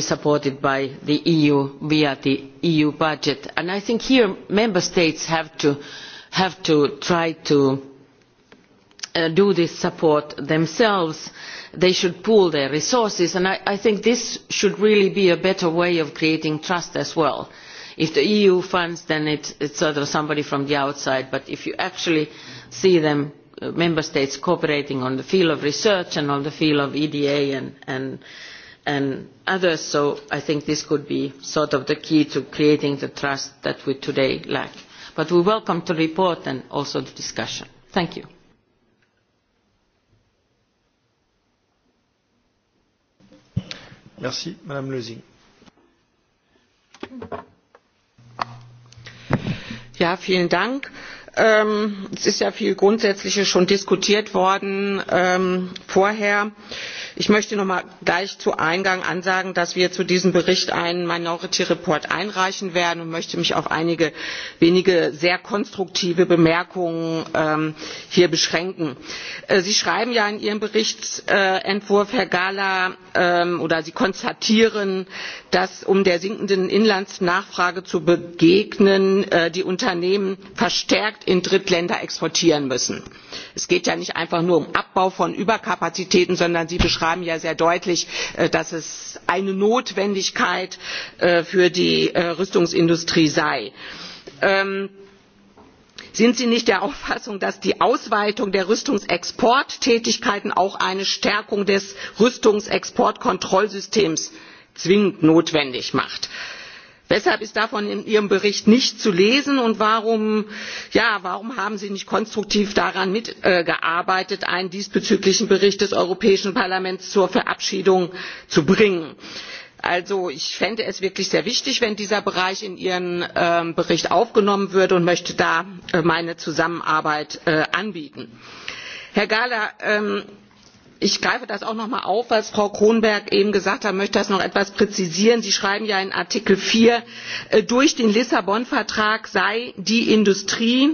Speaker 8: supported by the EU via the EU budget. I think here Member States have to, have to try to do this support themselves. They should pool their resources, and I, I think this should really be a better way of creating trust as well if the eu funds then it is sort of somebody from the outside but if you actually see them member states cooperating on the field of research and on the field of eda and others so i think this could be sort of the key to creating the trust that we today lack but we welcome the report
Speaker 1: and also the discussion
Speaker 8: thank you
Speaker 6: vielen dank es ist ja viel Grundsätzliches schon diskutiert worden vorher. Ich möchte noch mal gleich zu Eingang ansagen, dass wir zu diesem Bericht einen Minority Report einreichen werden und möchte mich auf einige wenige sehr konstruktive Bemerkungen hier beschränken. Sie schreiben ja in Ihrem Berichtsentwurf, Herr Gahler, oder Sie konstatieren, dass um der sinkenden Inlandsnachfrage zu begegnen, die Unternehmen verstärkt in drittländer exportieren müssen. es geht ja nicht einfach nur um abbau von überkapazitäten sondern sie beschreiben ja sehr deutlich dass es eine notwendigkeit für die rüstungsindustrie sei sind sie nicht der auffassung dass die ausweitung der rüstungsexporttätigkeiten auch eine stärkung des rüstungsexportkontrollsystems zwingend notwendig macht? weshalb ist davon in ihrem bericht nichts zu lesen und warum haben sie nicht konstruktiv daran mitgearbeitet einen diesbezüglichen bericht des europäischen parlaments zur verabschiedung zu bringen? ich fände es wirklich sehr wichtig wenn dieser bereich in ihren bericht aufgenommen würde und möchte da meine zusammenarbeit anbieten. herr gahler ich greife das auch noch mal auf was frau kronberg eben gesagt hat möchte das noch etwas präzisieren sie schreiben ja in artikel vier durch den lissabon vertrag sei die industrie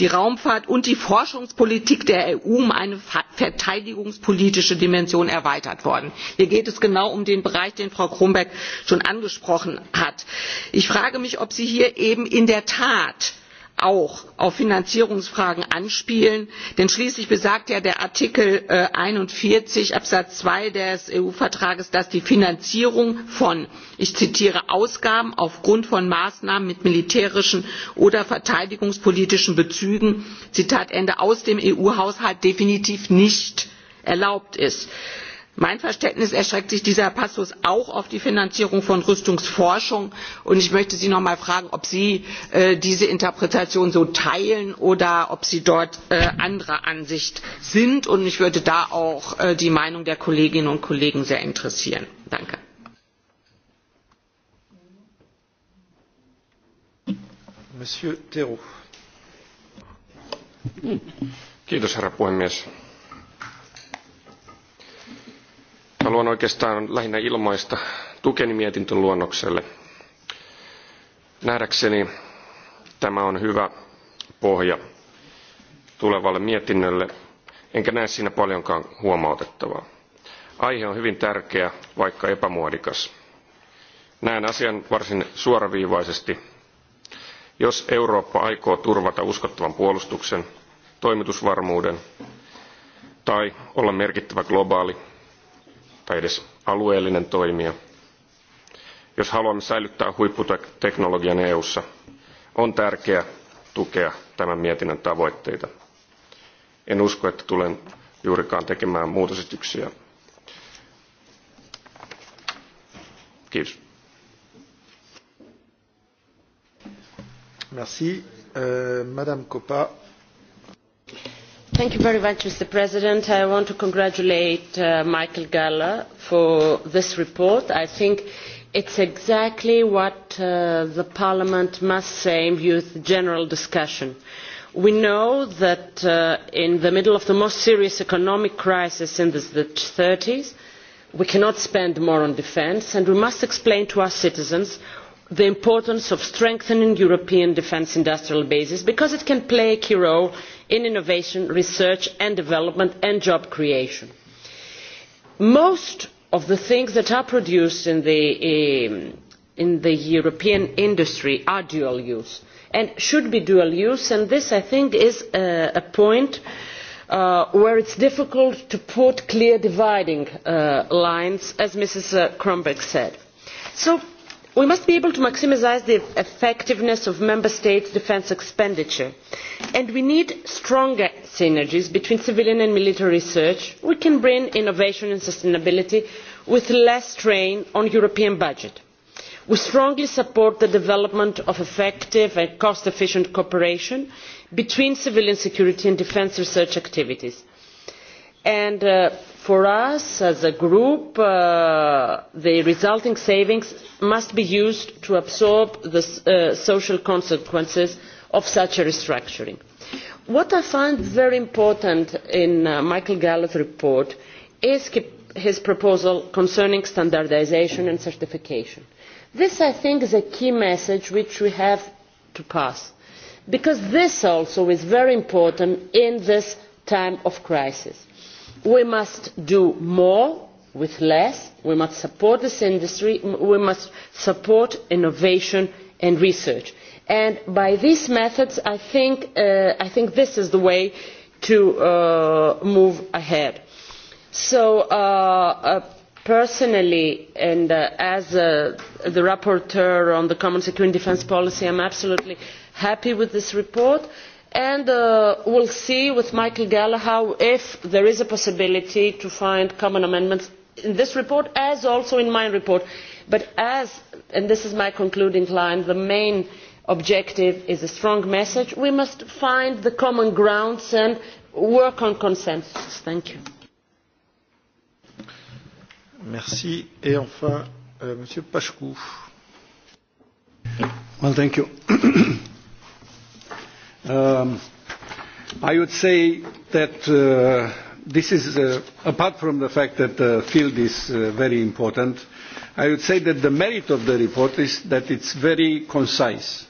Speaker 6: die raumfahrt und die forschungspolitik der eu um eine verteidigungspolitische dimension erweitert worden. hier geht es genau um den bereich den frau kronberg schon angesprochen hat. ich frage mich ob sie hier eben in der tat auch auf finanzierungsfragen anspielen denn schließlich besagt ja der artikel einundvierzig absatz zwei des eu vertrags dass die finanzierung von ich zitiere ausgaben aufgrund von maßnahmen mit militärischen oder verteidigungspolitischen bezügen zitat ende aus dem eu haushalt definitiv nicht erlaubt ist mein verständnis erstreckt sich dieser passus auch auf die finanzierung von rüstungsforschung und ich möchte sie noch einmal fragen ob sie diese interpretation so teilen oder ob sie dort anderer ansicht sind und mich würde da auch die meinung der kolleginnen und kollegen sehr interessieren. danke.
Speaker 9: puhemies haluan oikeastaan lähinnä ilmaista tukeni mietintöluonnokselle. Nähdäkseni tämä on hyvä pohja tulevalle mietinnölle, enkä näe siinä paljonkaan huomautettavaa. Aihe on hyvin tärkeä, vaikka epämuodikas. Näen asian varsin suoraviivaisesti. Jos Eurooppa aikoo turvata uskottavan puolustuksen, toimitusvarmuuden tai olla merkittävä globaali tai edes alueellinen toimija, jos haluamme säilyttää huipputeknologian EU-ssa, on tärkeää tukea tämän mietinnön tavoitteita. En usko, että tulen juurikaan tekemään muutosesityksiä. Kiitos.
Speaker 1: Merci. Euh, Madame Coppa
Speaker 4: mr president i want to congratulate michael gahler for this report. i think it is exactly what parliament must view of the general discussion. we know that in the middle of the most serious economic crisis in the thirties we cannot spend more on defence and we must explain to our citizens the importance of strengthening european defence industrial bases because it can play a key role in innovation research and development and job creation. most of the things that are produced in the european industry are dual use and should be dual use and this i think is a point where it is difficult to put clear dividing lines as mrs krombeck said. so we must be able to maximise the effectiveness of member states' defence expenditure and we need stronger synergies between civilian and military research. we can bring innovation and sustainability with less strain on the european budget. we strongly support the development of effective and cost efficient cooperation between civilian security and defence research activities and for us as a group the resulting savings must be used to absorb the social consequences of such a restructuring. what i find very important in michael gallagher's report is his proposal concerning standardisation and certification. this i think is a key message which we have to pass because this also is very important in this time of crisis we must do more with less we must support this industry we must support innovation and research and by these methods i think this is the way to move ahead. so personally and as the rapporteur on the common security and defence policy i am absolutely happy with this report and we will see with michael gallagher if there is a possibility to find common amendments in this report as also in my report but as and this is my concluding line the main objective is a strong message we must find the common ground and work on consensus. thank you.
Speaker 10: thank you. I would say that this is, apart from the fact that the field is very important, I would say that the merit of the report is that it's very concise.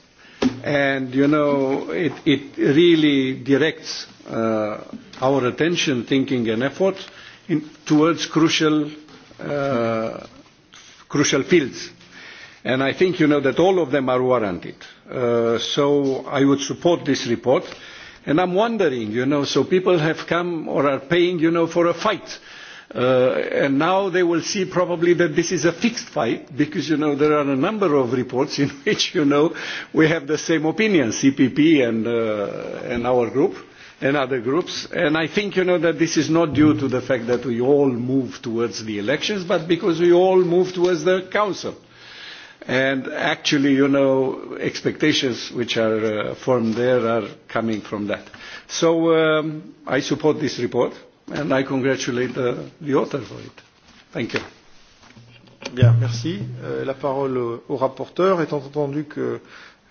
Speaker 10: And, you know, it, it really directs our attention, thinking and effort in, towards crucial, crucial fields. And I think, you know, that all of them are warranted so I would support this report. And I'm wondering, you know, so people have come or are paying, you know, for a fight. and now they will see probably that this is a fixed fight because, you know, there are a number of reports in which, you know, we have the same opinion, CPP and, and our group and other groups. And I think, you know, that this is not due to the fact that we all move towards the elections, but because we all move towards the council And actually, you know, expectations which are uh, formed there are coming from that. So um, I support this report and I congratulate uh, the author
Speaker 1: for it. Thank you. Bien, merci. Euh, la parole au, rapporteur, étant entendu que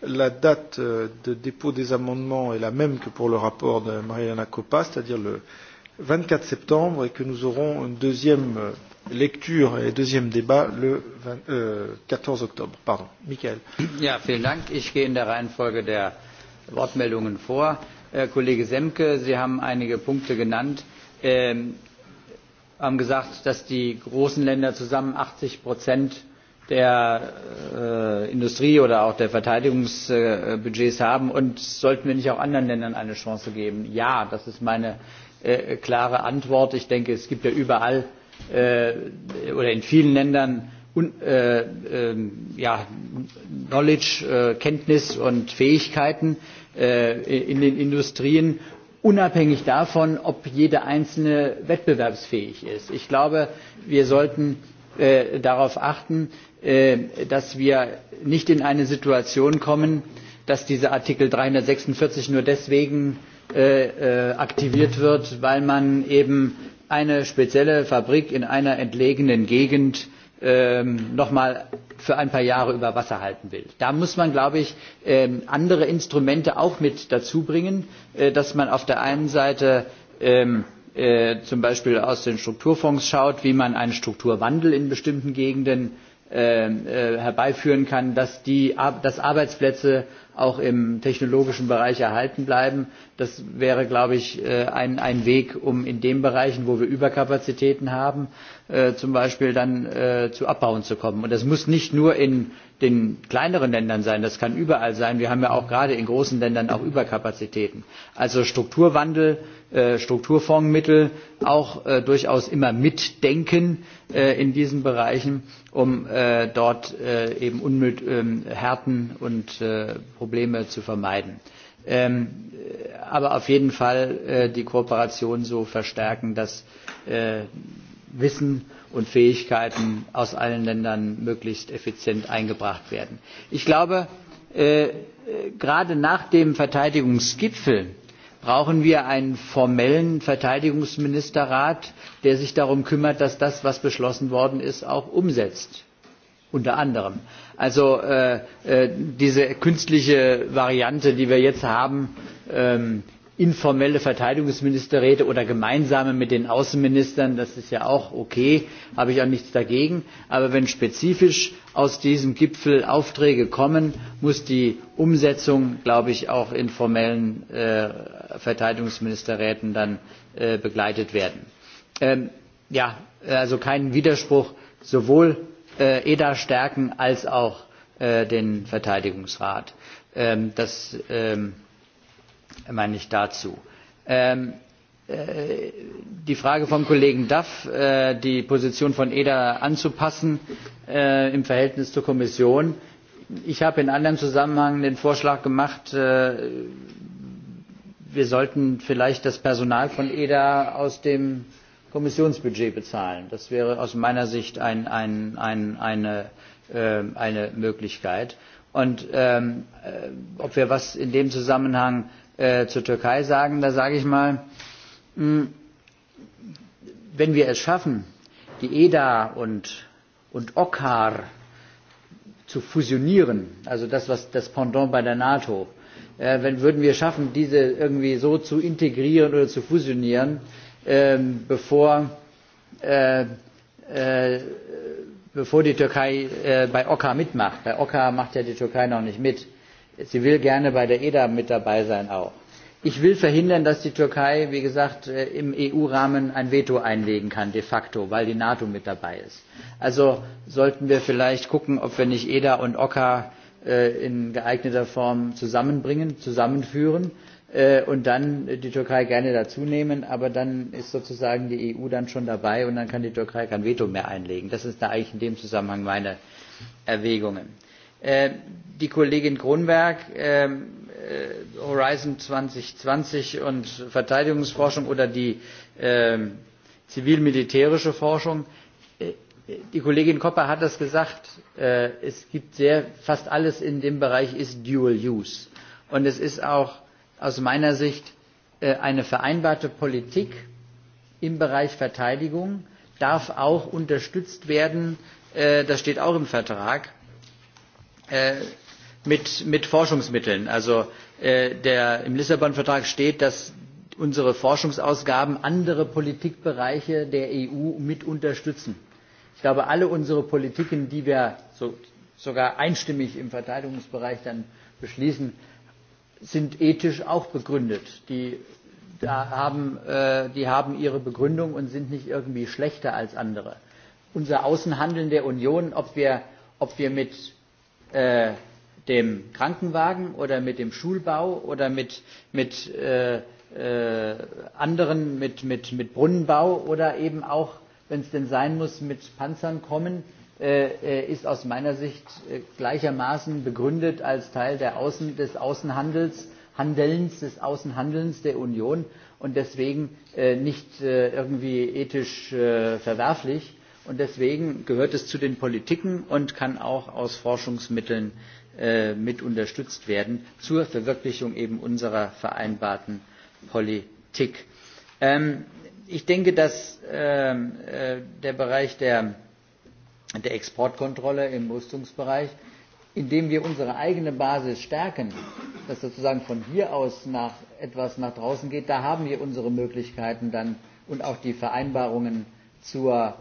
Speaker 1: la date de dépôt des amendements est la même que pour le rapport de Mariana Coppa, c'est-à-dire le 24 septembre, et que nous aurons une deuxième euh, lecture et deuxième débat le 20, euh, 14 octobre. Pardon.
Speaker 11: Michael. Ja, vielen Dank. Ich gehe in der Reihenfolge der Wortmeldungen vor. Herr Kollege Semke, Sie haben einige Punkte genannt. Ähm, haben gesagt, dass die großen Länder zusammen 80 Prozent der äh, Industrie oder auch der Verteidigungsbudgets haben und sollten wir nicht auch anderen Ländern eine Chance geben? Ja, das ist meine äh, klare Antwort. Ich denke, es gibt ja überall äh, oder in vielen Ländern Knowledge, Kenntnis und Fähigkeiten in den Industrien, unabhängig davon, ob jede einzelne wettbewerbsfähig ist. Ich glaube, wir sollten darauf achten, dass wir nicht in eine Situation kommen, dass dieser Artikel 346 nur deswegen aktiviert wird, weil man eben eine spezielle Fabrik in einer entlegenen Gegend noch mal für ein paar Jahre über Wasser halten will. Da muss man, glaube ich, andere Instrumente auch mit dazu bringen, dass man auf der einen Seite zum Beispiel aus den Strukturfonds schaut, wie man einen Strukturwandel in bestimmten Gegenden herbeiführen kann, dass, Arbeitsplätze auch im technologischen Bereich erhalten bleiben. Das wäre, glaube ich, ein, Weg, um in den Bereichen, wo wir Überkapazitäten haben, zum Beispiel dann zu Abbauen zu kommen. Und das muss nicht nur in den kleineren Ländern sein, das kann überall sein. Wir haben ja auch gerade in großen Ländern auch Überkapazitäten. Also Strukturwandel, Strukturfondsmittel auch durchaus immer mitdenken in diesen Bereichen, um dort eben Härten und Probleme zu vermeiden aber auf jeden Fall die Kooperation so verstärken, dass Wissen und Fähigkeiten aus allen Ländern möglichst effizient eingebracht werden. Ich glaube, gerade nach dem Verteidigungsgipfel brauchen wir einen formellen Verteidigungsministerrat, der sich darum kümmert, dass das, was beschlossen worden ist, auch umsetzt. Unter anderem. Also diese künstliche Variante, die wir jetzt haben, informelle Verteidigungsministerräte oder gemeinsame mit den Außenministern, das ist ja auch okay, habe ich auch nichts dagegen. Aber wenn spezifisch aus diesem Gipfel Aufträge kommen, muss die Umsetzung, glaube ich, auch in formellen Verteidigungsministerräten dann begleitet werden. ja, also keinen Widerspruch, sowohl EDA stärken als auch den Verteidigungsrat. das meine ich dazu. die Frage vom Kollegen Duff, die Position von EDA anzupassen im Verhältnis zur Kommission. Ich habe in anderem Zusammenhang den Vorschlag gemacht, wir sollten vielleicht das Personal von EDA aus dem Kommissionsbudget bezahlen. Das wäre aus meiner Sicht eine Möglichkeit. Und ob wir was in dem Zusammenhang zur Türkei sagen, da sage ich mal, wenn wir es schaffen, die EDA und, und OCCAR zu fusionieren, also das, was das Pendant bei der NATO, wenn, würden wir schaffen, diese irgendwie so zu integrieren oder zu fusionieren, bevor, bevor die Türkei bei OCCAR mitmacht. Bei OCCAR macht ja die Türkei noch nicht mit sie will gerne bei der EDA mit dabei sein auch. Ich will verhindern, dass die Türkei, wie gesagt, im EU-Rahmen ein Veto einlegen kann, de facto, weil die NATO mit dabei ist. Also sollten wir vielleicht gucken, ob wir nicht EDA und OCA in geeigneter Form zusammenbringen, zusammenführen und dann die Türkei gerne dazu nehmen, aber dann ist sozusagen die EU dann schon dabei und dann kann die Türkei kein Veto mehr einlegen. Das ist da eigentlich in dem Zusammenhang meine Erwägungen die Kollegin Grunberg, Horizon zweitausendzwanzig und Verteidigungsforschung oder die zivil-militärische Forschung. Die Kollegin Kopper hat das gesagt. Es gibt sehr, fast alles in dem Bereich ist Dual Use. Und es ist auch aus meiner Sicht eine vereinbarte Politik im Bereich Verteidigung darf auch unterstützt werden. Das steht auch im Vertrag mit, mit Forschungsmitteln. Also der, im Lissabon-Vertrag steht, dass unsere Forschungsausgaben andere Politikbereiche der EU mit unterstützen. Ich glaube, alle unsere Politiken, die wir so, sogar einstimmig im Verteidigungsbereich dann beschließen, sind ethisch auch begründet. Die, da haben, äh, die haben ihre Begründung und sind nicht irgendwie schlechter als andere. Unser Außenhandeln der Union, ob wir, ob wir mit dem Krankenwagen oder mit dem Schulbau oder mit, mit äh, äh, anderen, mit, mit, mit Brunnenbau oder eben auch, wenn es denn sein muss, mit Panzern kommen, äh, ist aus meiner Sicht gleichermaßen begründet als Teil der Außen, des Außenhandels, Handelns, des Außenhandelns der Union und deswegen äh, nicht äh, irgendwie ethisch äh, verwerflich Und deswegen gehört es zu den Politiken und kann auch aus Forschungsmitteln mit unterstützt werden zur Verwirklichung eben unserer vereinbarten Politik. ich denke, dass der Bereich der, Exportkontrolle im Rüstungsbereich, indem wir unsere eigene Basis stärken, dass sozusagen von hier aus nach etwas nach draußen geht, da haben wir unsere Möglichkeiten dann und auch die Vereinbarungen zur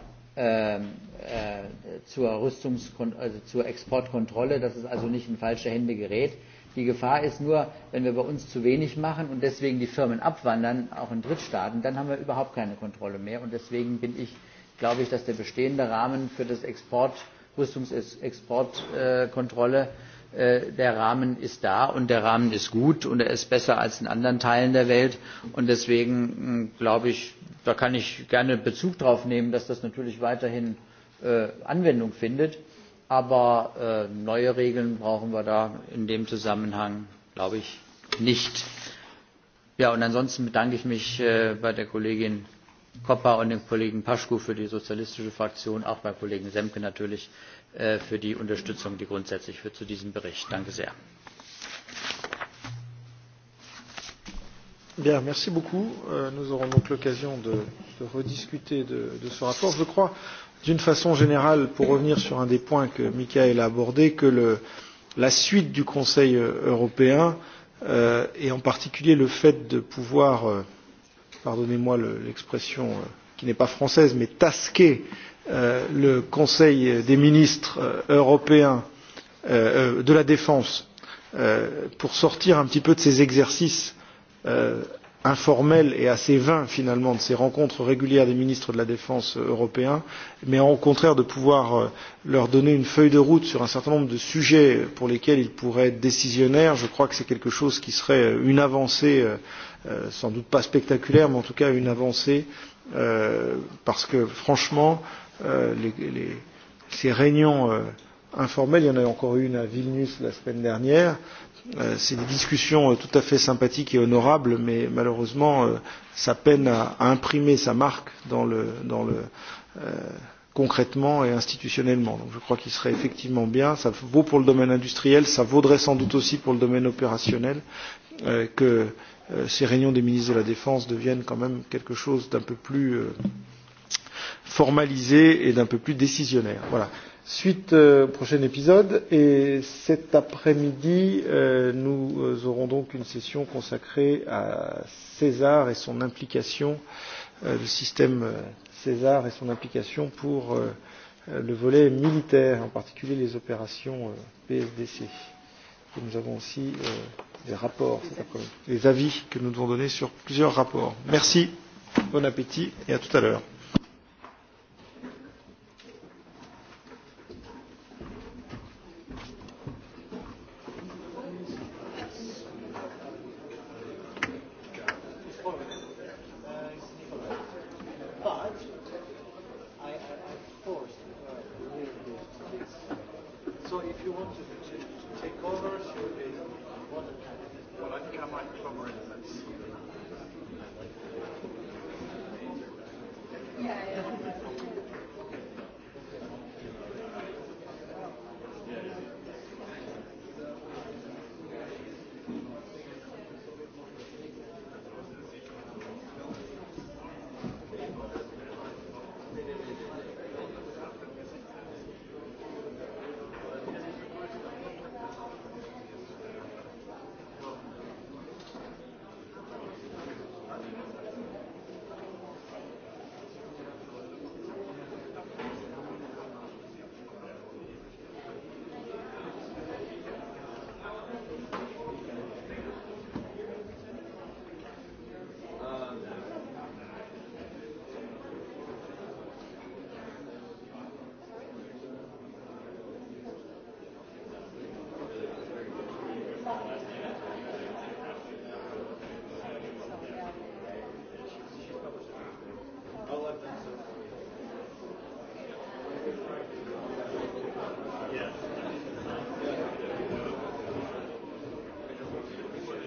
Speaker 11: zur, Rüstungs also zur Exportkontrolle, dass es also nicht in falsche Hände gerät. Die Gefahr ist nur, wenn wir bei uns zu wenig machen und deswegen die Firmen abwandern, auch in Drittstaaten, dann haben wir überhaupt keine Kontrolle mehr. Und deswegen bin ich, glaube ich, dass der bestehende Rahmen für das Export, Rüstungsexportkontrolle der Rahmen ist da und der Rahmen ist gut und er ist besser als in anderen Teilen der Welt. Und deswegen glaube ich, da kann ich gerne Bezug darauf nehmen, dass das natürlich weiterhin Anwendung findet. Aber neue Regeln brauchen wir da in dem Zusammenhang, glaube ich, nicht. Ja, und ansonsten bedanke ich mich bei der Kollegin Koppa und dem Kollegen Paschku für die sozialistische Fraktion, auch beim Kollegen Semke natürlich für die Unterstützung, die grundsätzlich für zu diesem Bericht. Danke sehr.
Speaker 1: Bien, merci beaucoup. Nous aurons donc l'occasion de, de rediscuter de, de ce rapport. Je crois, d'une façon générale, pour revenir sur un des points que Michael a abordé, que le, la suite du Conseil européen euh, et en particulier le fait de pouvoir, euh, pardonnez-moi l'expression euh, qui n'est pas française, mais tasquer euh, le Conseil des ministres européens de la défense pour sortir un petit peu de ces exercices informels et assez vains finalement de ces rencontres régulières des ministres de la défense européens, mais au contraire de pouvoir leur donner une feuille de route sur un certain nombre de sujets pour lesquels ils pourraient être décisionnaires, je crois que c'est quelque chose qui serait une avancée sans doute pas spectaculaire, mais en tout cas une avancée parce que franchement, euh, les, les, ces réunions euh, informelles, il y en a encore une à Vilnius la semaine dernière, euh, c'est des discussions euh, tout à fait sympathiques et honorables, mais malheureusement, euh, ça peine à, à imprimer sa marque dans le, dans le, euh, concrètement et institutionnellement. Donc je crois qu'il serait effectivement bien, ça vaut pour le domaine industriel, ça vaudrait sans doute aussi pour le domaine opérationnel, euh, que euh, ces réunions des ministres de la Défense deviennent quand même quelque chose d'un peu plus. Euh, formalisé et d'un peu plus décisionnaire. Voilà. Suite euh, prochain épisode et cet après-midi euh, nous aurons donc une session consacrée à César et son implication, euh, le système César et son implication pour euh, le volet militaire, en particulier les opérations euh, PSDC. Et nous avons aussi euh, des rapports cet après-midi, des avis que nous devons donner sur plusieurs rapports. Merci, bon appétit et à tout à l'heure.